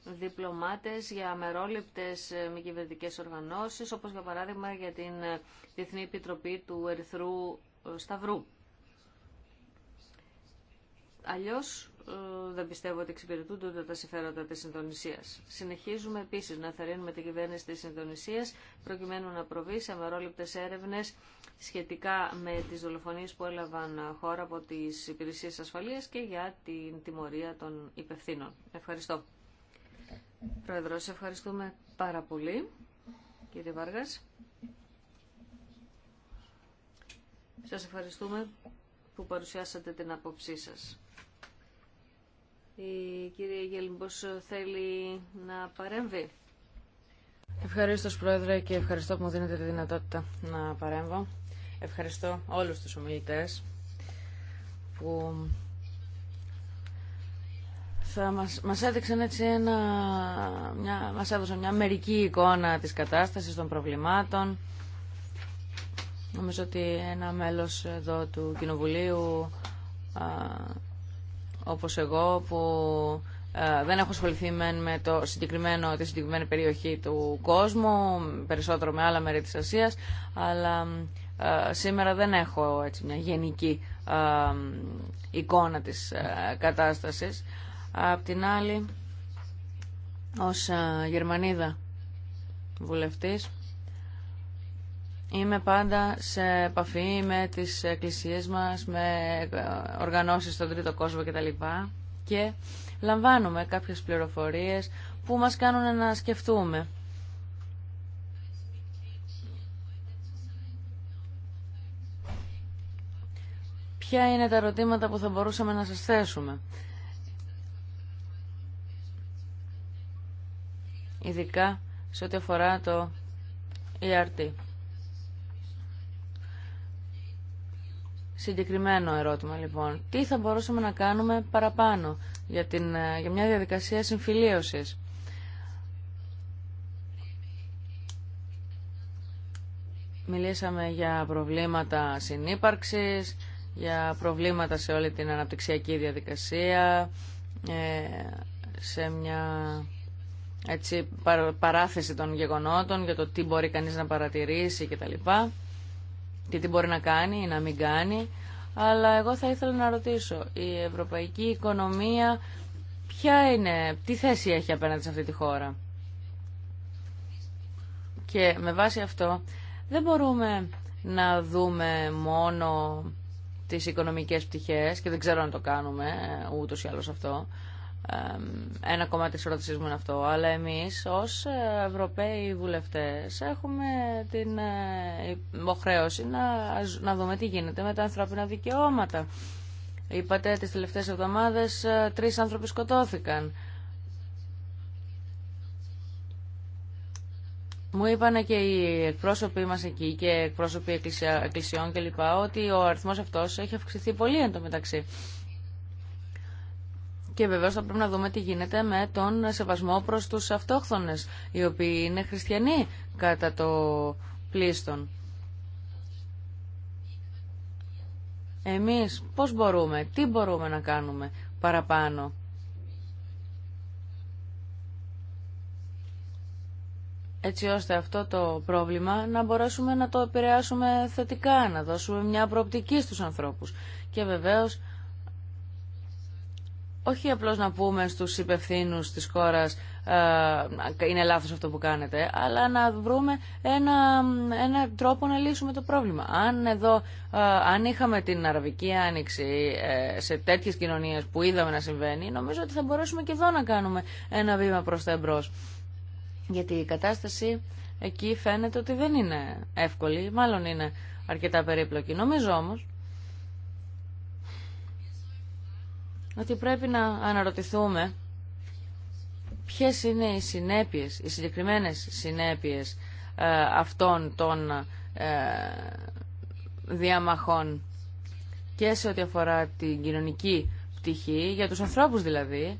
A: διπλωμάτες, για αμερόληπτες ε, μη κυβερνητικέ οργανώσεις, όπως για παράδειγμα για την ε, Διεθνή Επιτροπή του Ερυθρού Σταυρού. Αλλιώς ε, δεν πιστεύω ότι εξυπηρετούνται ούτε τα συμφέροντα της Ινδονησίας. Συνεχίζουμε επίσης να θαρρύνουμε την κυβέρνηση της Ινδονησίας προκειμένου να προβεί σε αμερόληπτες έρευνες σχετικά με τις δολοφονίες που έλαβαν χώρα από τις υπηρεσίε ασφαλείας και για την τιμωρία των υπευθύνων. Ευχαριστώ. Πρόεδρος, ευχαριστούμε πάρα πολύ. Κύριε Βάργα. Σας ευχαριστούμε που παρουσιάσατε την άποψή σας. Η κυρία Γελμπός θέλει να παρέμβει.
C: Ευχαριστώ, Πρόεδρε, και ευχαριστώ που μου δίνετε τη δυνατότητα να παρέμβω. Ευχαριστώ όλους τους ομιλητές που θα μας, μας έδειξαν έτσι ένα, μια, μας έδωσαν μια μερική εικόνα της κατάστασης των προβλημάτων. Νομίζω ότι ένα μέλος εδώ του Κοινοβουλίου όπως εγώ που ε, δεν έχω ασχοληθεί με το συγκεκριμένο, τη συγκεκριμένη περιοχή του κόσμου, περισσότερο με άλλα μέρη της Ασίας, αλλά ε, σήμερα δεν έχω έτσι, μια γενική ε, εικόνα της κατάστασης. Απ' την άλλη, ως Γερμανίδα βουλευτής, Είμαι πάντα σε επαφή με τις εκκλησίες μας, με οργανώσεις στον τρίτο κόσμο κτλ. Και λαμβάνουμε κάποιες πληροφορίες που μας κάνουν να σκεφτούμε. Ποια είναι τα ερωτήματα που θα μπορούσαμε να σας θέσουμε. Ειδικά σε ό,τι αφορά το ERT. Συγκεκριμένο ερώτημα λοιπόν. Τι θα μπορούσαμε να κάνουμε παραπάνω για, την, ε, για μια διαδικασία συμφιλίωσης. Μιλήσαμε για προβλήματα συνύπαρξης, για προβλήματα σε όλη την αναπτυξιακή διαδικασία, ε, σε μια έτσι, παράθεση των γεγονότων για το τι μπορεί κανείς να παρατηρήσει κτλ και τι μπορεί να κάνει ή να μην κάνει. Αλλά εγώ θα ήθελα να ρωτήσω, η ευρωπαϊκή οικονομία ποια είναι, τι θέση έχει απέναντι σε αυτή τη χώρα. Και με βάση αυτό δεν μπορούμε να δούμε μόνο τις οικονομικές πτυχές και δεν ξέρω αν το κάνουμε ε, ούτως ή άλλως αυτό ένα κομμάτι της ερώτησής μου είναι αυτό, αλλά εμείς ως ε, Ευρωπαίοι βουλευτές έχουμε την ε, υποχρέωση να, να δούμε τι γίνεται με τα ανθρώπινα δικαιώματα. Είπατε τις τελευταίες εβδομάδες ε, τρεις άνθρωποι σκοτώθηκαν. Μου είπαν και οι εκπρόσωποι μας εκεί και εκπρόσωποι εκκλησιών κλπ. ότι ο αριθμός αυτός έχει αυξηθεί πολύ εν τω μεταξύ. Και βεβαίω θα πρέπει να δούμε τι γίνεται με τον σεβασμό προ του αυτόχθονες, οι οποίοι είναι χριστιανοί κατά το πλήστον. Εμείς πώς μπορούμε, τι μπορούμε να κάνουμε παραπάνω. έτσι ώστε αυτό το πρόβλημα να μπορέσουμε να το επηρεάσουμε θετικά, να δώσουμε μια προοπτική στους ανθρώπους. Και βεβαίως όχι απλώς να πούμε στους υπευθύνου της χώρας ε, είναι λάθος αυτό που κάνετε, αλλά να βρούμε ένα, ένα τρόπο να λύσουμε το πρόβλημα. Αν, εδώ, ε, αν είχαμε την Αραβική Άνοιξη ε, σε τέτοιες κοινωνίες που είδαμε να συμβαίνει, νομίζω ότι θα μπορέσουμε και εδώ να κάνουμε ένα βήμα προς τα εμπρός. Γιατί η κατάσταση εκεί φαίνεται ότι δεν είναι εύκολη, μάλλον είναι αρκετά περίπλοκη. Νομίζω όμως ότι πρέπει να αναρωτηθούμε ποιες είναι οι συνέπειες, οι συγκεκριμένες συνέπειες ε, αυτών των ε, διαμαχών και σε ό,τι αφορά την κοινωνική πτυχή, για τους ανθρώπους δηλαδή,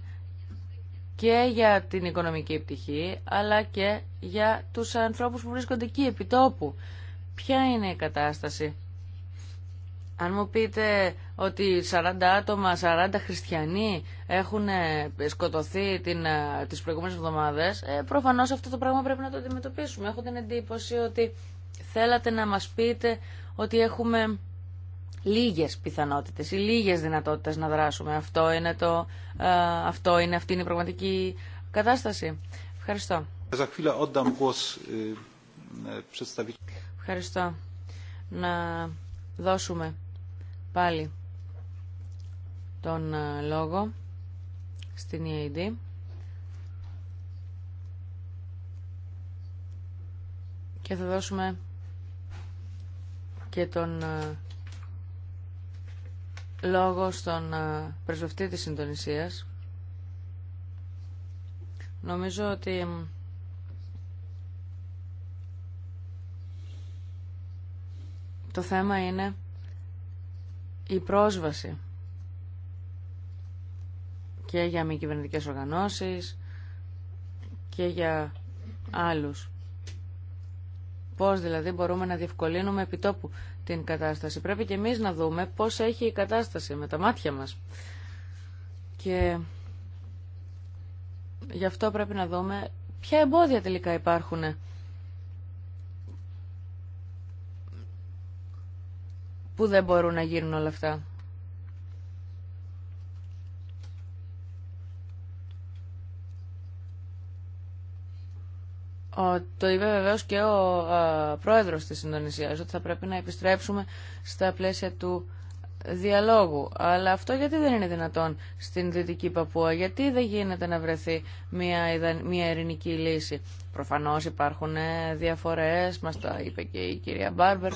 C: και για την οικονομική πτυχή, αλλά και για τους ανθρώπους που βρίσκονται εκεί, επιτόπου. Ποια είναι η κατάσταση αν μου πείτε ότι 40 άτομα, 40 χριστιανοί έχουν σκοτωθεί την, ε, τις προηγούμενες εβδομάδες, ε, προφανώς αυτό το πράγμα πρέπει να το αντιμετωπίσουμε. Έχω την εντύπωση ότι θέλατε να μας πείτε ότι έχουμε λίγες πιθανότητες ή λίγες δυνατότητες να δράσουμε. Αυτό είναι, το, ε, αυτό είναι αυτή είναι η πραγματική κατάσταση. Ευχαριστώ.
B: E,
C: Ευχαριστώ. Να δώσουμε πάλι τον ε, λόγο στην EAD. Και θα δώσουμε και τον ε, λόγο στον ε, πρεσβευτή της συντονισίας. Νομίζω ότι το θέμα είναι η πρόσβαση και για μη κυβερνητικές οργανώσεις και για άλλους. Πώς δηλαδή μπορούμε να διευκολύνουμε επιτόπου την κατάσταση. Πρέπει και εμείς να δούμε πώς έχει η κατάσταση με τα μάτια μας. Και γι' αυτό πρέπει να δούμε ποια εμπόδια τελικά υπάρχουν που δεν μπορούν να γίνουν όλα αυτά. Το είπε βεβαίω και ο πρόεδρος της Ινδονησίας ότι θα πρέπει να επιστρέψουμε στα πλαίσια του διαλόγου. Αλλά αυτό γιατί δεν είναι δυνατόν στην Δυτική Παππούα, γιατί δεν γίνεται να βρεθεί μια, μια ειρηνική λύση. Προφανώς υπάρχουν ε, διαφορές, μας τα είπε και η κυρία Μπάρμπερ.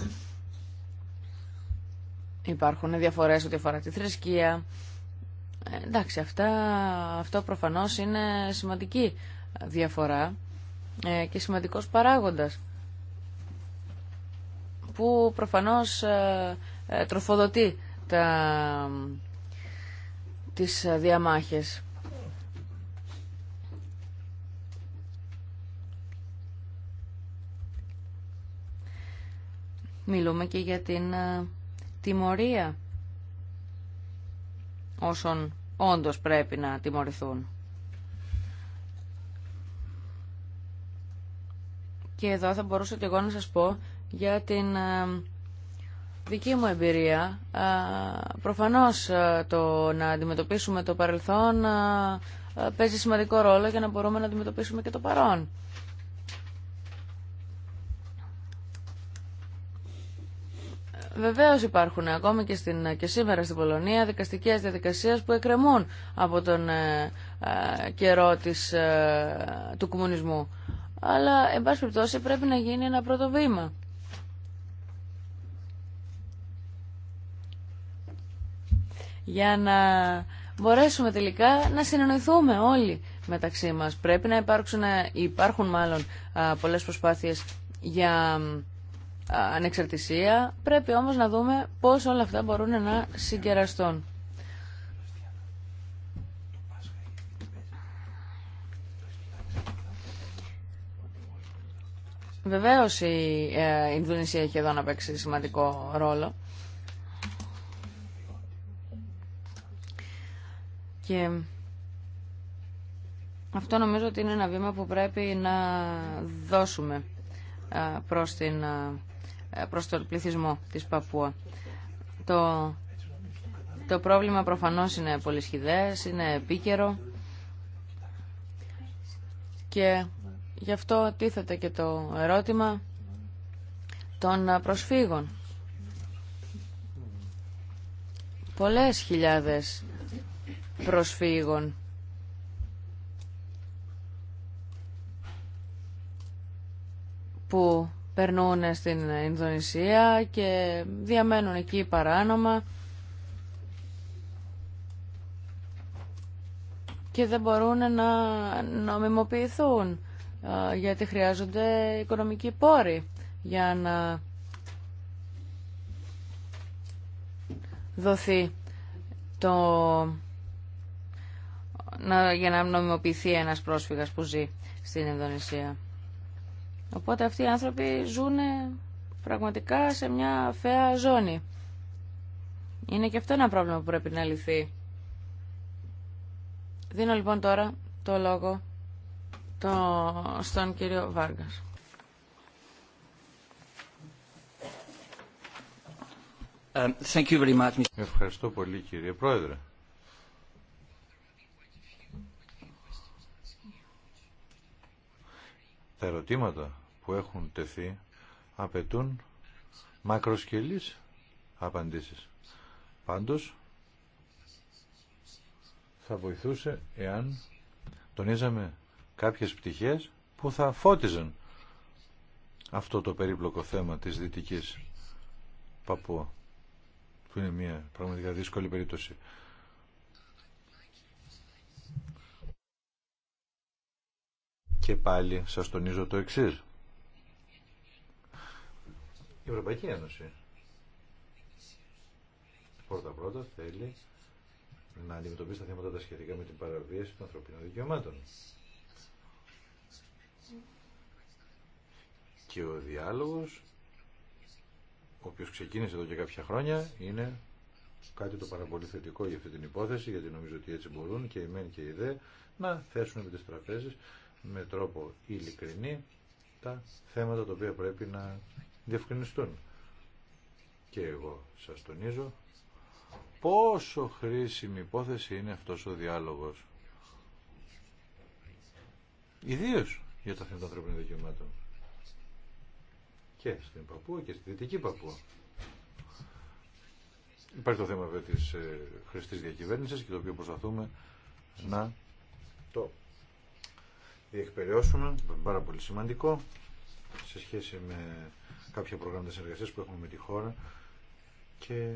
C: Υπάρχουν διαφορές ό,τι αφορά τη θρησκεία. Ε, εντάξει, αυτά, αυτό προφανώς είναι σημαντική διαφορά ε, και σημαντικός παράγοντας που προφανώς ε, τροφοδοτεί τα, τις διαμάχες. Μιλούμε και για την τιμωρία όσων όντως πρέπει να τιμωρηθούν. Και εδώ θα μπορούσα και εγώ να σας πω για την ε, δική μου εμπειρία. Ε, προφανώς ε, το να αντιμετωπίσουμε το παρελθόν παίζει σημαντικό ρόλο για να μπορούμε να αντιμετωπίσουμε και το παρόν. Βεβαίω υπάρχουν ακόμη και, σήμερα στην Πολωνία δικαστικέ διαδικασίε που εκκρεμούν από τον ε, ε, καιρό της, ε, του κομμουνισμού. Αλλά, εν πάση περιπτώσει, πρέπει να γίνει ένα πρώτο βήμα. Για να μπορέσουμε τελικά να συνεννοηθούμε όλοι μεταξύ μας. Πρέπει να υπάρξουν, υπάρχουν μάλλον πολλές προσπάθειες για ανεξαρτησία. Πρέπει όμως να δούμε πώς όλα αυτά μπορούν να συγκεραστούν. Βεβαίως ε, η Ινδονησία έχει εδώ να παίξει σημαντικό ρόλο. Και αυτό νομίζω ότι είναι ένα βήμα που πρέπει να δώσουμε ε, προς την ε, προς τον πληθυσμό της Παππούα. Το, το πρόβλημα προφανώς είναι πολυσχηδές, είναι επίκαιρο και γι' αυτό τίθεται και το ερώτημα των προσφύγων. Πολλές χιλιάδες προσφύγων που περνούν στην Ινδονησία και διαμένουν εκεί παράνομα και δεν μπορούν να νομιμοποιηθούν γιατί χρειάζονται οικονομικοί πόροι για να δοθεί το... για να νομιμοποιηθεί ένας πρόσφυγας που ζει στην Ινδονησία. Οπότε αυτοί οι άνθρωποι ζουν πραγματικά σε μια φαία ζώνη. Είναι και αυτό ένα πρόβλημα που πρέπει να λυθεί. Δίνω λοιπόν τώρα το λόγο το... στον κύριο Βάργας.
D: Um, Ευχαριστώ πολύ κύριε Πρόεδρε. Τα ερωτήματα έχουν τεθεί απαιτούν μακροσκελής απαντήσεις. Πάντως, θα βοηθούσε εάν τονίζαμε κάποιες πτυχές που θα φώτιζαν αυτό το περίπλοκο θέμα της Δυτικής παππού που είναι μια πραγματικά δύσκολη περίπτωση. Και πάλι σας τονίζω το εξής. Η Ευρωπαϊκή Ένωση πρώτα-πρώτα θέλει να αντιμετωπίσει τα θέματα τα σχετικά με την παραβίαση των ανθρωπίνων δικαιωμάτων. Και ο διάλογος, ο οποίος ξεκίνησε εδώ και κάποια χρόνια, είναι κάτι το πάρα πολύ θετικό για αυτή την υπόθεση, γιατί νομίζω ότι έτσι μπορούν και οι μεν και οι δε να θέσουν επί τις τραπέζες με τρόπο ειλικρινή τα θέματα τα οποία πρέπει να διευκρινιστούν. Και εγώ σας τονίζω πόσο χρήσιμη υπόθεση είναι αυτός ο διάλογος. Ιδίως για τα θέματα ανθρωπίνων δικαιωμάτων. Και στην Παππού και στη Δυτική Παππού. Υπάρχει το θέμα βέβαια της ε, χρηστής και το οποίο προσπαθούμε να το διεκπαιρεώσουμε. Πάρα πολύ σημαντικό σε σχέση με κάποια προγράμματα συνεργασία που έχουμε με τη χώρα και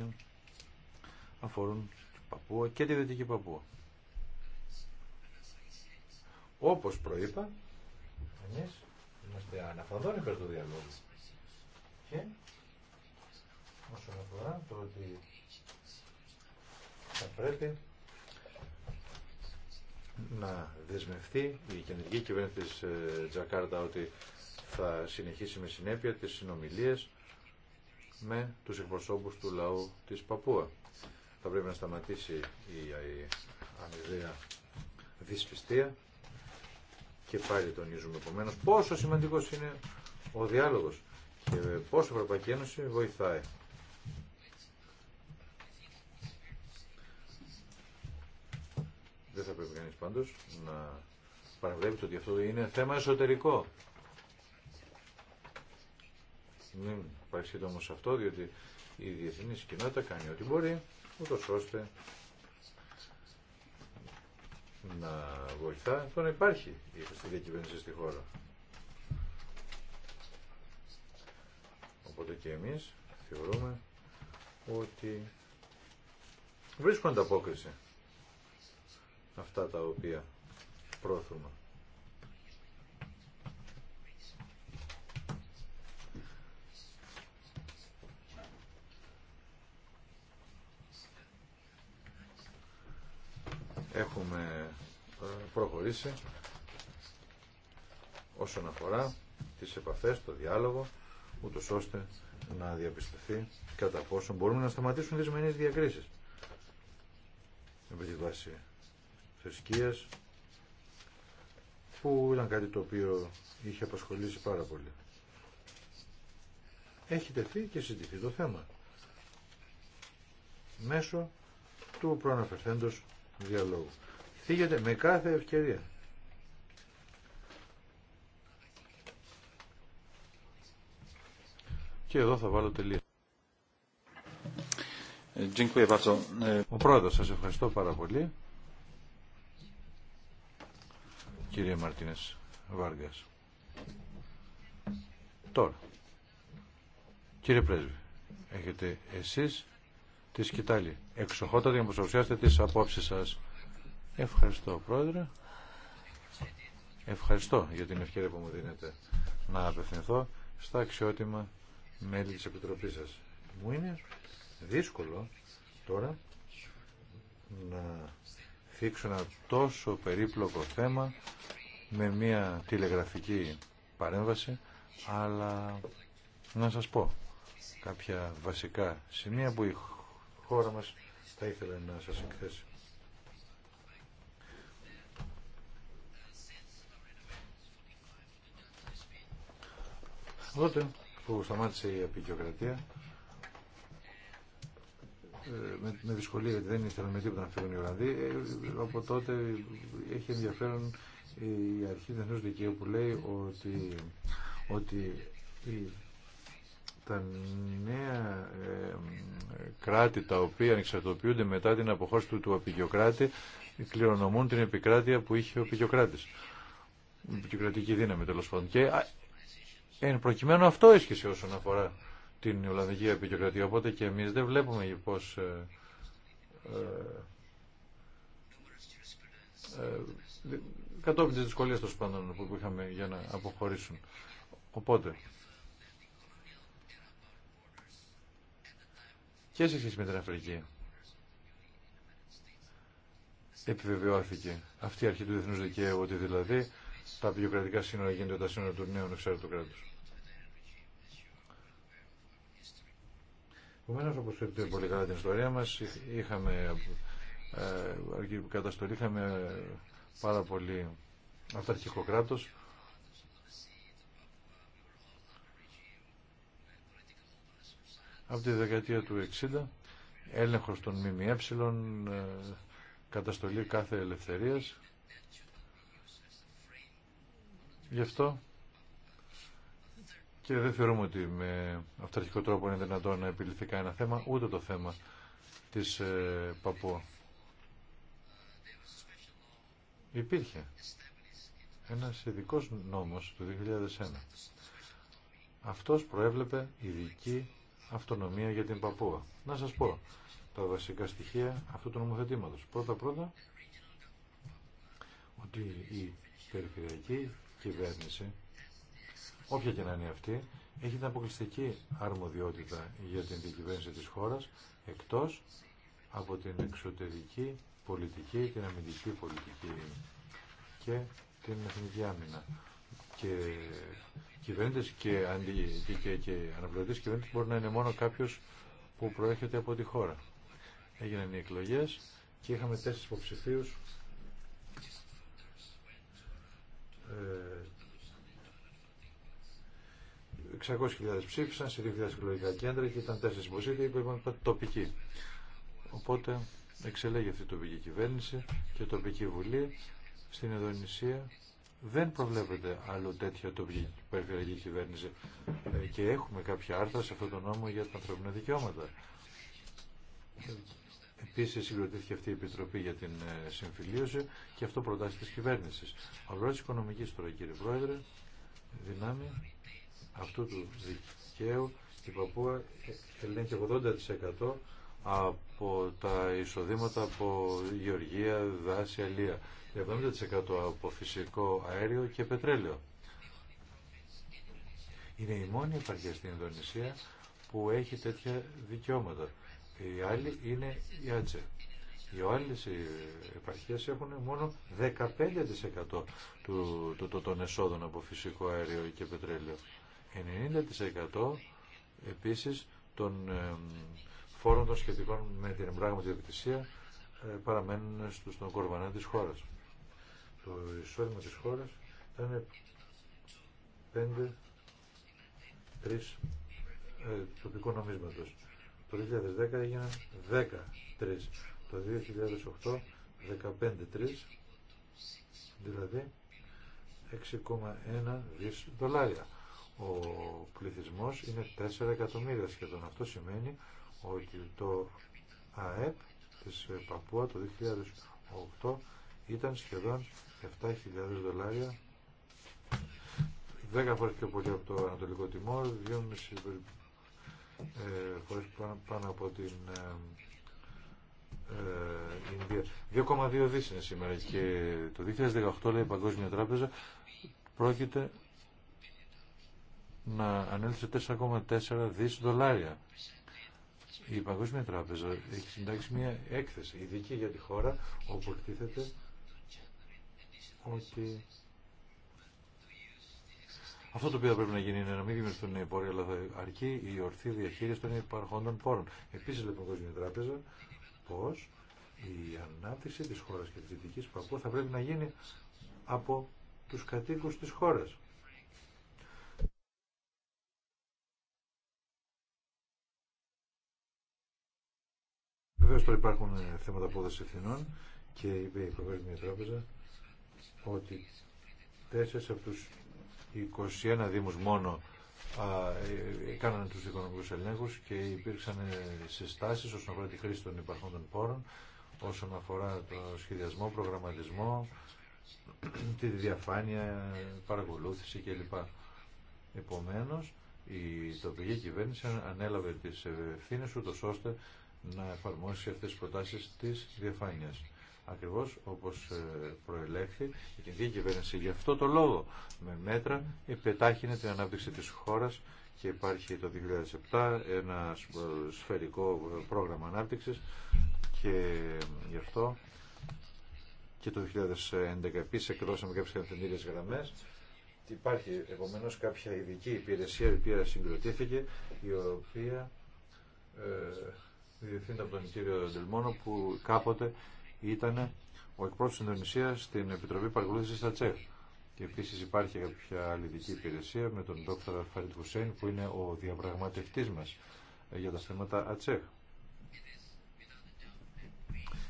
D: αφορούν την Παππούα και τη Δυτική Παππούα. Όπω προείπα, εμεί είμαστε αναφαντών υπέρ του διαλόγου. Και όσον αφορά το ότι θα πρέπει να δεσμευτεί η κεντρική κυβέρνηση της ε, Τζακάρτα ότι θα συνεχίσει με συνέπεια τις συνομιλίες με τους εκπροσώπους του λαού της Παπούα. Θα πρέπει να σταματήσει η αμοιβαία δυσπιστία και πάλι τονίζουμε επομένω πόσο σημαντικός είναι ο διάλογος και πόσο η Ευρωπαϊκή Ένωση βοηθάει. Δεν θα πρέπει κανείς πάντως να παραβλέπει ότι αυτό είναι θέμα εσωτερικό μην παρεξηγείτε όμως αυτό, διότι η διεθνής κοινότητα κάνει ό,τι μπορεί, ούτως ώστε να βοηθά το να υπάρχει η ευθυντική κυβέρνηση στη χώρα. Οπότε και εμείς θεωρούμε ότι βρίσκουν ανταπόκριση αυτά τα οποία πρόθυμα. έχουμε ε, προχωρήσει όσον αφορά τις επαφές, το διάλογο, ούτω ώστε να διαπιστωθεί κατά πόσο μπορούμε να σταματήσουμε δυσμενείς διακρίσεις με τη βάση θρησκείας που ήταν κάτι το οποίο είχε απασχολήσει πάρα πολύ. Έχει τεθεί και συζητηθεί το θέμα μέσω του προαναφερθέντος διαλόγου. με κάθε ευκαιρία. Και εδώ θα βάλω τελεία. Ο πρόεδρος, σας ευχαριστώ πάρα πολύ. Κύριε Μαρτίνες Βάργας. Τώρα, κύριε Πρέσβη, έχετε εσείς τη σκητάλη. Εξοχότατε για να προσοφιάσετε τις απόψεις σας. Ευχαριστώ πρόεδρε. Ευχαριστώ για την ευκαιρία που μου δίνετε να απευθυνθώ στα αξιότιμα μέλη της Επιτροπής σας. Μου είναι δύσκολο τώρα να θίξω ένα τόσο περίπλοκο θέμα με μια τηλεγραφική παρέμβαση, αλλά να σας πω κάποια βασικά σημεία που η χώρα μας θα ήθελα να σας εκθέσει. Τότε που σταμάτησε η απεικιοκρατία ε, με, με δυσκολία γιατί δεν ήθελαν με τίποτα να φύγουν οι Ολλανδοί ε, από τότε έχει ενδιαφέρον η αρχή διεθνούς δικαίου που λέει ότι, ότι τα νέα ε, κράτη τα οποία ανεξαρτοποιούνται μετά την αποχώρηση του, του απεικιοκράτη κληρονομούν την επικράτεια που είχε ο απεικιοκράτης. Η δύναμη τέλο πάντων. Και εν προκειμένου αυτό έσχισε όσον αφορά την Ολλανδική επικοκρατία. Οπότε και εμείς δεν βλέπουμε πώς ε, ε, ε κατόπιν της δυσκολίας των που είχαμε για να αποχωρήσουν. Οπότε, και σε σχέση με την Αφρική. Επιβεβαιώθηκε αυτή η αρχή του διεθνού δικαίου ότι δηλαδή τα βιοκρατικά σύνορα γίνονται τα σύνορα του νέου εξάρτητου κράτου. Επομένω, όπω είπε πολύ καλά την ιστορία μα, είχαμε ε, ε, καταστολή, είχαμε πάρα πολύ αυταρχικό κράτο από τη δεκαετία του 60, έλεγχος των ΜΜΕ, ε, καταστολή κάθε ελευθερίας. Γι' αυτό και δεν θεωρούμε ότι με αυταρχικό τρόπο είναι δυνατόν να επιληθεί κανένα θέμα, ούτε το θέμα της ε, Παππού. Υπήρχε ένας ειδικό νόμος του 2001. Αυτός προέβλεπε ειδική αυτονομία για την Παπούα. Να σας πω τα βασικά στοιχεία αυτού του νομοθετήματος. Πρώτα-πρώτα ότι η περιφερειακή κυβέρνηση, όποια και να είναι αυτή, έχει την αποκλειστική αρμοδιότητα για την διακυβέρνηση της χώρας, εκτός από την εξωτερική πολιτική, την αμυντική πολιτική και την εθνική άμυνα και κυβέρνητες και, αντι, και, και μπορεί να είναι μόνο κάποιος που προέρχεται από τη χώρα. Έγιναν οι εκλογές και είχαμε τέσσερις υποψηφίου. ε, 600.000 ψήφισαν σε 2.000 εκλογικά κέντρα και ήταν τέσσερις υποψήφοι που είπαν τοπική. Οπότε εξελέγει αυτή η τοπική κυβέρνηση και τοπική βουλή στην Ινδονησία δεν προβλέπεται άλλο τέτοια τοπική περιφερειακή κυβέρνηση ε, και έχουμε κάποια άρθρα σε αυτό τον νόμο για τα ανθρώπινα δικαιώματα. Επίση συγκροτήθηκε αυτή η Επιτροπή για την ε, Συμφιλίωση και αυτό προτάσει τη κυβέρνηση. Ο της οικονομική, τώρα κύριε Πρόεδρε, δυνάμει αυτού του δικαίου η Παπούα ε, ελέγχει 80% από τα εισοδήματα από γεωργία, δάση, αλεία. 70% από φυσικό αέριο και πετρέλαιο. Είναι η μόνη επαρχία στην Ινδονησία που έχει τέτοια δικαιώματα. Η άλλη είναι η Άτσε. Οι άλλες επαρχίες έχουν μόνο 15% του, του, των εσόδων από φυσικό αέριο και πετρέλαιο. 90% επίσης των φόρων των σχετικών με την πράγματι ε, παραμένουν στον κορβανά της χώρας το εισόδημα της χώρας ήταν 5-3 ε, τοπικού νομίσματος. Το 2010 έγιναν 10-3. Το 2008 15-3 δηλαδή 6,1 δις δολάρια. Ο πληθυσμός είναι 4 εκατομμύρια σχεδόν. Αυτό σημαίνει ότι το ΑΕΠ της Παππούα το 2008 ήταν σχεδόν 7.000 δολάρια 10 φορές πιο πολύ από το Ανατολικό Τιμόρ 2,5 ε, φορές πάνω, από την ε, ε Ινδία 2,2 δις είναι σήμερα και το 2018 λέει η Παγκόσμια Τράπεζα πρόκειται να ανέλθει σε 4,4 δις δολάρια. Η Παγκόσμια Τράπεζα έχει συντάξει μια έκθεση ειδική για τη χώρα όπου
B: εκτίθεται
E: ότι
D: αυτό το οποίο πρέπει να γίνει είναι να μην δημιουργηθούν νέοι πόροι, αλλά θα αρκεί η ορθή διαχείριση των υπαρχόντων πόρων. Επίση, λέει η Τράπεζα, πω η ανάπτυξη τη χώρα και τη δυτική Παππού θα πρέπει να γίνει από του κατοίκου τη χώρα. Βεβαίω τώρα υπάρχουν ε, θέματα απόδοση ευθυνών και είπε η Παγκόσμια Τράπεζα ότι τέσσερις από τους 21 δήμους μόνο ε, έκαναν τους οικονομικούς ελέγχους και υπήρξαν ε, συστάσεις όσον αφορά τη χρήση των υπαρχόντων των πόρων, όσον αφορά το σχεδιασμό, προγραμματισμό, τη διαφάνεια, παρακολούθηση κλπ. Επομένως, η τοπική κυβέρνηση ανέλαβε τις ευθύνες ούτως ώστε να εφαρμόσει αυτές τις προτάσεις της διαφάνειας ακριβώς όπως ε, προελέχθη η κεντρική κυβέρνηση. Γι' αυτό το λόγο με μέτρα επετάχυνε την ανάπτυξη της χώρας και υπάρχει το 2007 ένα σφαιρικό ε, πρόγραμμα ανάπτυξης και ε, γι' αυτό και το 2011 επίσης εκδώσαμε κάποιες κατευθυντήριες γραμμές υπάρχει επομένως κάποια ειδική υπηρεσία η οποία συγκροτήθηκε η οποία ε, διευθύνεται από τον κύριο Δελμόνο που κάποτε ήταν ο εκπρόσωπος Ινδονησία στην Επιτροπή Παρακολούθηση Ατσέχ. Και επίση υπάρχει κάποια άλλη ειδική υπηρεσία με τον δόκτωρα Φαρίτ Χουσέιν που είναι ο διαπραγματεύτη μα ε, για τα θέματα ΑΤΣΕΧ.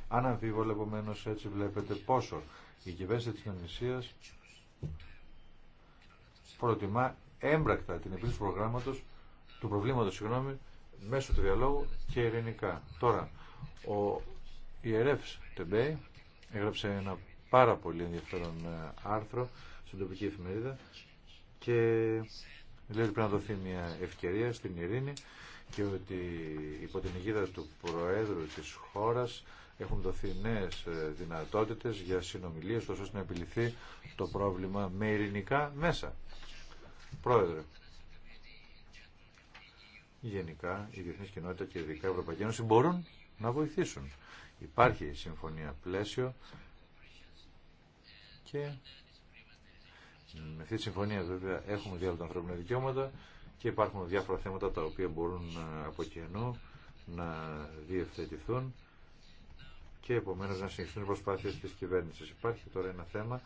D: Αν αμφίβολα επομένω έτσι βλέπετε πόσο η κυβέρνηση τη Ινδονησία προτιμά έμπρακτα την επίλυση προγράμματος του προβλήματος, συγγνώμη, μέσω του διαλόγου και ειρηνικά. Τώρα, ο, η ΕΡΕΦΣ Τεμπέη έγραψε ένα πάρα πολύ ενδιαφέρον ε, άρθρο στην τοπική εφημερίδα και λέει ότι πρέπει να δοθεί μια ευκαιρία στην ειρήνη και ότι υπό την αιγίδα του Προέδρου της χώρας έχουν δοθεί νέες ε, δυνατότητες για συνομιλίες ώστε να επιληθεί το πρόβλημα με ειρηνικά μέσα. Πρόεδρε, γενικά η διεθνή κοινότητα και ειδικά η Ευρωπαϊκή Ένωση μπορούν να βοηθήσουν. Υπάρχει συμφωνία πλαίσιο και με αυτή τη συμφωνία βέβαια έχουμε διάλογο ανθρώπινα δικαιώματα και υπάρχουν διάφορα θέματα τα οποία μπορούν ε, από κενό να διευθετηθούν και επομένως να συνεχιστούν οι προσπάθειες της κυβέρνησης. Υπάρχει τώρα ένα θέμα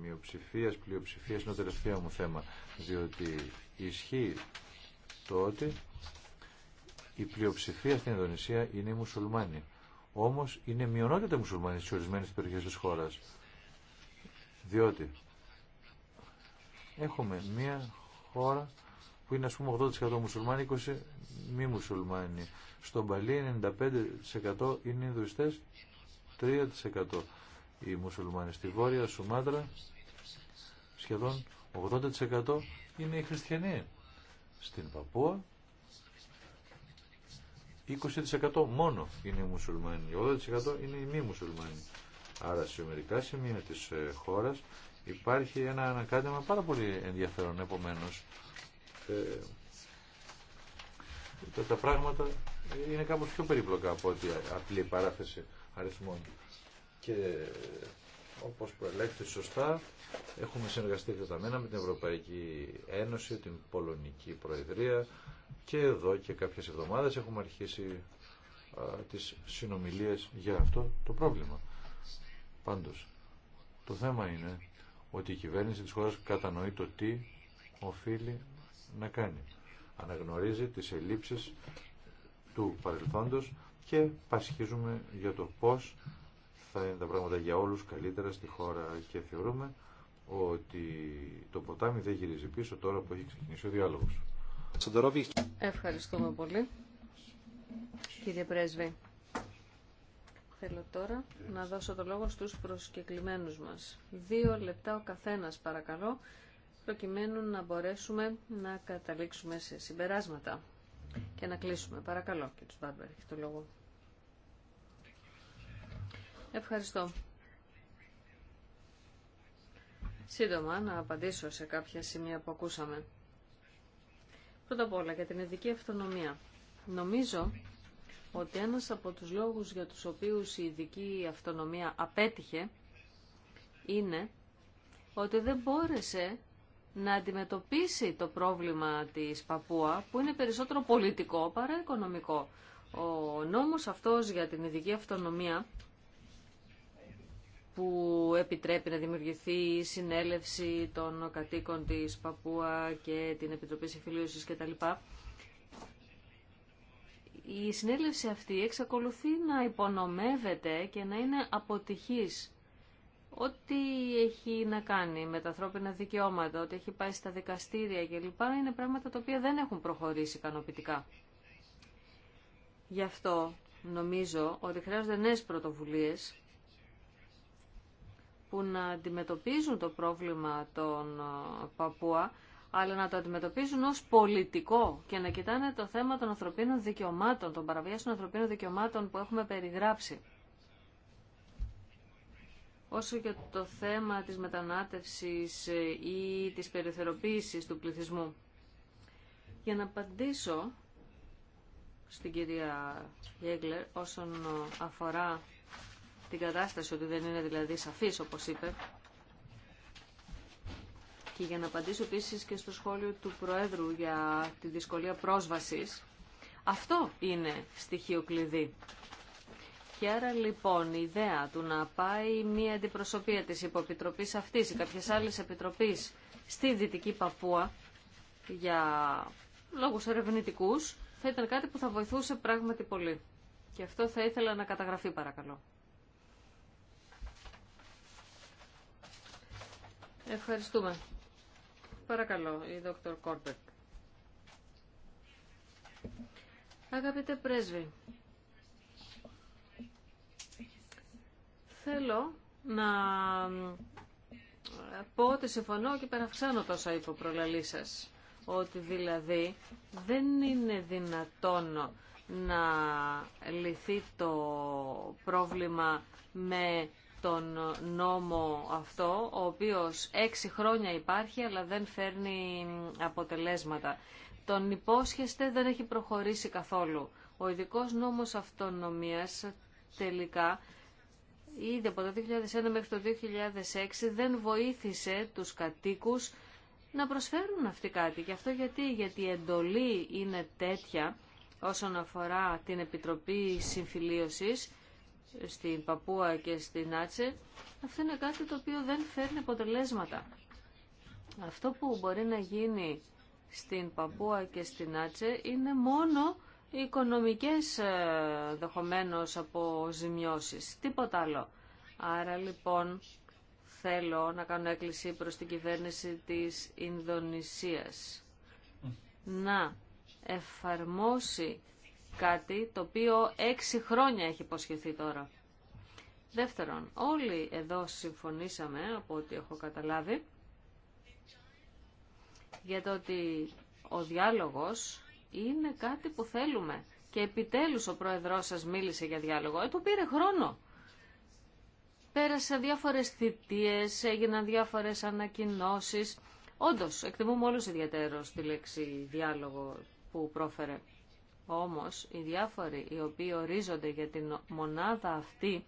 D: μειοψηφία, πλειοψηφία είναι το τελευταίο μου θέμα. Διότι ισχύει το ότι η πλειοψηφία στην Ινδονησία είναι οι μουσουλμάνοι. Όμως είναι μειονότητα μουσουλμάνοι στι ορισμένε περιοχές της χώρας. Διότι έχουμε μία χώρα που είναι α πούμε 80% μουσουλμάνοι, 20% μη μουσουλμάνοι. Στον Παλί 95% είναι Ινδουιστέ, 3% οι μουσουλμάνοι. Στη Βόρεια Σουμάτρα σχεδόν 80% είναι οι χριστιανοί. Στην Παππούα 20% μόνο είναι οι μουσουλμάνοι, 80% είναι οι μη μουσουλμάνοι. Άρα σε μερικά σημεία της ε, χώρας υπάρχει ένα ανακάτεμα πάρα πολύ ενδιαφέρον. Επομένως, ε,
E: τα, τα πράγματα
D: είναι κάπως πιο περίπλοκα από ότι απλή παράθεση αριθμών. Και ε, όπως προελέχθη σωστά, έχουμε συνεργαστεί δεδομένα με την Ευρωπαϊκή Ένωση, την Πολωνική Προεδρία, και εδώ και κάποιες εβδομάδες έχουμε αρχίσει α, τις συνομιλίες για αυτό το πρόβλημα. Πάντως, το θέμα είναι ότι η κυβέρνηση της χώρας κατανοεί το τι οφείλει να κάνει. Αναγνωρίζει τις ελλείψεις του παρελθόντος και πασχίζουμε για το πώς θα είναι τα πράγματα για όλους καλύτερα στη χώρα και θεωρούμε ότι το ποτάμι δεν γυρίζει πίσω τώρα που έχει ξεκινήσει ο διάλογος.
A: Ευχαριστούμε πολύ. Κύριε Πρέσβη, θέλω τώρα να δώσω το λόγο στους προσκεκλημένους μας. Δύο λεπτά ο καθένας παρακαλώ, προκειμένου να μπορέσουμε να καταλήξουμε σε συμπεράσματα και να κλείσουμε. Παρακαλώ, κύριε Σπάρμπερ, έχει το λόγο. Ευχαριστώ. Σύντομα να απαντήσω σε κάποια σημεία που ακούσαμε. Πρώτα απ' όλα για την ειδική αυτονομία. Νομίζω ότι ένας από τους λόγους για τους οποίους η ειδική αυτονομία απέτυχε είναι ότι δεν μπόρεσε να αντιμετωπίσει το πρόβλημα της Παπούα που είναι περισσότερο πολιτικό παρά οικονομικό. Ο νόμος αυτός για την ειδική αυτονομία που επιτρέπει να δημιουργηθεί η συνέλευση των κατοίκων της Παπούα και την Επιτροπή Συμφιλίωσης κτλ. Η συνέλευση αυτή εξακολουθεί να υπονομεύεται και να είναι αποτυχής. Ό,τι έχει να κάνει με τα ανθρώπινα δικαιώματα, ό,τι έχει πάει στα δικαστήρια κλπ. είναι πράγματα τα οποία δεν έχουν προχωρήσει ικανοποιητικά. Γι' αυτό νομίζω ότι χρειάζονται νέες πρωτοβουλίες που να αντιμετωπίζουν το πρόβλημα των ε, Παππούα, αλλά να το αντιμετωπίζουν ως πολιτικό και να κοιτάνε το θέμα των ανθρωπίνων δικαιωμάτων, των παραβιάσεων ανθρωπίνων δικαιωμάτων που έχουμε περιγράψει. Όσο και το θέμα της μετανάτευσης ε, ή της περιθεροποίησης του πληθυσμού. Για να απαντήσω στην κυρία Γέγκλερ όσον ε, αφορά την κατάσταση ότι δεν είναι δηλαδή σαφής όπως είπε. Και για να απαντήσω επίσης και στο σχόλιο του Προέδρου για τη δυσκολία πρόσβασης, αυτό είναι στοιχείο κλειδί. Και άρα λοιπόν η ιδέα του να πάει μία αντιπροσωπεία της υποπιτροπής αυτής ή κάποιες άλλες επιτροπής στη Δυτική Παπούα για λόγους ερευνητικούς θα ήταν κάτι που θα βοηθούσε πράγματι πολύ. Και αυτό θα ήθελα να καταγραφεί παρακαλώ. Ευχαριστούμε. Παρακαλώ, η Δόκτωρ Κόρπεκ. Αγαπητέ πρέσβη, θέλω να πω ότι συμφωνώ και παραυξάνω τόσα υποπρολαλή σας, ότι δηλαδή δεν είναι δυνατόν να λυθεί το πρόβλημα με τον νόμο αυτό, ο οποίος έξι χρόνια υπάρχει αλλά δεν φέρνει αποτελέσματα. Τον υπόσχεστε δεν έχει προχωρήσει καθόλου. Ο ειδικό νόμος αυτονομίας τελικά ήδη από το 2001 μέχρι το 2006 δεν βοήθησε τους κατοίκους να προσφέρουν αυτή κάτι. Και αυτό γιατί, γιατί η εντολή είναι τέτοια όσον αφορά την Επιτροπή Συμφιλίωσης στην Παπούα και στην Άτσε, αυτό είναι κάτι το οποίο δεν φέρνει αποτελέσματα. Αυτό που μπορεί να γίνει στην Παπούα και στην Άτσε είναι μόνο οι οικονομικές ε, δεχομένως από ζημιώσεις, τίποτα άλλο. Άρα λοιπόν θέλω να κάνω έκκληση προς την κυβέρνηση της Ινδονησίας να εφαρμόσει κάτι το οποίο έξι χρόνια έχει υποσχεθεί τώρα. Δεύτερον, όλοι εδώ συμφωνήσαμε, από ό,τι έχω καταλάβει, για το ότι ο διάλογος είναι κάτι που θέλουμε. Και επιτέλους ο πρόεδρός σας μίλησε για διάλογο. Ε, του πήρε χρόνο. Πέρασαν διάφορες θητείες, έγιναν διάφορες ανακοινώσεις. Όντως, εκτιμούμε όλους ιδιαίτερο τη λέξη διάλογο που πρόφερε. Όμως οι διάφοροι οι οποίοι ορίζονται για την μονάδα αυτή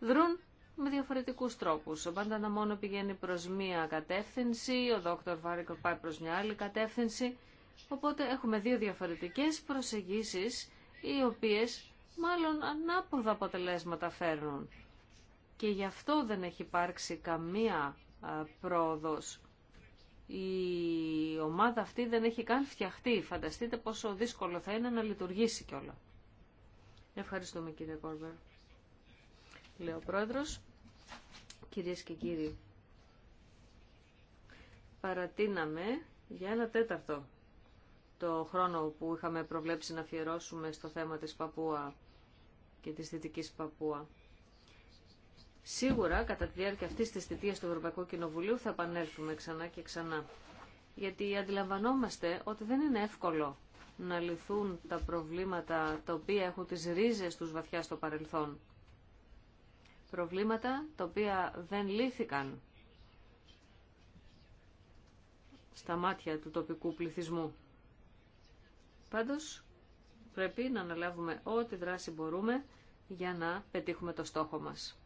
A: δρούν με διαφορετικούς τρόπους. Ο Πάντανα μόνο πηγαίνει προς μία κατεύθυνση, ο Δόκτωρ Βάρικο πάει προς μια άλλη κατεύθυνση. Οπότε έχουμε δύο διαφορετικές προσεγγίσεις οι οποίες μάλλον ανάποδα αποτελέσματα φέρνουν. Και γι' αυτό δεν έχει υπάρξει καμία πρόοδος η ομάδα αυτή δεν έχει καν φτιαχτεί. Φανταστείτε πόσο δύσκολο θα είναι να λειτουργήσει κιόλα. Ευχαριστούμε κύριε Κόρβερ. Λέω πρόεδρος, κυρίες και κύριοι. Παρατείναμε για ένα τέταρτο το χρόνο που είχαμε προβλέψει να αφιερώσουμε στο θέμα της Παπούα και της Δυτικής Παπούα. Σίγουρα κατά τη διάρκεια αυτή τη θητεία του Ευρωπαϊκού Κοινοβουλίου θα επανέλθουμε ξανά και ξανά. Γιατί αντιλαμβανόμαστε ότι δεν είναι εύκολο να λυθούν τα προβλήματα τα οποία έχουν τις ρίζες τους βαθιά στο παρελθόν. Προβλήματα τα οποία δεν λύθηκαν στα μάτια του τοπικού πληθυσμού. Πάντως πρέπει να αναλάβουμε ό,τι δράση μπορούμε για να πετύχουμε το στόχο μας.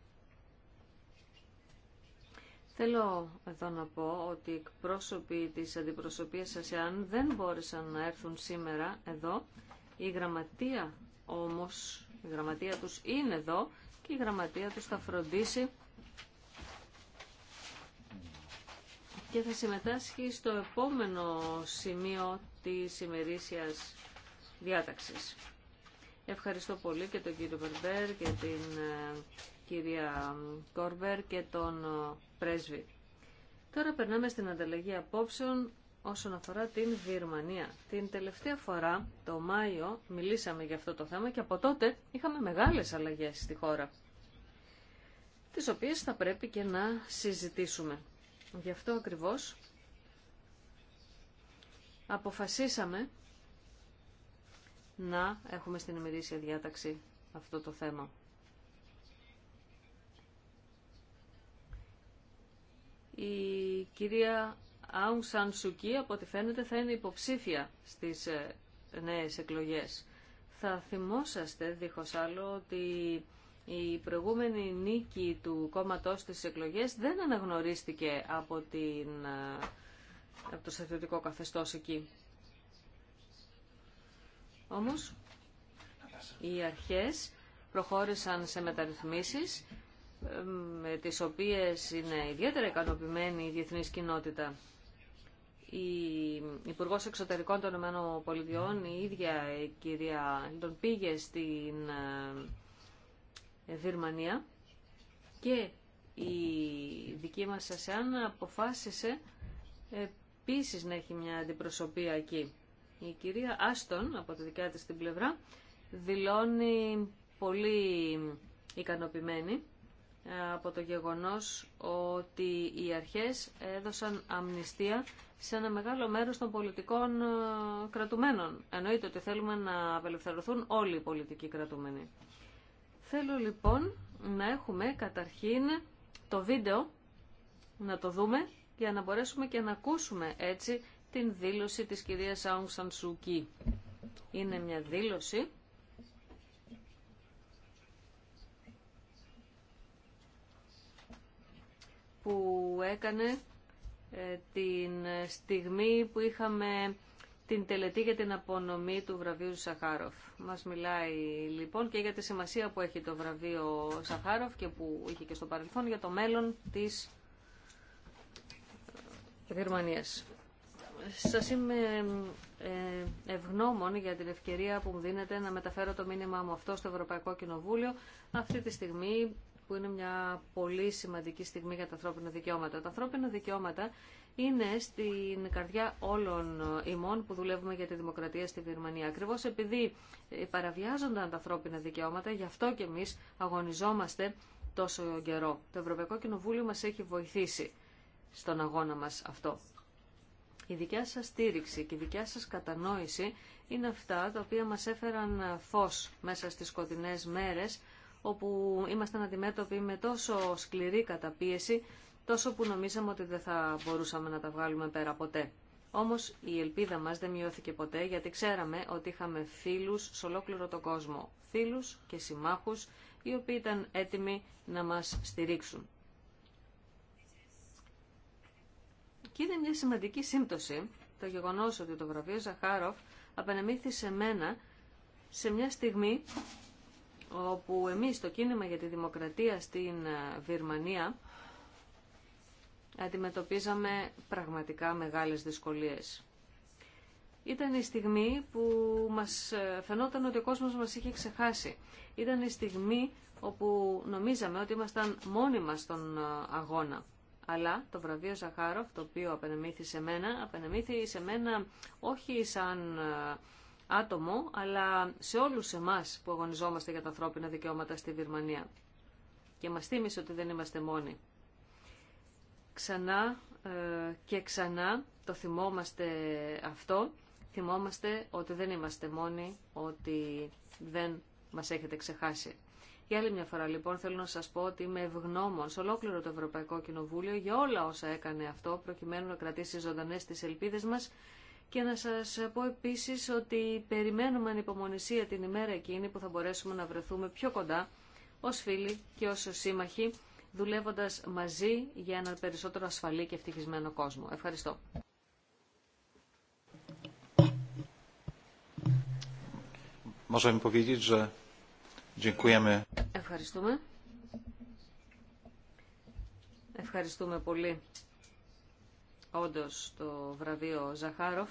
A: Θέλω εδώ να πω ότι οι εκπρόσωποι της αντιπροσωπείας ΑΣΕΑΝ δεν μπόρεσαν να έρθουν σήμερα εδώ. Η γραμματεία όμως, η γραμματεία τους είναι εδώ και η γραμματεία τους θα φροντίσει και θα συμμετάσχει στο επόμενο σημείο της ημερήσιας διάταξης. Ευχαριστώ πολύ και τον κύριο Βερμπέρ και την ε, κυρία Κόρβερ και τον Τώρα περνάμε στην ανταλλαγή απόψεων όσον αφορά την Βιρμανία. Την τελευταία φορά, το Μάιο, μιλήσαμε για αυτό το θέμα και από τότε είχαμε μεγάλες αλλαγές στη χώρα, τις οποίες θα πρέπει και να συζητήσουμε. Γι' αυτό ακριβώς αποφασίσαμε να έχουμε στην ημερήσια διάταξη αυτό το θέμα. η κυρία Αουν Σαν Σουκή, από ό,τι φαίνεται, θα είναι υποψήφια στις ε, νέες εκλογές. Θα θυμόσαστε, δίχως άλλο, ότι η προηγούμενη νίκη του κόμματός στις εκλογές δεν αναγνωρίστηκε από, την, ε, από το στρατιωτικό καθεστώς εκεί. Όμως, οι αρχές προχώρησαν σε μεταρρυθμίσεις με τις οποίες είναι ιδιαίτερα ικανοποιημένη η διεθνής κοινότητα. Η Υπουργό Εξωτερικών των ΗΠΑ, η ίδια η κυρία τον πήγε στην ε, Βυρμανία και η δική μας ΑΣΕΑΝ αποφάσισε επίσης να έχει μια αντιπροσωπεία εκεί. Η κυρία Άστον, από τη δικιά της την πλευρά, δηλώνει πολύ ικανοποιημένη από το γεγονός ότι οι αρχές έδωσαν αμνηστία σε ένα μεγάλο μέρος των πολιτικών ε, κρατουμένων. Εννοείται ότι θέλουμε να απελευθερωθούν όλοι οι πολιτικοί κρατούμενοι. Θέλω λοιπόν να έχουμε καταρχήν το βίντεο, να το δούμε, για να μπορέσουμε και να ακούσουμε έτσι την δήλωση της κυρίας Aung San Είναι μια δήλωση που έκανε ε, την στιγμή που είχαμε την τελετή για την απονομή του βραβείου Σαχάροφ. Μας μιλάει λοιπόν και για τη σημασία που έχει το βραβείο Σαχάροφ και που είχε και στο παρελθόν για το μέλλον της ε, Γερμανίας. Σας είμαι ε, ευγνώμων για την ευκαιρία που μου δίνετε να μεταφέρω το μήνυμα μου αυτό στο Ευρωπαϊκό Κοινοβούλιο αυτή τη στιγμή που είναι μια πολύ σημαντική στιγμή για τα ανθρώπινα δικαιώματα. Τα ανθρώπινα δικαιώματα είναι στην καρδιά όλων ημών που δουλεύουμε για τη δημοκρατία στη Βερμανία. Ακριβώς επειδή παραβιάζονταν τα ανθρώπινα δικαιώματα, γι' αυτό και εμείς αγωνιζόμαστε τόσο καιρό. Το Ευρωπαϊκό Κοινοβούλιο μας έχει βοηθήσει στον αγώνα μας αυτό. Η δικιά σας στήριξη και η δικιά σας κατανόηση είναι αυτά τα οποία μας έφεραν φως μέσα στις σκοτεινές μέρες όπου ήμασταν αντιμέτωποι με τόσο σκληρή καταπίεση, τόσο που νομίζαμε ότι δεν θα μπορούσαμε να τα βγάλουμε πέρα ποτέ. Όμως η ελπίδα μας δεν μειώθηκε ποτέ γιατί ξέραμε ότι είχαμε φίλους σε ολόκληρο τον κόσμο, φίλους και συμμάχους οι οποίοι ήταν έτοιμοι να μας στηρίξουν. Και είναι μια σημαντική σύμπτωση το γεγονός ότι το βραβείο Ζαχάροφ απενεμήθη σε μένα σε μια στιγμή όπου εμείς το κίνημα για τη δημοκρατία στην ε, Βυρμανία αντιμετωπίζαμε πραγματικά μεγάλες δυσκολίες. Ήταν η στιγμή που μας ε, φαινόταν ότι ο κόσμος μας είχε ξεχάσει. Ήταν η στιγμή όπου νομίζαμε ότι ήμασταν μόνοι μας στον ε, αγώνα. Αλλά το βραβείο Ζαχάροφ, το οποίο απενεμήθη σε μένα, απενεμήθη σε μένα όχι σαν άτομο, αλλά σε όλους εμάς που αγωνιζόμαστε για τα ανθρώπινα δικαιώματα στη Βυρμανία. Και μας θύμισε ότι δεν είμαστε μόνοι. Ξανά ε, και ξανά το θυμόμαστε αυτό. Θυμόμαστε ότι δεν είμαστε μόνοι, ότι δεν μας έχετε ξεχάσει. Για άλλη μια φορά λοιπόν θέλω να σας πω ότι είμαι ευγνώμων σε ολόκληρο το Ευρωπαϊκό Κοινοβούλιο για όλα όσα έκανε αυτό προκειμένου να κρατήσει ζωντανές τις ελπίδες μας και να σας πω επίσης ότι περιμένουμε ανυπομονησία την ημέρα εκείνη που θα μπορέσουμε να βρεθούμε πιο κοντά ως φίλοι και ως σύμμαχοι, δουλεύοντας μαζί για έναν περισσότερο ασφαλή και ευτυχισμένο κόσμο. Ευχαριστώ. Ευχαριστούμε. Ευχαριστούμε πολύ όντως το βραβείο Ζαχάροφ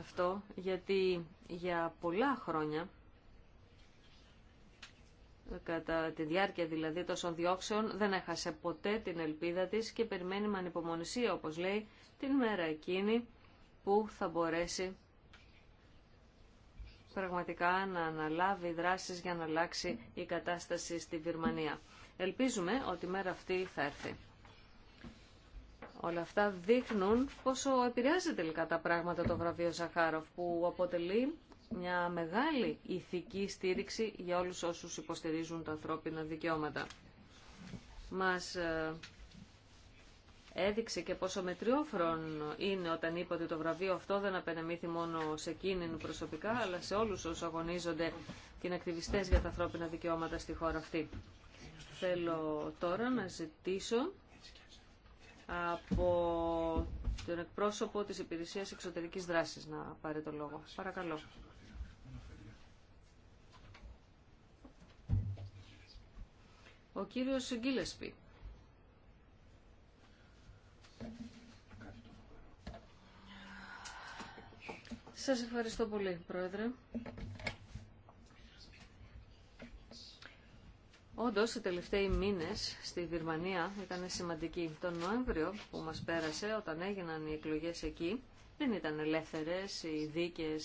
A: αυτό γιατί για πολλά χρόνια κατά τη διάρκεια δηλαδή τόσων διώξεων δεν έχασε ποτέ την ελπίδα της και περιμένει με ανυπομονησία όπως λέει την μέρα εκείνη που θα μπορέσει πραγματικά να αναλάβει δράσεις για να αλλάξει η κατάσταση στη Βυρμανία. Ελπίζουμε ότι η μέρα αυτή θα έρθει. Όλα αυτά δείχνουν πόσο επηρεάζει τελικά τα πράγματα το βραβείο Ζαχάροφ που αποτελεί μια μεγάλη ηθική στήριξη για όλους όσους υποστηρίζουν τα ανθρώπινα δικαιώματα. Μας ε, έδειξε και πόσο μετριόφρον είναι όταν είπε ότι το βραβείο αυτό δεν απενεμήθη μόνο σε εκείνην προσωπικά, αλλά σε όλους όσους αγωνίζονται και είναι ακτιβιστές για τα ανθρώπινα δικαιώματα στη χώρα αυτή. Θέλω τώρα να ζητήσω από τον εκπρόσωπο της Υπηρεσίας Εξωτερικής Δράσης να πάρει το λόγο. Παρακαλώ. Ο κύριος Γκίλεσπη. Σας ευχαριστώ πολύ, Πρόεδρε. Όντω οι τελευταίοι μήνε στη Γερμανία ήταν σημαντικοί. Τον Νοέμβριο που μας πέρασε, όταν έγιναν οι εκλογές εκεί, δεν ήταν ελεύθερε οι δίκαιε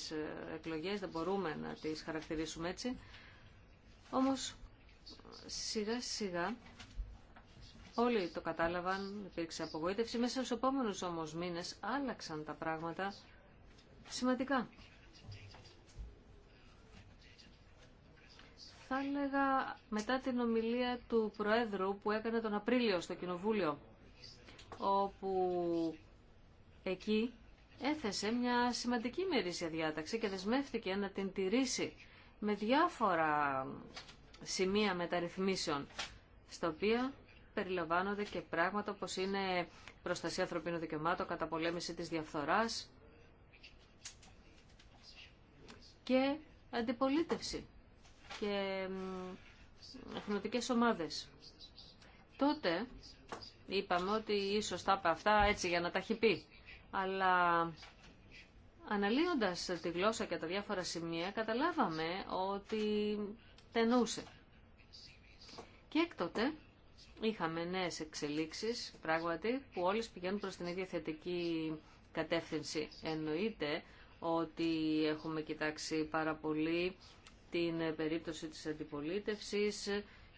A: εκλογές, δεν μπορούμε να τις χαρακτηρίσουμε έτσι. Όμως, σιγά σιγά όλοι το κατάλαβαν, υπήρξε απογοήτευση. Μέσα στου επόμενου όμως μήνε άλλαξαν τα πράγματα σημαντικά. θα έλεγα μετά την ομιλία του Προέδρου που έκανε τον Απρίλιο στο Κοινοβούλιο, όπου εκεί έθεσε μια σημαντική μερίσια διάταξη και δεσμεύτηκε να την τηρήσει με διάφορα σημεία μεταρρυθμίσεων, στα οποία περιλαμβάνονται και πράγματα όπως είναι προστασία ανθρωπίνων δικαιωμάτων, καταπολέμηση της διαφθοράς και αντιπολίτευση και εθνοτικές ομάδες. Τότε είπαμε ότι ίσως τα είπε αυτά έτσι για να τα έχει πει. Αλλά αναλύοντας τη γλώσσα και τα διάφορα σημεία καταλάβαμε ότι τενούσε. Και έκτοτε είχαμε νέες εξελίξεις πράγματι που όλες πηγαίνουν προς την ίδια θετική κατεύθυνση. Εννοείται ότι έχουμε κοιτάξει πάρα πολύ την περίπτωση της αντιπολίτευσης,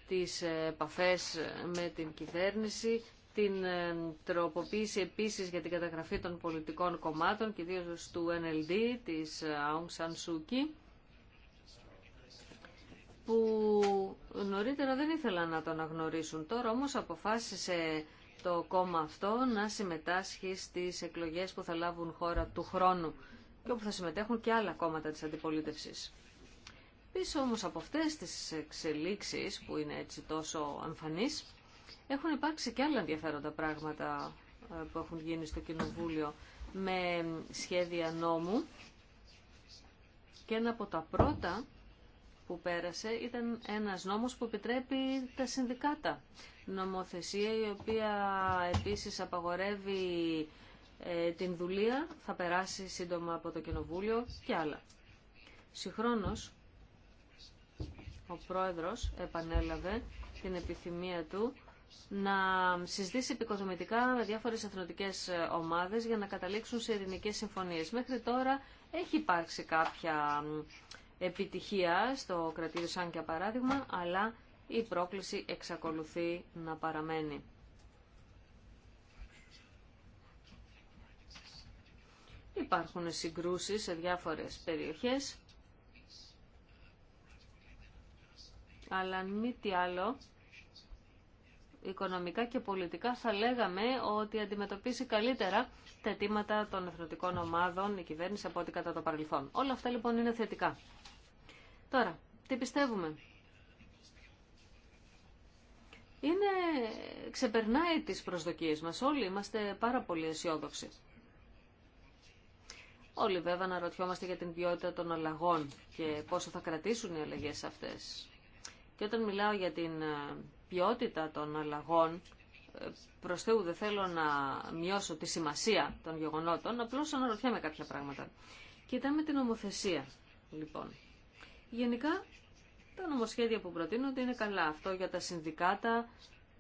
A: τις επαφές με την κυβέρνηση, την ε, τροποποίηση επίσης για την καταγραφή των πολιτικών κομμάτων και του NLD, της Aung San Suu Kyi, που νωρίτερα δεν ήθελαν να τον αναγνωρίσουν. Τώρα όμως αποφάσισε το κόμμα αυτό να συμμετάσχει στις εκλογές που θα λάβουν χώρα του χρόνου και όπου θα συμμετέχουν και άλλα κόμματα της αντιπολίτευσης. Πίσω όμως από αυτές τις εξελίξεις που είναι έτσι τόσο εμφανείς, έχουν υπάρξει και άλλα ενδιαφέροντα πράγματα ε, που έχουν γίνει στο Κοινοβούλιο με σχέδια νόμου και ένα από τα πρώτα που πέρασε ήταν ένας νόμος που επιτρέπει τα συνδικάτα. Νομοθεσία η οποία επίσης απαγορεύει ε, την δουλεία, θα περάσει σύντομα από το Κοινοβούλιο και άλλα. Συγχρόνως ο πρόεδρος επανέλαβε την επιθυμία του να συζητήσει επικοδομητικά με διάφορες εθνοτικές ομάδες για να καταλήξουν σε ειρηνικές συμφωνίες. Μέχρι τώρα έχει υπάρξει κάποια επιτυχία στο κρατήριο σαν παράδειγμα, αλλά η πρόκληση εξακολουθεί να παραμένει. Υπάρχουν συγκρούσεις σε διάφορες περιοχές αλλά αν μη τι άλλο, οικονομικά και πολιτικά θα λέγαμε ότι αντιμετωπίσει καλύτερα τα αιτήματα των εθνωτικών ομάδων η κυβέρνηση από ό,τι κατά το παρελθόν. Όλα αυτά λοιπόν είναι θετικά. Τώρα, τι πιστεύουμε. Είναι, ξεπερνάει τις προσδοκίες μας. Όλοι είμαστε πάρα πολύ αισιόδοξοι. Όλοι βέβαια ρωτιόμαστε για την ποιότητα των αλλαγών και πόσο θα κρατήσουν οι αλλαγές αυτές. Και όταν μιλάω για την ε, ποιότητα των αλλαγών, ε, προς Θεού δεν θέλω να μειώσω τη σημασία των γεγονότων, απλώς αναρωτιέμαι κάποια πράγματα. Κοιτάμε την ομοθεσία, λοιπόν. Γενικά, τα νομοσχέδια που προτείνονται είναι καλά. Αυτό για τα συνδικάτα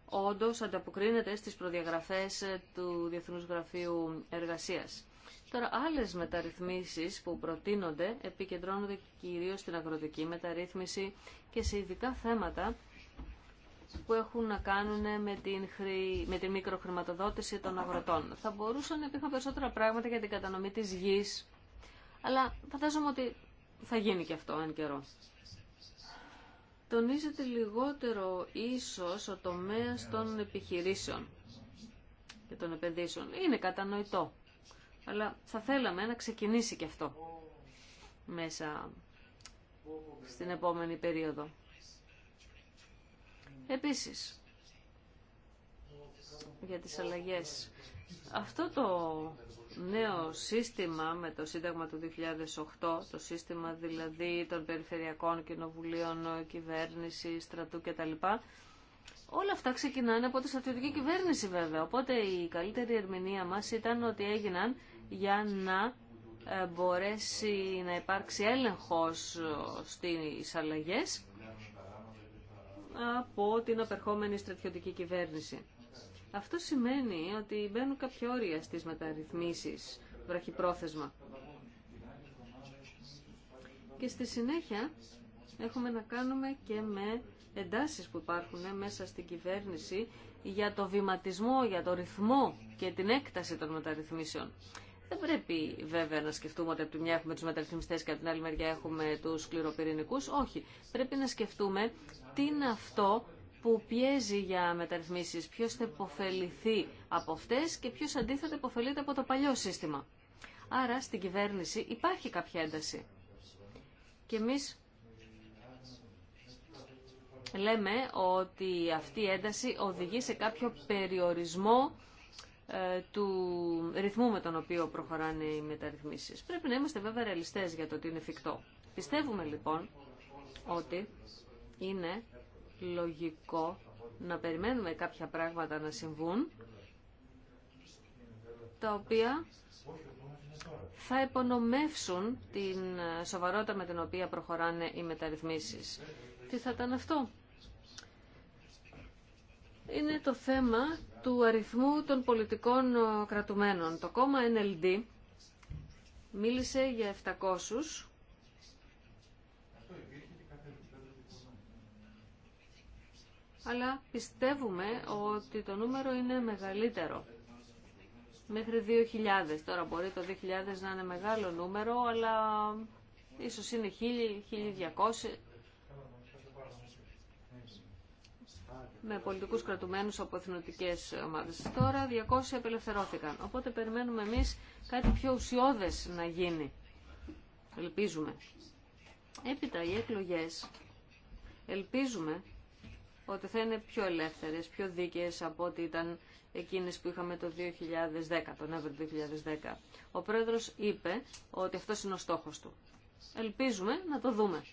A: όντως ανταποκρίνεται στις προδιαγραφές ε, του Διεθνούς Γραφείου Εργασίας. Τώρα άλλε μεταρρυθμίσει που προτείνονται επικεντρώνονται κυρίως στην αγροτική μεταρρύθμιση και σε ειδικά θέματα που έχουν να κάνουν με την, με την μικροχρηματοδότηση των αγροτών. Θα μπορούσαν να υπήρχαν περισσότερα πράγματα για την κατανομή της γης, αλλά φαντάζομαι ότι θα γίνει και αυτό εν καιρό. Τονίζεται λιγότερο ίσως ο τομέας των επιχειρήσεων και των επενδύσεων. Είναι κατανοητό αλλά θα θέλαμε να ξεκινήσει και αυτό μέσα στην επόμενη περίοδο. Επίσης, για τις αλλαγές. Αυτό το νέο σύστημα με το Σύνταγμα του 2008, το σύστημα δηλαδή των περιφερειακών κοινοβουλίων, κυβέρνηση, στρατού κτλ. Όλα αυτά ξεκινάνε από τη στρατιωτική κυβέρνηση βέβαια, οπότε η καλύτερη ερμηνεία μας ήταν ότι έγιναν για να ε, μπορέσει να υπάρξει έλεγχος ε, στις αλλαγές από την απερχόμενη στρατιωτική κυβέρνηση. Αυτό σημαίνει ότι μπαίνουν κάποια όρια στις μεταρρυθμίσεις βραχυπρόθεσμα. Και στη συνέχεια έχουμε να κάνουμε και με εντάσεις που υπάρχουν μέσα στην κυβέρνηση για το βηματισμό, για το ρυθμό και την έκταση των μεταρρυθμίσεων. Δεν πρέπει βέβαια να σκεφτούμε ότι από τη μια έχουμε του μεταρρυθμιστέ και από την άλλη μεριά έχουμε του σκληροπυρηνικού. Όχι. Πρέπει να σκεφτούμε τι είναι αυτό που πιέζει για μεταρρυθμίσεις, ποιος θα υποφεληθεί από αυτές και ποιος αντίθετα υποφελείται από το παλιό σύστημα. Άρα στην κυβέρνηση υπάρχει κάποια ένταση. Και εμείς λέμε ότι αυτή η ένταση οδηγεί σε κάποιο περιορισμό ε, του ρυθμού με τον οποίο προχωράνε οι μεταρρυθμίσεις. Πρέπει να είμαστε βέβαια ρεαλιστέ για το ότι είναι εφικτό. Πιστεύουμε λοιπόν ότι είναι λογικό να περιμένουμε κάποια πράγματα να συμβούν τα οποία θα υπονομεύσουν την σοβαρότητα με την οποία προχωράνε οι μεταρρυθμίσεις. Τι θα ήταν αυτό είναι το θέμα του αριθμού των πολιτικών ε, κρατουμένων. Το κόμμα NLD μίλησε για 700 αλλά πιστεύουμε ότι το νούμερο είναι μεγαλύτερο. Μέχρι 2.000. Τώρα μπορεί το 2.000 να είναι μεγάλο νούμερο, αλλά ίσως είναι 1.000, 1.200. με πολιτικούς κρατουμένους από εθνοτικέ ομάδε. Τώρα 200 απελευθερώθηκαν, οπότε περιμένουμε εμεί κάτι πιο ουσιώδες να γίνει. Ελπίζουμε. Έπειτα οι εκλογέ ελπίζουμε ότι θα είναι πιο ελεύθερες, πιο δίκαιες από ό,τι ήταν εκείνες που είχαμε το 2010, τον 2010. Ο πρόεδρος είπε ότι αυτό είναι ο στόχος του. Ελπίζουμε να το δούμε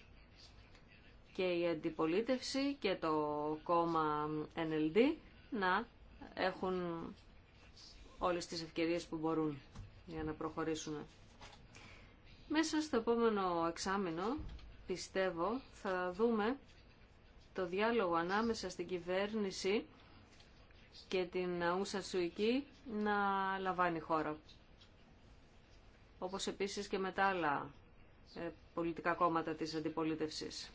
A: και η αντιπολίτευση και το κόμμα NLD να έχουν όλες τις ευκαιρίες που μπορούν για να προχωρήσουν. Μέσα στο επόμενο εξάμεινο, πιστεύω, θα δούμε το διάλογο ανάμεσα στην κυβέρνηση και την ούσα Σουική να λαμβάνει χώρα. Όπως επίσης και με τα άλλα ε, πολιτικά κόμματα της αντιπολίτευσης.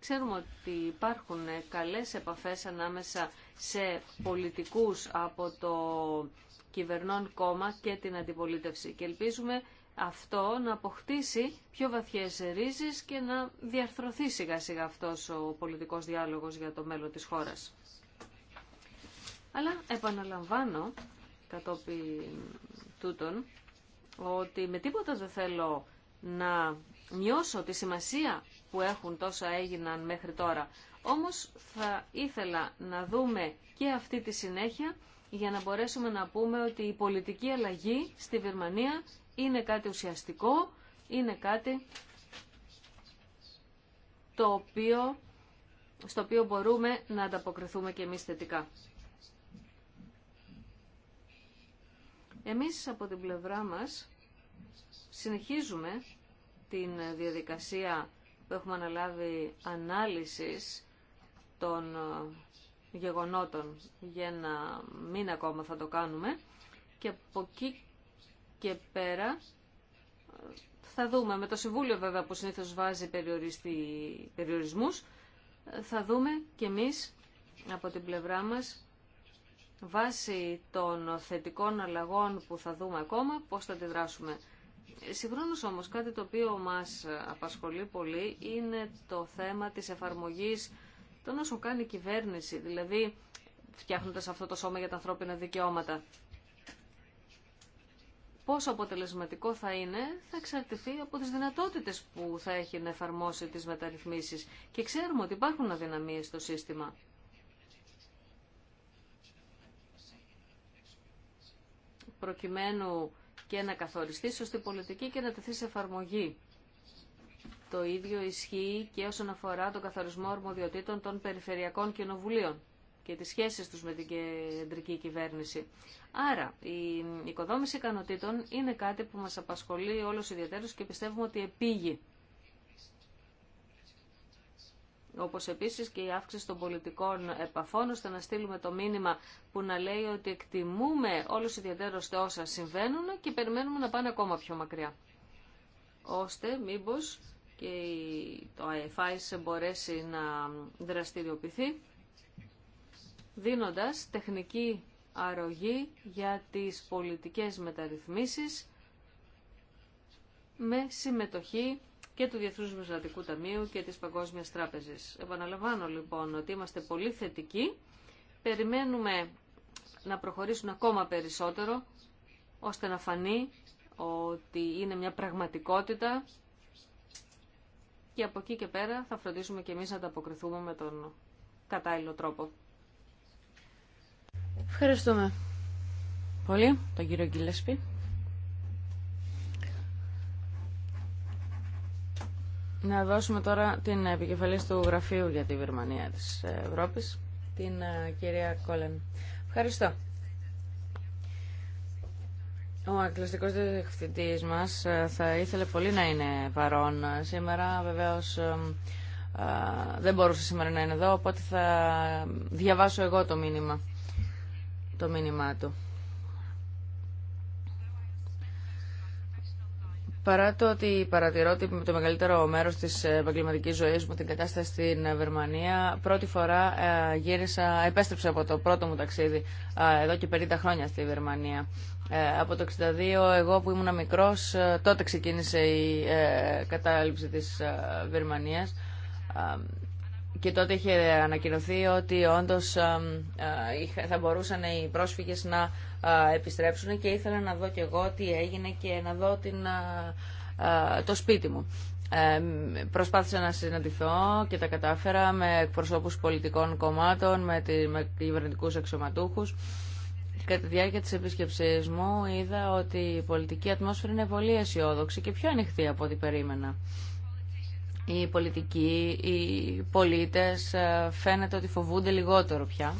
A: Ξέρουμε ότι υπάρχουν καλές επαφές ανάμεσα σε πολιτικούς από το κυβερνών κόμμα και την αντιπολίτευση και ελπίζουμε αυτό να αποκτήσει πιο βαθιές ρίζες και να διαρθρωθεί σιγά σιγά αυτός ο πολιτικός διάλογος για το μέλλον της χώρας. Αλλά επαναλαμβάνω κατόπιν τούτων ότι με τίποτα δεν θέλω να μειώσω τη σημασία που έχουν τόσα έγιναν μέχρι τώρα. Όμως θα ήθελα να δούμε και αυτή τη συνέχεια για να μπορέσουμε να πούμε ότι η πολιτική αλλαγή στη Βερμανία είναι κάτι ουσιαστικό, είναι κάτι το οποίο, στο οποίο μπορούμε να ανταποκριθούμε και εμείς θετικά. Εμείς από την πλευρά μας συνεχίζουμε την διαδικασία που έχουμε αναλάβει ανάλυσης των ε, γεγονότων για ένα μήνα ακόμα θα το κάνουμε και από εκεί και πέρα ε, θα δούμε με το Συμβούλιο βέβαια που συνήθως βάζει περιορισμούς ε, θα δούμε και εμείς από την πλευρά μας βάσει των θετικών αλλαγών που θα δούμε ακόμα πώς θα αντιδράσουμε. Συγχρόνως όμως κάτι το οποίο μας απασχολεί πολύ είναι το θέμα της εφαρμογής των όσων κάνει η κυβέρνηση, δηλαδή φτιάχνοντας αυτό το σώμα για τα ανθρώπινα δικαιώματα. Πόσο αποτελεσματικό θα είναι θα εξαρτηθεί από τις δυνατότητες που θα έχει να εφαρμόσει τις μεταρρυθμίσεις και ξέρουμε ότι υπάρχουν αδυναμίες στο σύστημα. Προκειμένου και να καθοριστεί σωστή πολιτική και να τεθεί σε εφαρμογή. Το ίδιο ισχύει και όσον αφορά τον καθορισμό ορμοδιοτήτων των περιφερειακών κοινοβουλίων και τις σχέσεις τους με την κεντρική κυβέρνηση. Άρα, η οικοδόμηση ικανοτήτων είναι κάτι που μας απασχολεί όλος ιδιαίτερος και πιστεύουμε ότι επήγει όπως επίσης και η αύξηση των πολιτικών επαφών, ώστε να στείλουμε το μήνυμα που να λέει ότι εκτιμούμε όλους ιδιαίτερως τα όσα συμβαίνουν και περιμένουμε να πάνε ακόμα πιο μακριά. Ώστε μήπως και το σε μπορέσει να δραστηριοποιηθεί, δίνοντας τεχνική αρρωγή για τις πολιτικές μεταρρυθμίσεις με συμμετοχή και του Διεθνούς Μεσολατικού Ταμείου και της Παγκόσμιας Τράπεζης. Επαναλαμβάνω λοιπόν ότι είμαστε πολύ θετικοί, περιμένουμε να προχωρήσουν ακόμα περισσότερο, ώστε να φανεί ότι είναι μια πραγματικότητα και από εκεί και πέρα θα φροντίσουμε και εμείς να τα αποκριθούμε με τον κατάλληλο τρόπο.
C: Ευχαριστούμε πολύ τον κύριο Γκυλέσπη. Να δώσουμε τώρα την επικεφαλής του Γραφείου για τη Βερμανία της Ευρώπης, την ε, κυρία Κόλεν. Ευχαριστώ. Ο ακλαστικός διευθυντής μας ε, θα ήθελε πολύ να είναι παρόν σήμερα. Βεβαίως ε, δεν μπορούσε σήμερα να είναι εδώ, οπότε θα διαβάσω εγώ το μήνυμα, το μήνυμά του. Παρά το ότι παρατηρώ ότι με το μεγαλύτερο μέρο τη επαγγελματική ζωή μου την κατάσταση στην Βερμανία, πρώτη φορά ε, γύρισα, επέστρεψα από το πρώτο μου ταξίδι ε, εδώ και 50 χρόνια στη Βερμανία. Ε, από το 1962, εγώ που ήμουν μικρό, τότε ξεκίνησε η κατάληψη της Βερμανία και τότε είχε ανακοινωθεί ότι όντω ε, θα μπορούσαν οι πρόσφυγες να ε, επιστρέψουν και ήθελα να δω κι εγώ τι έγινε και να δω την, ε, το σπίτι μου. προσπάθησα να συναντηθώ και τα κατάφερα με εκπροσώπους πολιτικών κομμάτων, με, τη, με κυβερνητικούς αξιωματούχους. Κατά τη διάρκεια της επίσκεψής μου είδα ότι η πολιτική ατμόσφαιρα είναι πολύ αισιόδοξη και πιο ανοιχτή από ό,τι περίμενα οι πολιτικοί, οι πολίτες ε, φαίνεται ότι φοβούνται λιγότερο πια.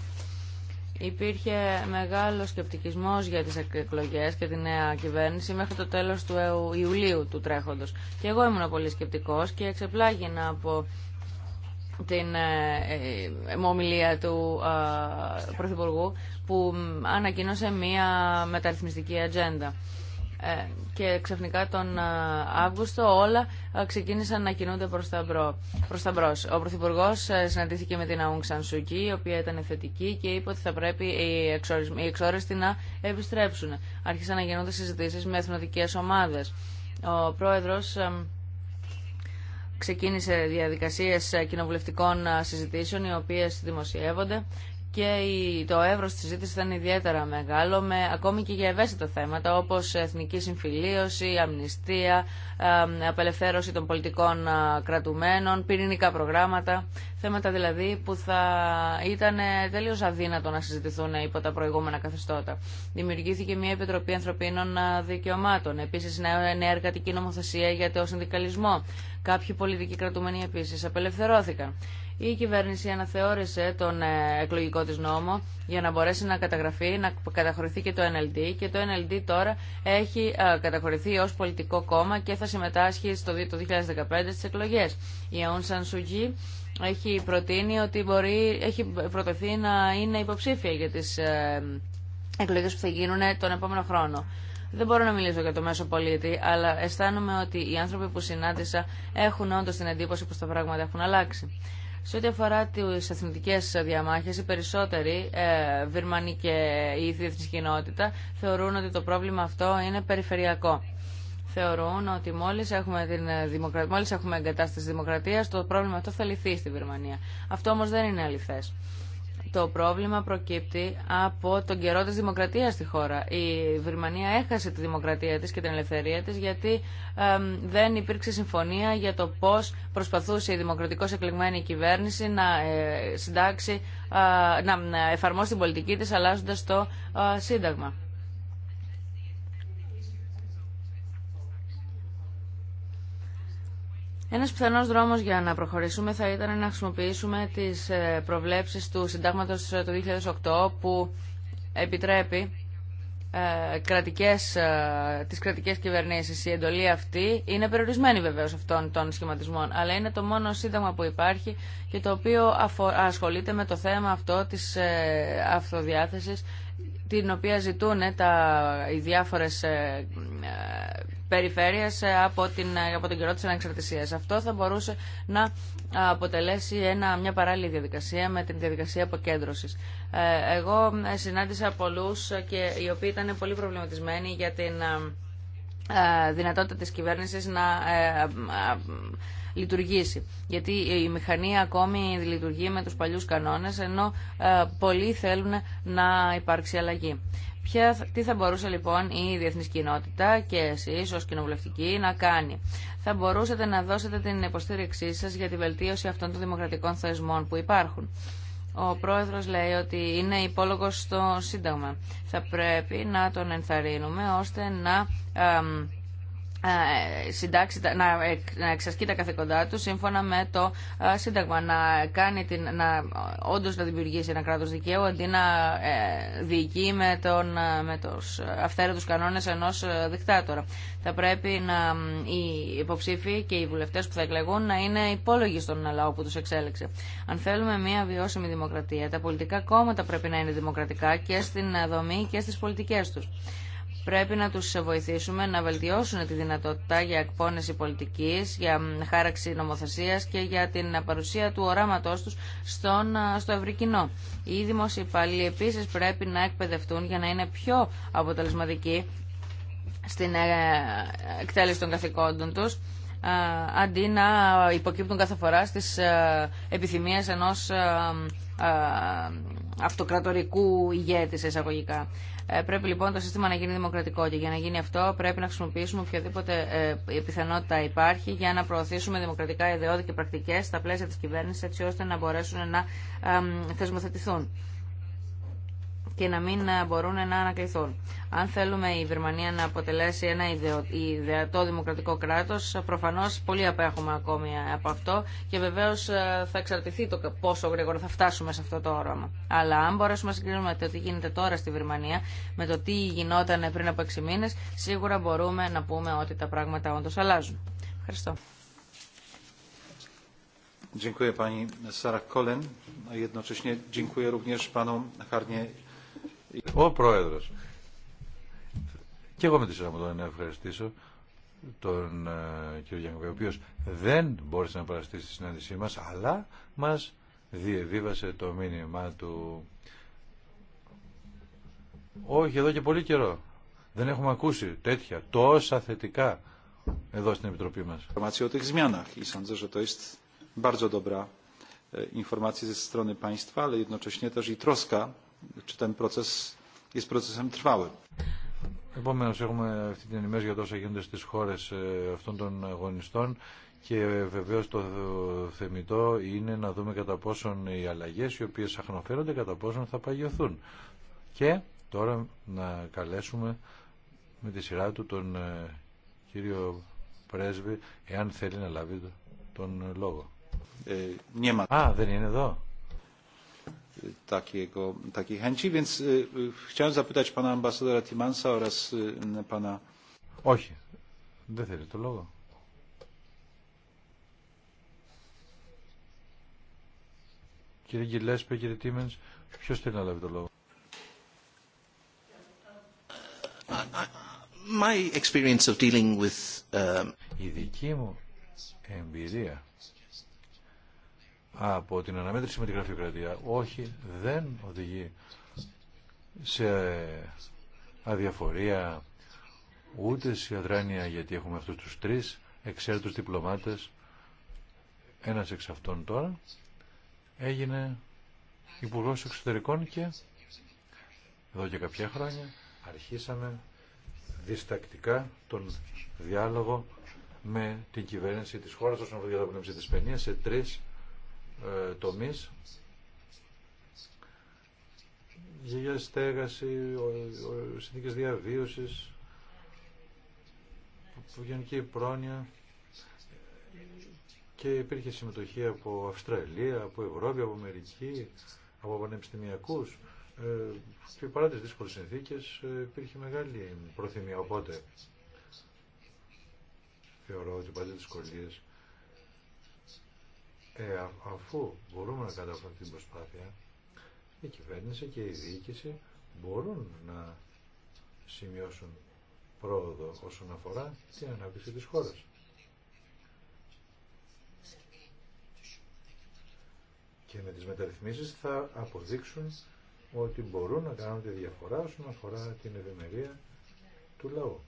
C: Υπήρχε μεγάλο σκεπτικισμός για τις εκλογές και τη νέα κυβέρνηση μέχρι το τέλος του Ιουλίου του τρέχοντος. Και εγώ ήμουν πολύ σκεπτικός και εξεπλάγινα από την ε, ε, ομιλία του Πρωθυπουργού που ανακοίνωσε μία μεταρρυθμιστική ατζέντα. Ε, και ξαφνικά τον ε, Αύγουστο όλα ε, ξεκίνησαν να κινούνται προς τα, μπρο, προς τα μπρος. Ο Πρωθυπουργό συναντήθηκε με την Αούγκ Σανσουκή, η οποία ήταν θετική και είπε ότι θα πρέπει οι εξόριστοι να επιστρέψουν. Άρχισαν να γίνονται συζητήσεις με εθνοτικές ομάδες. Ο πρόεδρος ξεκίνησε διαδικασίες κοινοβουλευτικών συζητήσεων οι οποίες δημοσιεύονται και το εύρος της συζήτηση ήταν ιδιαίτερα μεγάλο, με, ακόμη και για ευαίσθητα θέματα όπως εθνική συμφιλίωση, αμνηστία, απελευθέρωση των πολιτικών κρατουμένων, πυρηνικά προγράμματα, θέματα δηλαδή που θα ήταν τελείως αδύνατο να συζητηθούν υπό τα προηγούμενα καθεστώτα. Δημιουργήθηκε μια Επιτροπή Ανθρωπίνων Δικαιωμάτων, επίσης νέα εργατική νομοθεσία για το συνδικαλισμό. Κάποιοι πολιτικοί κρατούμενοι επίσης απελευθερώθηκαν. Η κυβέρνηση αναθεώρησε τον ε, εκλογικό της νόμο για να μπορέσει να καταγραφεί, να καταχωρηθεί και το NLD και το NLD τώρα έχει ε, καταχωρηθεί ως πολιτικό κόμμα και θα συμμετάσχει στο το 2015 στις εκλογές. Η Aung San Suu Kyi έχει προτείνει ότι μπορεί, έχει προτεθεί να είναι υποψήφια για τις ε, εκλογές που θα γίνουν τον επόμενο χρόνο. Δεν μπορώ να μιλήσω για το μέσο πολίτη, αλλά αισθάνομαι ότι οι άνθρωποι που συνάντησα έχουν όντω την εντύπωση πω τα πράγματα έχουν αλλάξει. Σε ό,τι αφορά τι εθνικέ διαμάχε, οι περισσότεροι, ε, και η διεθνή κοινότητα, θεωρούν ότι το πρόβλημα αυτό είναι περιφερειακό. Θεωρούν ότι μόλι έχουμε, την δημοκρα... έχουμε εγκατάσταση δημοκρατία, το πρόβλημα αυτό θα λυθεί στη Βυρμανία. Αυτό όμω δεν είναι αληθέ το πρόβλημα προκύπτει από τον καιρό της δημοκρατίας στη χώρα. Η Βρυμανία έχασε τη δημοκρατία της και την ελευθερία της γιατί δεν υπήρξε συμφωνία για το πώς προσπαθούσε η δημοκρατικώς εκλεγμένη κυβέρνηση να ε, συντάξει, να εφαρμόσει την πολιτική της αλλάζοντας το Σύνταγμα. Ένας πιθανός δρόμος για να προχωρήσουμε θα ήταν να χρησιμοποιήσουμε τις ε, προβλέψεις του συντάγματος ε, του 2008 που επιτρέπει ε, κρατικές, τις κρατικές κυβερνήσεις. Η εντολή αυτή είναι περιορισμένη βεβαίως αυτών των σχηματισμών, αλλά είναι το μόνο σύνταγμα που υπάρχει και το οποίο ασχολείται με το θέμα αυτό της αυτοδιάθεσης την οποία ζητούν τα, οι διάφορες ε, από, ε, από τον καιρό τη ανεξαρτησία. Αυτό θα μπορούσε να αποτελέσει ένα, μια παράλληλη διαδικασία με την διαδικασία αποκέντρωσης. Ε, εγώ συνάντησα πολλούς και οι οποίοι ήταν πολύ προβληματισμένοι για την δυνατότητα της κυβέρνησης να λειτουργήσει. Γιατί η μηχανή ακόμη λειτουργεί με τους παλιούς κανόνες, ενώ πολλοί θέλουν να υπάρξει αλλαγή. Ποια, τι θα μπορούσε λοιπόν η διεθνή κοινότητα και εσεί ω κοινοβουλευτικοί να κάνει. Θα μπορούσατε να δώσετε την υποστήριξή σα για τη βελτίωση αυτών των δημοκρατικών θεσμών που υπάρχουν. Ο πρόεδρο λέει ότι είναι υπόλογο στο Σύνταγμα. Θα πρέπει να τον ενθαρρύνουμε ώστε να. Ε, συντάξει, να, εξασκεί τα καθήκοντά του σύμφωνα με το ε, Σύνταγμα. Να, κάνει την, να όντως να δημιουργήσει ένα κράτος δικαίου αντί να ε, διοικεί με, τον, ε, με τους αυθαίρετους κανόνες ενός δικτάτορα. Θα πρέπει να, οι υποψήφοι και οι βουλευτές που θα εκλεγούν να είναι υπόλογοι στον λαό που τους εξέλεξε. Αν θέλουμε μια βιώσιμη δημοκρατία, τα πολιτικά κόμματα πρέπει να είναι δημοκρατικά και στην δομή και στις πολιτικές τους. Πρέπει να τους βοηθήσουμε να βελτιώσουν τη δυνατότητα για εκπόνηση πολιτικής, για χάραξη νομοθεσίας και για την παρουσία του οράματός τους στον, στο ευρύ κοινό. Οι δημόσιοι υπαλλήλοι επίσης πρέπει να εκπαιδευτούν για να είναι πιο αποτελεσματικοί στην ε, εκτέλεση των καθηκόντων τους αντί να υποκύπτουν κάθε φορά στις ε, επιθυμίες ενός ε, αυτοκρατορικού ηγέτη εισαγωγικά. Ε, πρέπει λοιπόν το σύστημα να γίνει δημοκρατικό και για να γίνει αυτό πρέπει να χρησιμοποιήσουμε οποιαδήποτε ε, πιθανότητα υπάρχει για να προωθήσουμε δημοκρατικά ιδεώδη και πρακτικέ στα πλαίσια της κυβέρνησης έτσι ώστε να μπορέσουν να θεσμοθετηθούν και να μην ε, μπορούν να ανακληθούν. Αν θέλουμε η Βερμανία να αποτελέσει ένα ιδεατό δημοκρατικό κράτος, προφανώς πολύ απέχουμε ακόμη ε, από αυτό και βεβαίως ε, θα εξαρτηθεί το πόσο γρήγορα θα φτάσουμε σε αυτό το όραμα. Αλλά αν μπορέσουμε να συγκρίνουμε το τι γίνεται τώρα στη Βερμανία με το τι γινόταν πριν από 6 μήνες, σίγουρα μπορούμε να πούμε ότι τα πράγματα όντω αλλάζουν. Ευχαριστώ.
B: Dziękuję pani a jednocześnie dziękuję również panu Harnie ο Πρόεδρος. Και εγώ με τη σειρά μου τον ευχαριστήσω τον uh, κύριο
D: Γιάνκοβε, ο οποίο δεν μπόρεσε να παραστήσει στη συνάντησή μας, αλλά μας διεβίβασε το μήνυμά του. Όχι, εδώ και πολύ καιρό. Δεν έχουμε ακούσει τέτοια, τόσα θετικά εδώ στην Επιτροπή μας.
B: Informacje o tych zmianach i sądzę, że to jest bardzo dobra e, informacja ze strony państwa, ale jednocześnie też i troska czy ten proces jest procesem trwałym.
D: Επομένω, έχουμε αυτή την ενημέρωση για τόσα γίνονται στι χώρε ε, αυτών των αγωνιστών και ε, βεβαίω το θεμητό είναι να δούμε κατά πόσον οι αλλαγέ οι οποίε αχνοφέρονται κατά πόσον θα παγιωθούν. Και τώρα να καλέσουμε με τη σειρά του τον ε, κύριο πρέσβη,
B: εάν θέλει να λάβει τον λόγο. Ε, Α, δεν είναι εδώ takiego, takiej chęci, więc chciałem zapytać pana ambasadora Timansa oraz pana... Όχι, δεν θέλει το λόγο. Κύριε
D: Γκυλέσπε, κύριε Τίμενς, ποιος θέλει να λάβει το λόγο.
F: My experience of dealing with, um... Η δική μου
D: εμπειρία από την αναμέτρηση με τη γραφειοκρατία. Όχι, δεν οδηγεί σε αδιαφορία ούτε σε αδράνεια γιατί έχουμε αυτούς τους τρεις εξαίρετους διπλωμάτες. Ένας εξ αυτών τώρα έγινε υπουργό εξωτερικών και εδώ και κάποια χρόνια αρχίσαμε διστακτικά τον διάλογο με την κυβέρνηση της χώρας όσον αφορά την καταπολέμηση της παινίας σε τρεις ε, τομείς για στέγαση, συνθήκες διαβίωσης, γενική πρόνοια και υπήρχε συμμετοχή από Αυστραλία, από Ευρώπη, από Αμερική, από πανεπιστημιακούς ε, και παρά τις δύσκολες συνθήκες ε, υπήρχε μεγάλη προθυμία οπότε θεωρώ ότι πάντα δυσκολίες ε, αφού μπορούμε να καταφέρουμε αυτή την προσπάθεια, η κυβέρνηση και η διοίκηση μπορούν να σημειώσουν πρόοδο όσον αφορά την ανάπτυξη της χώρας. Και με τις μεταρρυθμίσεις θα αποδείξουν ότι μπορούν να κάνουν τη διαφορά όσον αφορά την ευημερία του λαού.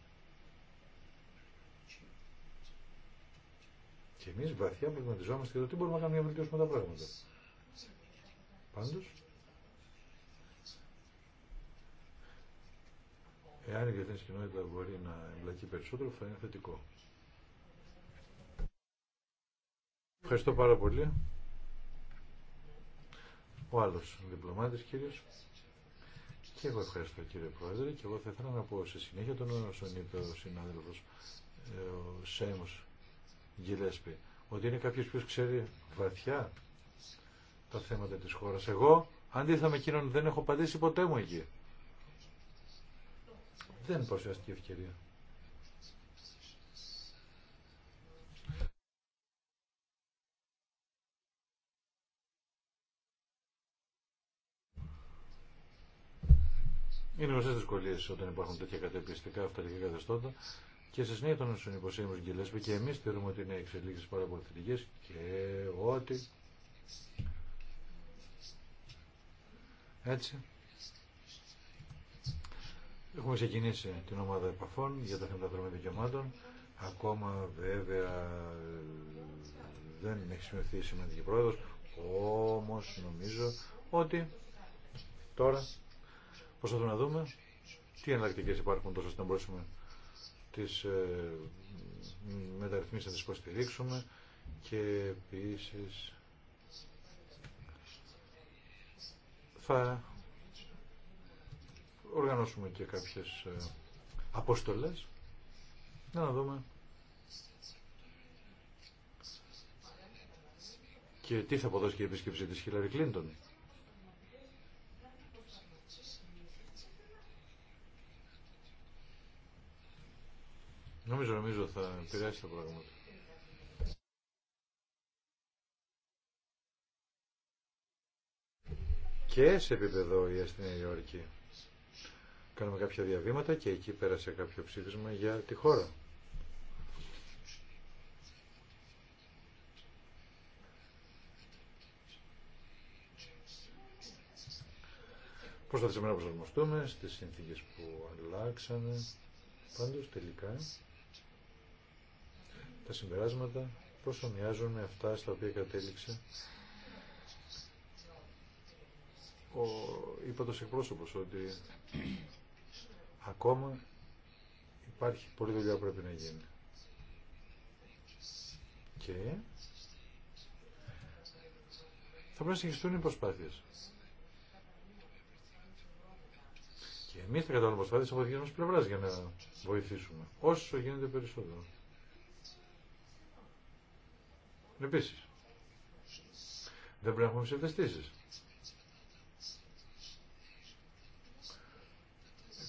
D: Και εμεί βαθιά προβληματιζόμαστε για το τι μπορούμε να κάνουμε για να βελτιώσουμε τα πράγματα. Πάντω, εάν η διεθνή κοινότητα μπορεί να εμπλακεί περισσότερο, θα είναι θετικό. Ευχαριστώ πάρα πολύ. Ο άλλος διπλωμάτης κύριος. Και εγώ ευχαριστώ κύριε Πρόεδρε και εγώ θα ήθελα να πω σε συνέχεια τον όσον είπε ο συνάδελφος ε, ο Σέμος ότι είναι κάποιο που ξέρει βαθιά τα θέματα της χώρας. Εγώ, αντίθετα με εκείνον, δεν έχω πατήσει ποτέ μου εκεί. Δεν παρουσιάστηκε ευκαιρία. Είναι γνωστέ δυσκολίε όταν υπάρχουν τέτοια κατεπιστικά αυταρχικά καθεστώτα και σε συνέχεια των όσων υποσέμουν και και εμεί θεωρούμε ότι είναι εξελίξει πάρα πολύ θετικέ και ότι. Έτσι. Έχουμε ξεκινήσει την ομάδα επαφών για τα θέματα των δικαιωμάτων. Ακόμα βέβαια δεν έχει σημειωθεί σημαντική πρόοδο. όμως νομίζω ότι τώρα προσπαθούμε να δούμε τι εναλλακτικέ υπάρχουν τόσο ώστε να μπορέσουμε τις ε, μεταρρυθμίσεις να τις υποστηρίξουμε και επίσης θα οργανώσουμε και κάποιες ε, αποστολές να δούμε και τι θα αποδώσει και η επίσκεψη της Χίλαρη Κλίντον. Νομίζω, νομίζω θα επηρεάσει τα πράγματα. Και σε επίπεδο η Αστυνία Υόρκη. Κάνουμε κάποια διαβήματα και εκεί πέρασε κάποιο ψήφισμα για τη χώρα. Προσπαθήσαμε να προσαρμοστούμε στις συνθήκες που αλλάξανε. Πάντως τελικά τα συμπεράσματα μοιάζουν με αυτά στα οποία κατέληξε ο ύπατος εκπρόσωπος ότι ακόμα υπάρχει πολλή δουλειά που πρέπει να γίνει. Και θα πρέπει να συγχυστούν οι προσπάθειες. Και εμείς θα κατάλαβουμε προσπάθειες από δική μας πλευράς για να βοηθήσουμε όσο γίνεται περισσότερο. Επίση. δεν πρέπει να έχουμε ψευδεστήσει.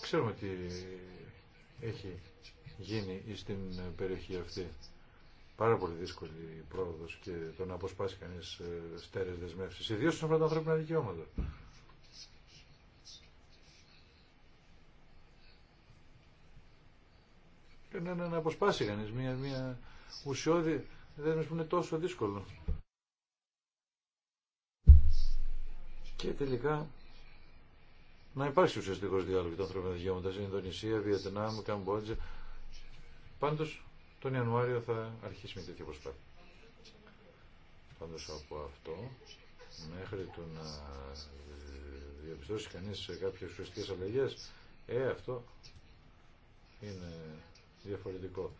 D: Ξέρουμε τι έχει γίνει στην περιοχή αυτή. Πάρα πολύ δύσκολη η πρόοδο και το να αποσπάσει κανεί ε, στέρε δεσμεύσει, ιδίω όσον αφορά τα ανθρώπινα δικαιώματα. Και να, αποσπάσει κανεί μια, μια ουσιώδη δεν είναι τόσο δύσκολο. Και τελικά να υπάρξει ουσιαστικό διάλογο για τα ανθρώπινα δικαιώματα στην Ινδονησία, Βιετνάμ, Καμπότζη. Πάντω τον Ιανουάριο θα αρχίσει με τέτοια προσπάθεια. Πάντω από αυτό μέχρι το να διαπιστώσει κανεί σε κάποιε ουσιαστικέ αλλαγέ, ε, αυτό είναι διαφορετικό.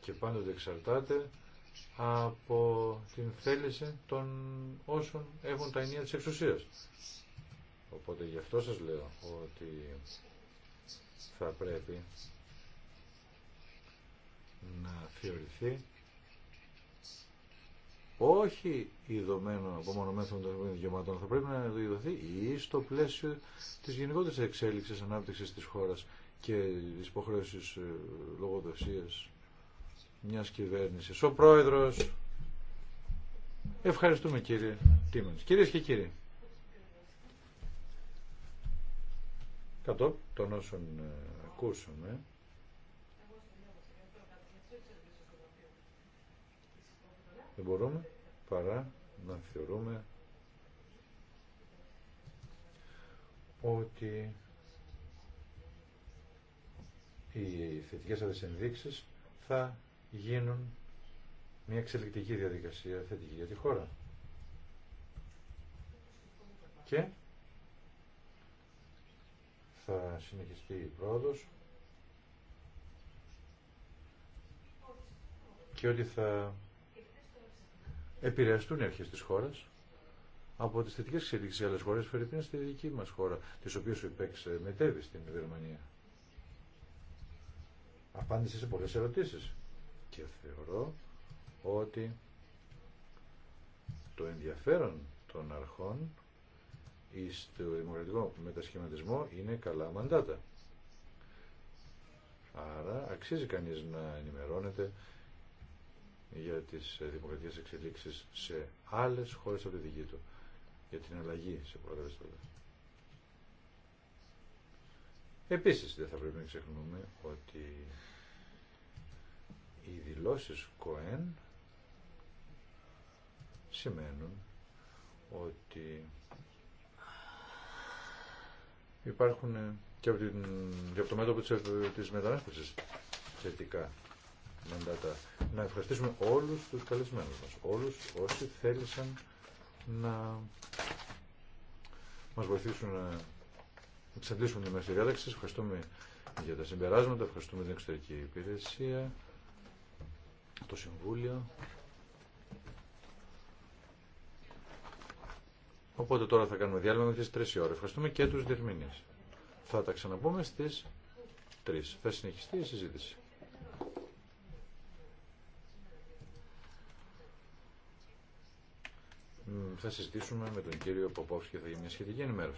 D: Και πάντοτε εξαρτάται από την θέληση των όσων έχουν τα ενία της εξουσίας. Οπότε γι' αυτό σας λέω ότι θα πρέπει να θεωρηθεί όχι ειδωμένο απομονωμένο των δικαιωμάτων, θα πρέπει να ειδωθεί ή στο πλαίσιο της γενικότερης εξέλιξης ανάπτυξης της χώρας και της υποχρέωσης ε, λογοδοσίας μιας κυβέρνησης. Ο πρόεδρος, ευχαριστούμε κύριε Τίμανς. Κυρίες και κύριοι, κατόπιν των όσων ε, ακούσαμε, δεν μπορούμε παρά να θεωρούμε ότι οι θετικές αυτές θα γίνουν μια εξελικτική διαδικασία θετική για τη χώρα. Και θα συνεχιστεί η πρόοδος και ότι θα επηρεαστούν οι αρχές της χώρας από τις θετικές εξελίξεις σε άλλες χώρες, φερειπίνες στη δική μας χώρα, τις οποίες ο ΙΠΕΞ μετέβη στην Γερμανία. Απάντησε σε πολλές ερωτήσεις και θεωρώ ότι το ενδιαφέρον των αρχών στο δημοκρατικό μετασχηματισμό είναι καλά μαντάτα. Άρα αξίζει κανείς να ενημερώνεται για τις δημοκρατικές εξελίξεις σε άλλες χώρες από τη δική του, για την αλλαγή σε πολλές Επίση Επίσης δεν θα πρέπει να ξεχνούμε ότι οι δηλώσεις Κοέν σημαίνουν ότι υπάρχουν και από, την, και από το μέτωπο της, της μετανάστευσης θετικά Να ευχαριστήσουμε όλους τους καλεσμένους μας, όλους όσοι θέλησαν να μας βοηθήσουν να εξαντλήσουμε τη μέση διάταξη. Ευχαριστούμε για τα συμπεράσματα, ευχαριστούμε την εξωτερική υπηρεσία το Συμβούλιο. Οπότε τώρα θα κάνουμε διάλειμμα στις τις 3 ώρες. Ευχαριστούμε και τους διερμηνείς. Θα τα ξαναπούμε στις 3. Θα συνεχιστεί η συζήτηση. Θα συζητήσουμε με τον κύριο Ποπόφσκι και θα γίνει μια σχετική ενημέρωση.